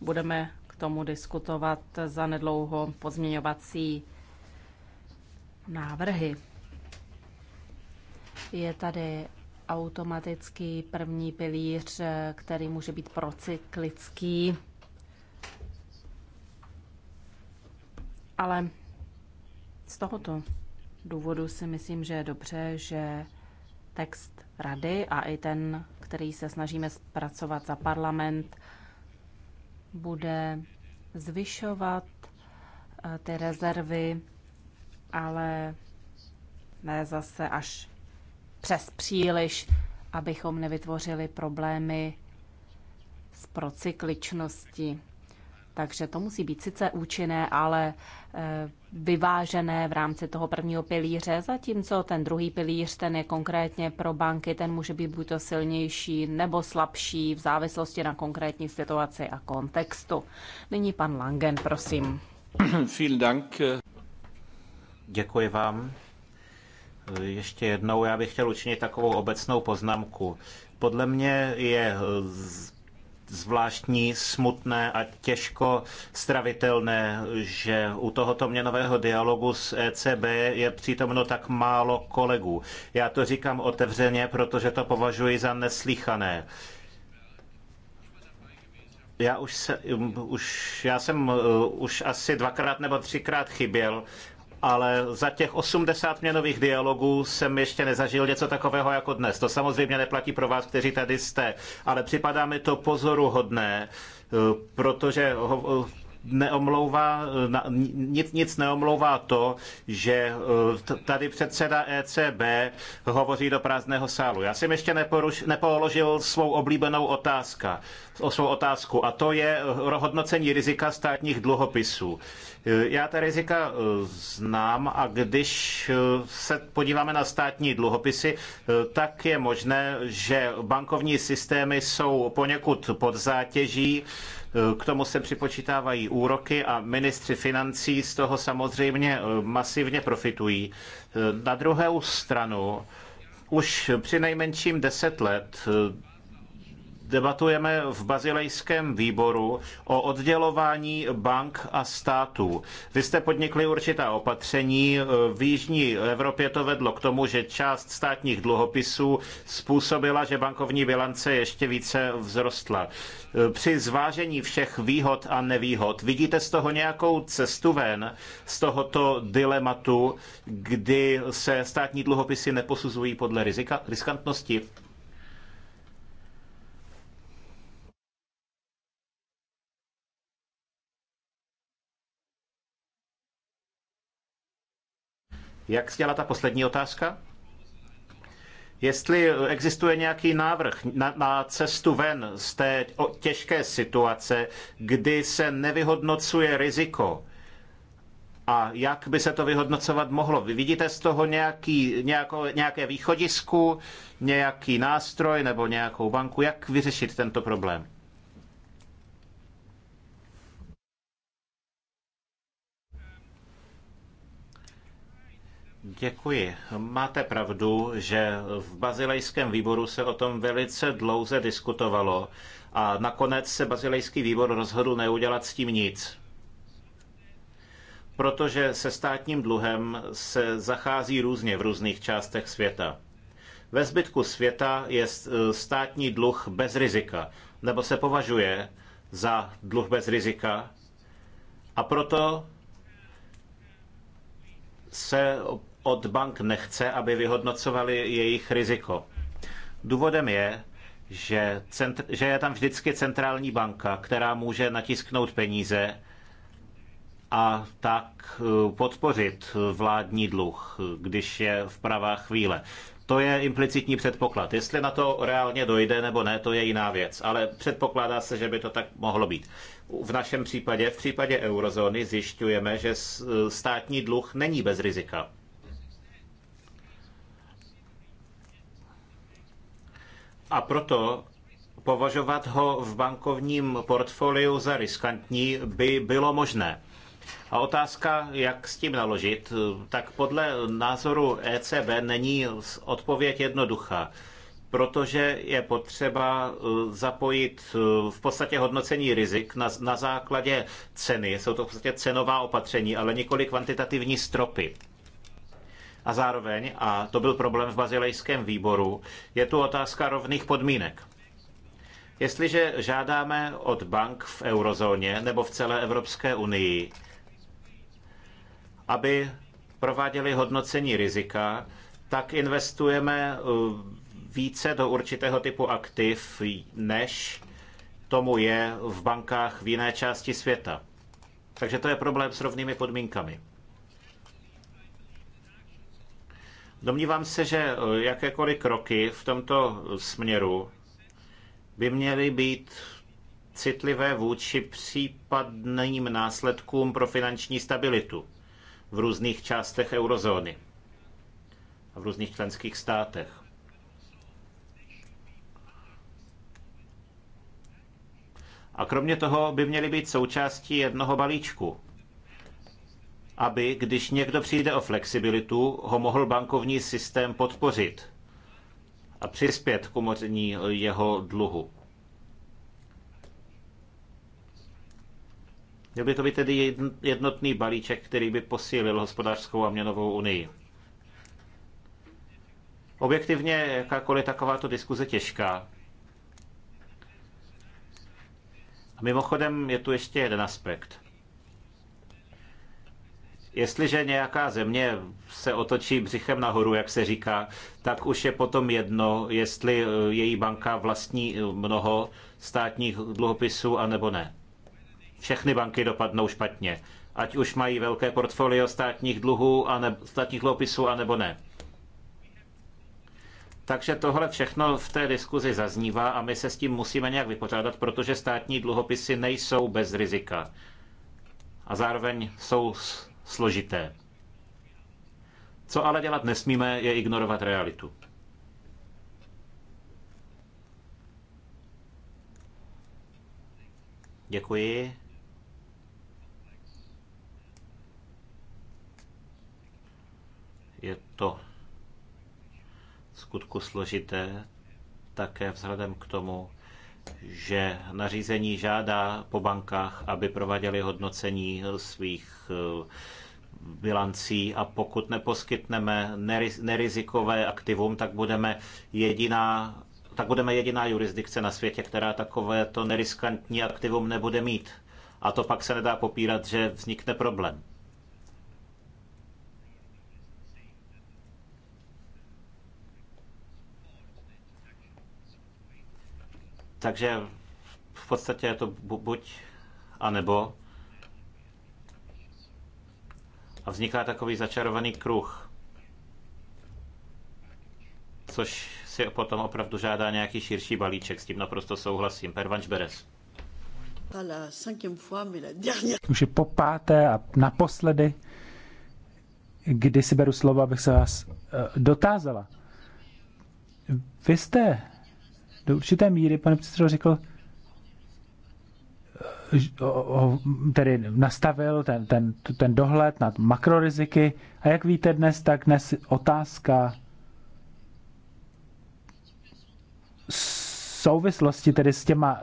C: Budeme k tomu diskutovat za nedlouho pozměňovací návrhy. Je tady automatický první pilíř, který může být procyklický, ale z tohoto důvodu si myslím, že je dobře, že text rady a i ten, který se snažíme zpracovat za parlament, bude zvyšovat eh, ty rezervy, ale ne zase až přes příliš, abychom nevytvořili problémy s procykličností. Takže to musí být sice účinné, ale Eh, vyvážené v rámci toho prvního pilíře, zatímco ten druhý pilíř, ten je konkrétně pro banky, ten může být buď to silnější nebo slabší v závislosti na konkrétní situaci a kontextu. Nyní pan Langen, prosím.
A: Vielen Dank. Děkuji vám. Eh, ještě jednou já bych chtěl učinit takovou obecnou poznámku. Podle mě je zvláštní, smutné a těžko stravitelné, že u tohoto měnového dialogu s ECB je přítomno tak málo kolegů. Já to říkám otevřeně, protože to považuji za neslýchané. Já už, se, už já jsem eh, už asi dvakrát nebo třikrát chyběl ale za těch 80 měnových dialogů jsem ještě nezažil něco takového jako dnes. To samozřejmě neplatí pro vás, kteří tady jste, ale připadá mi to pozoruhodné, eh, protože eh, neomlouvá, nic, nic neomlouvá to, že eh, tady předseda ECB hovoří do prázdného sálu. Já jsem ještě neporuš, nepoložil svou oblíbenou otázka, svou otázku a to je hodnocení rizika státních dluhopisů. Eh, já ta rizika eh, znám a když eh, se podíváme na státní dluhopisy, tak je možné, že bankovní systémy jsou poněkud pod zátěží, k tomu se připočítávají úroky a ministři financí z toho samozřejmě masivně profitují. Na druhou stranu už při nejmenším 10 let debatujeme v bazilejském výboru o oddělování bank a států. Vy jste podnikli určitá opatření. V Jižní Evropě to vedlo k tomu, že část státních dluhopisů způsobila, že bankovní bilance ještě více vzrostla. Při zvážení všech výhod a nevýhod, vidíte z toho nějakou cestu ven, z tohoto dilematu, kdy se státní dluhopisy neposuzují podle rizika, riskantnosti? Jak zněla ta poslední otázka? Jestli existuje nějaký návrh na, na cestu ven z té těžké situace, kdy se nevyhodnocuje riziko, a jak by se to vyhodnocovat mohlo? Vy vidíte z toho nějaký, nějako, nějaké východisku, nějaký nástroj nebo nějakou banku? Jak vyřešit tento problém? Děkuji. Máte pravdu, že v bazilejském výboru se o tom velice dlouze diskutovalo a nakonec se bazilejský výbor rozhodl neudělat s tím nic. Protože se státním dluhem se zachází různě v různých částech světa. Ve zbytku světa je státní dluh bez rizika, nebo se považuje za dluh bez rizika a proto se od bank nechce, aby vyhodnocovali jejich riziko. Důvodem je, že, centr, že je tam vždycky centrální banka, která může natisknout peníze a tak eh, podpořit vládní dluh, když je v pravá chvíle. To je implicitní předpoklad. Jestli na to reálně dojde nebo ne, to je jiná věc, ale předpokládá se, že by to tak mohlo být. V našem případě, v případě eurozóny, zjišťujeme, že státní dluh není bez rizika. a proto považovat ho v bankovním portfoliu za riskantní by bylo možné. A otázka, jak s tím naložit, tak podle názoru ECB není odpověď jednoduchá, protože je potřeba eh, zapojit eh, v podstatě hodnocení rizik na, na základě ceny. Jsou to v podstatě cenová opatření, ale nikoli kvantitativní stropy. A zároveň, a to byl problém v bazilejském výboru, je tu otázka rovných podmínek. Jestliže žádáme od bank v eurozóně nebo v celé Evropské unii, aby prováděli hodnocení rizika, tak investujeme uh, více do určitého typu aktiv, než tomu je v bankách v jiné části světa. Takže to je problém s rovnými podmínkami. Domnívám se, že eh, jakékoliv kroky v tomto směru by měly být citlivé vůči případným následkům pro finanční stabilitu v různých částech eurozóny a v různých členských státech. A kromě toho by měly být součástí jednoho balíčku aby, když někdo přijde o flexibilitu, ho mohl bankovní systém podpořit a přispět k umoření jeho dluhu. Měl by to být tedy jednotný balíček, který by posílil hospodářskou a měnovou unii. Objektivně jakákoliv takováto diskuze těžká. A mimochodem je tu ještě jeden aspekt. Jestliže nějaká země se otočí břichem nahoru, jak se říká, tak už je potom jedno, jestli eh, její banka vlastní eh, mnoho státních dluhopisů a nebo ne. Všechny banky dopadnou špatně, ať už mají velké portfolio státních dluhů a ne, státních dluhopisů a nebo ne. Takže tohle všechno v té diskuzi zaznívá a my se s tím musíme nějak vypořádat, protože státní dluhopisy nejsou bez rizika. A zároveň jsou složité. Co ale dělat nesmíme, je ignorovat realitu. Děkuji. Je to skutku složité, také vzhledem k tomu, že nařízení žádá po bankách, aby prováděli hodnocení svých eh, bilancí a pokud neposkytneme nerizikové aktivum, tak budeme jediná tak budeme jediná jurisdikce na světě, která takovéto neriskantní aktivum nebude mít. A to pak se nedá popírat, že vznikne problém. Takže v podstatě je to buď a nebo. A vzniká takový začarovaný kruh, což si potom opravdu žádá nějaký širší balíček. S tím naprosto souhlasím. Pervanč Beres.
B: Už je po páté a naposledy, kdy si beru slovo, abych se vás eh, dotázala. Vy jste do určité míry, pane předsedo, řekl, tedy nastavil ten, ten, ten dohled nad makroriziky. A jak víte dnes, tak dnes otázka souvislosti tedy s těma,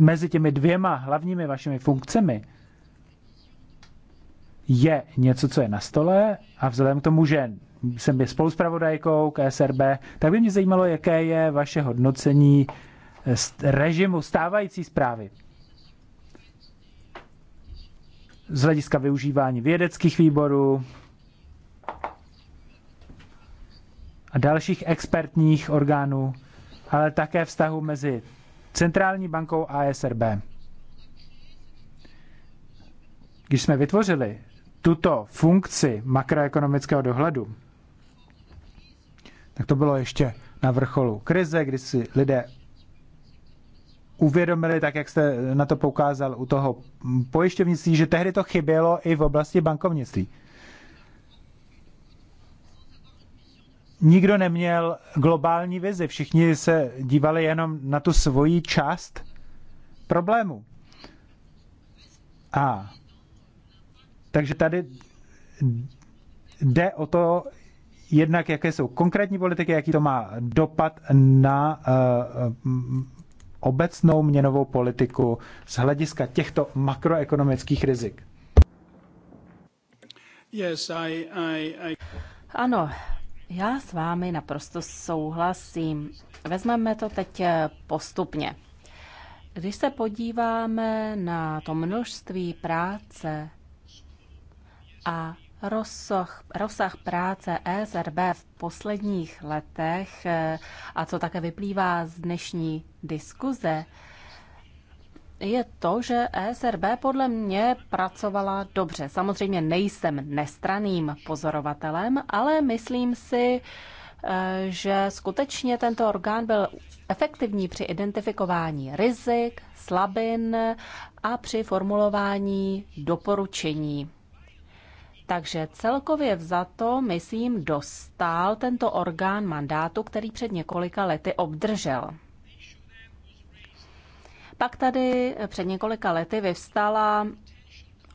B: mezi těmi dvěma hlavními vašimi funkcemi je něco, co je na stole a vzhledem k tomu, že jsem je spoluspravodajkou KSRB, tak by mě zajímalo, jaké je vaše hodnocení eh, režimu stávající zprávy. Z hlediska využívání vědeckých výborů a dalších expertních orgánů, ale také vztahu mezi Centrální bankou a ESRB. Když jsme vytvořili tuto funkci makroekonomického dohledu, tak to bylo ještě na vrcholu krize, kdy si lidé uvědomili, tak jak jste na to poukázal u toho pojišťovnictví, že tehdy to chybělo i v oblasti bankovnictví. Nikdo neměl globální vizi, všichni se dívali jenom na tu svoji část problému. A takže tady jde o to, jednak jaké jsou konkrétní politiky, jaký to má dopad na eh, obecnou měnovou politiku z hlediska těchto makroekonomických rizik.
C: Yes, I,
B: I, I...
C: Ano, já s vámi naprosto souhlasím. Vezmeme to teď eh, postupně. Když se podíváme na to množství práce a Rozsah, rozsah práce ESRB v posledních letech eh, a co také vyplývá z dnešní diskuze, je to, že ESRB podle mě pracovala dobře. Samozřejmě nejsem nestraným pozorovatelem, ale myslím si, eh, že skutečně tento orgán byl efektivní při identifikování rizik, slabin a při formulování doporučení. Takže celkově vzato, myslím, dostal tento orgán mandátu, který před několika lety obdržel. Pak tady před několika lety vyvstala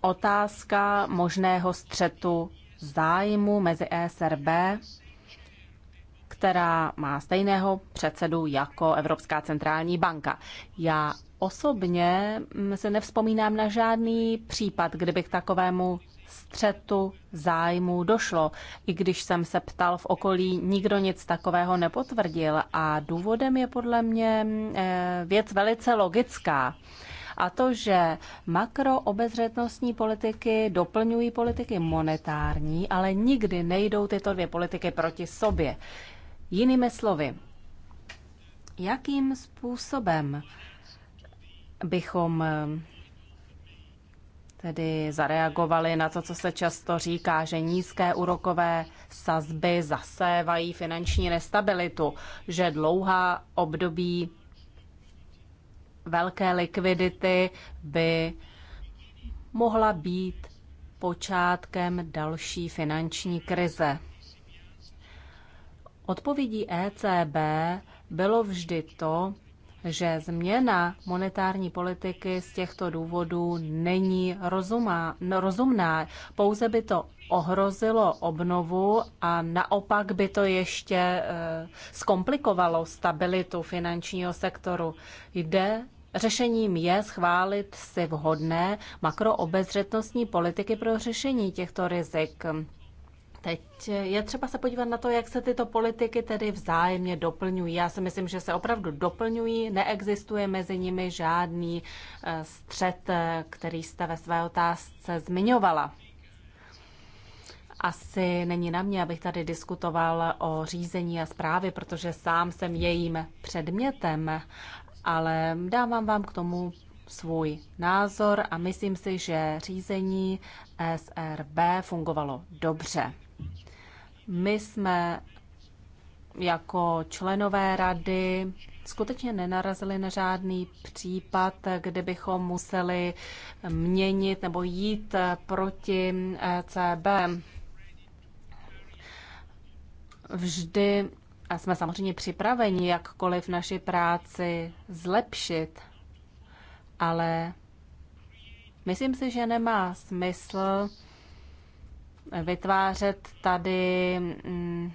C: otázka možného střetu zájmu mezi ESRB, která má stejného předsedu jako Evropská centrální banka. Já osobně se nevzpomínám na žádný případ, kdyby k takovému střetu zájmů došlo. I když jsem se ptal v okolí, nikdo nic takového nepotvrdil a důvodem je podle mě eh, věc velice logická. A to, že makroobezřetnostní politiky doplňují politiky monetární, ale nikdy nejdou tyto dvě politiky proti sobě. Jinými slovy, jakým způsobem bychom eh, tedy zareagovali na to, co se často říká, že nízké úrokové sazby zasévají finanční nestabilitu, že dlouhá období velké likvidity by mohla být počátkem další finanční krize. Odpovědí ECB bylo vždy to, že změna monetární politiky z těchto důvodů není rozumá, no, rozumná. Pouze by to ohrozilo obnovu a naopak by to ještě eh, zkomplikovalo stabilitu finančního sektoru. Jde Řešením je schválit si vhodné makroobezřetnostní politiky pro řešení těchto rizik. Teď je třeba se podívat na to, jak se tyto politiky tedy vzájemně doplňují. Já si myslím, že se opravdu doplňují, neexistuje mezi nimi žádný eh, střet, eh, který jste ve své otázce zmiňovala. Asi není na mě, abych tady diskutoval o řízení a zprávě, protože sám jsem jejím předmětem, ale dávám vám k tomu svůj názor a myslím si, že řízení SRB fungovalo dobře. My jsme jako členové rady skutečně nenarazili na žádný případ, kde bychom museli měnit nebo jít proti eh, CB. Vždy a jsme samozřejmě připraveni jakkoliv naši práci zlepšit, ale myslím si, že nemá smysl vytvářet tady mm,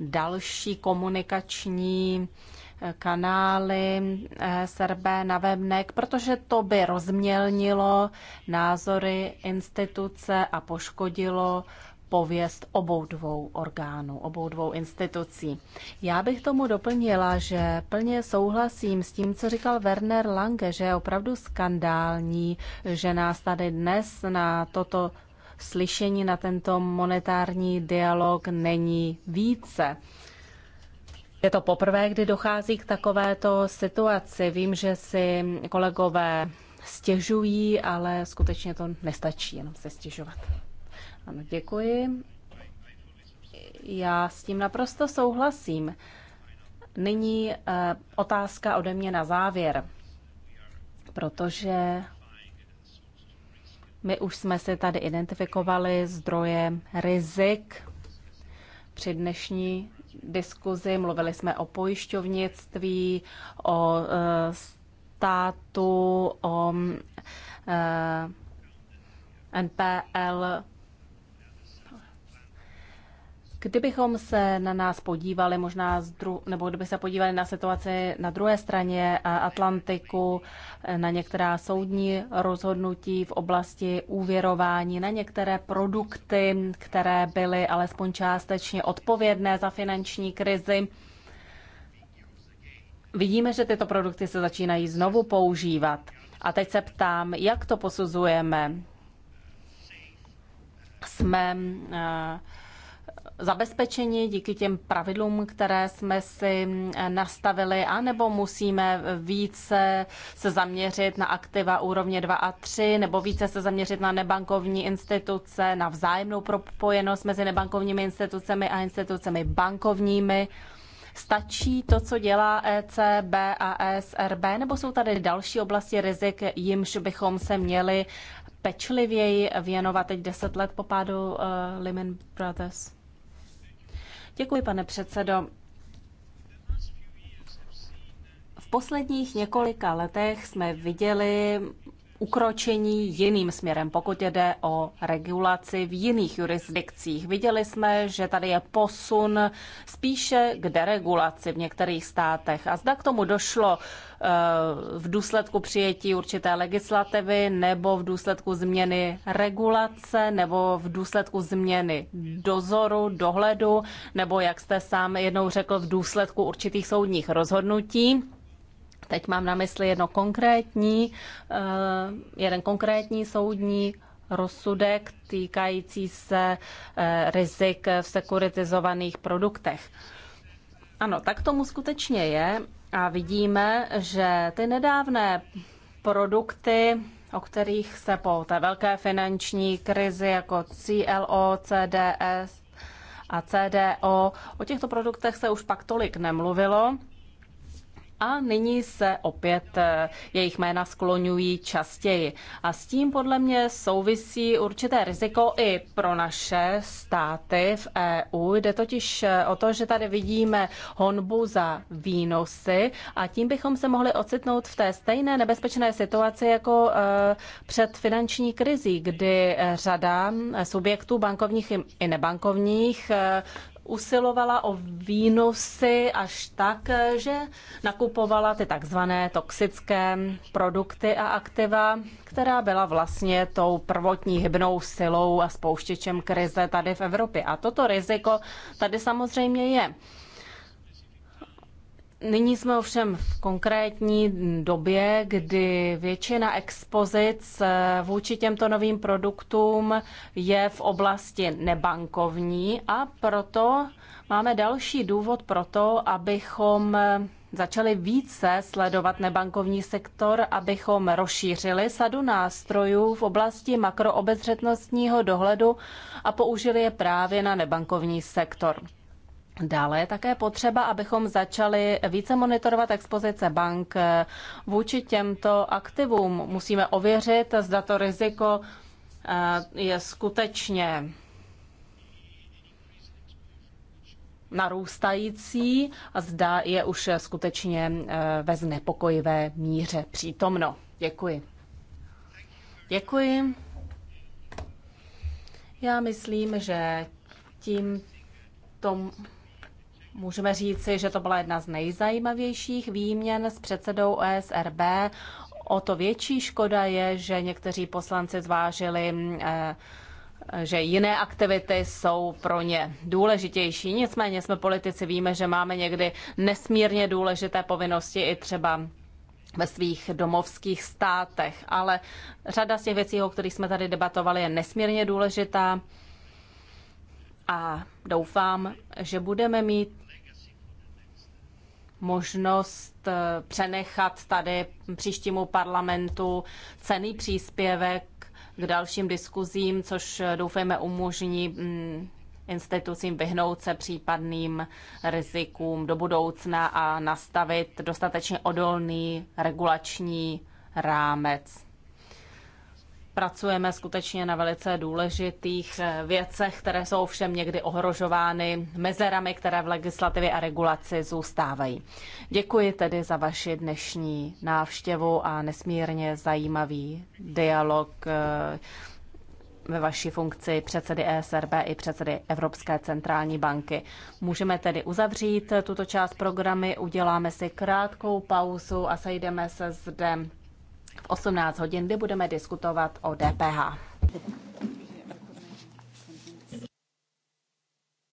C: další komunikační eh, kanály eh, SRB na webnek, protože to by rozmělnilo názory instituce a poškodilo pověst obou dvou orgánů, obou dvou institucí. Já bych tomu doplnila, že plně souhlasím s tím, co říkal Werner Lange, že je opravdu skandální, že nás tady dnes na toto slyšení, na tento monetární dialog není více. Je to poprvé, kdy dochází k takovéto situaci. Vím, že si kolegové stěžují, ale skutečně to nestačí jenom se stěžovat. Ano, děkuji. Já s tím naprosto souhlasím. Nyní eh, otázka ode mě na závěr, protože my už jsme si tady identifikovali zdroje rizik při dnešní diskuzi. Mluvili jsme o pojišťovnictví, o eh, státu, o eh, NPL Kdybychom se na nás podívali, možná z dru- nebo kdyby se podívali na situaci na druhé straně eh, Atlantiku, eh, na některá soudní rozhodnutí v oblasti úvěrování, na některé produkty, které byly alespoň částečně odpovědné za finanční krizi, vidíme, že tyto produkty se začínají znovu používat. A teď se ptám, jak to posuzujeme? Jsme uh, zabezpečeni díky těm pravidlům, které jsme si eh, nastavili, anebo musíme více se zaměřit na aktiva úrovně 2 a 3, nebo více se zaměřit na nebankovní instituce, na vzájemnou propojenost mezi nebankovními institucemi a institucemi bankovními. Stačí to, co dělá ECB a e SRB, nebo jsou tady další oblasti rizik, jimž bychom se měli pečlivěji věnovat teď deset let po pádu uh, Lehman Brothers? Děkuji, pane předsedo. V posledních několika letech jsme viděli ukročení jiným směrem, pokud jde o regulaci v jiných jurisdikcích. Viděli jsme, že tady je posun spíše k deregulaci v některých státech. A zda k tomu došlo eh, v důsledku přijetí určité legislativy nebo v důsledku změny regulace nebo v důsledku změny dozoru, dohledu nebo, jak jste sám jednou řekl, v důsledku určitých soudních rozhodnutí. Teď mám na mysli jedno konkrétní, eh, jeden konkrétní soudní rozsudek týkající se eh, rizik v sekuritizovaných produktech. Ano, tak tomu skutečně je a vidíme, že ty nedávné produkty, o kterých se po té velké finanční krizi jako CLO, CDS a CDO, o těchto produktech se už pak tolik nemluvilo a nyní se opět eh, jejich jména skloňují častěji. A s tím podle mě souvisí určité riziko i pro naše státy v EU. Jde totiž eh, o to, že tady vidíme honbu za výnosy a tím bychom se mohli ocitnout v té stejné nebezpečné situaci jako eh, před finanční krizí, kdy řada subjektů bankovních i nebankovních usilovala o výnosy až tak, že nakupovala ty takzvané toxické produkty a aktiva, která byla vlastně tou prvotní hybnou silou a spouštěčem krize tady v Evropě. A toto riziko tady samozřejmě je. Nyní jsme ovšem v konkrétní době, kdy většina expozic eh, vůči těmto novým produktům je v oblasti nebankovní a proto máme další důvod pro to, abychom eh, začali více sledovat nebankovní sektor, abychom rozšířili sadu nástrojů v oblasti makroobezřetnostního dohledu a použili je právě na nebankovní sektor. Dále je také potřeba, abychom začali více monitorovat expozice bank eh, vůči těmto aktivům. Musíme ověřit, zda to riziko eh, je skutečně narůstající a zda je už skutečně eh, ve znepokojivé míře přítomno. Děkuji. Děkuji. Já myslím, že tím tom Můžeme říci, že to byla jedna z nejzajímavějších výměn s předsedou OSRB. O to větší škoda je, že někteří poslanci zvážili eh, že jiné aktivity jsou pro ně důležitější. Nicméně jsme politici, víme, že máme někdy nesmírně důležité povinnosti i třeba ve svých domovských státech. Ale řada z těch věcí, o kterých jsme tady debatovali, je nesmírně důležitá a doufám, že budeme mít možnost eh, přenechat tady příštímu parlamentu cený příspěvek k dalším diskuzím, což eh, doufejme umožní mm, institucím vyhnout se případným rizikům do budoucna a nastavit dostatečně odolný regulační rámec pracujeme skutečně na velice důležitých eh, věcech, které jsou ovšem někdy ohrožovány mezerami, které v legislativě a regulaci zůstávají. Děkuji tedy za vaši dnešní návštěvu a nesmírně zajímavý dialog eh, ve vaší funkci předsedy ESRB i předsedy Evropské centrální banky. Můžeme tedy uzavřít tuto část programy, uděláme si krátkou pauzu a sejdeme se zde v 18 hodin, kdy budeme diskutovat o DPH.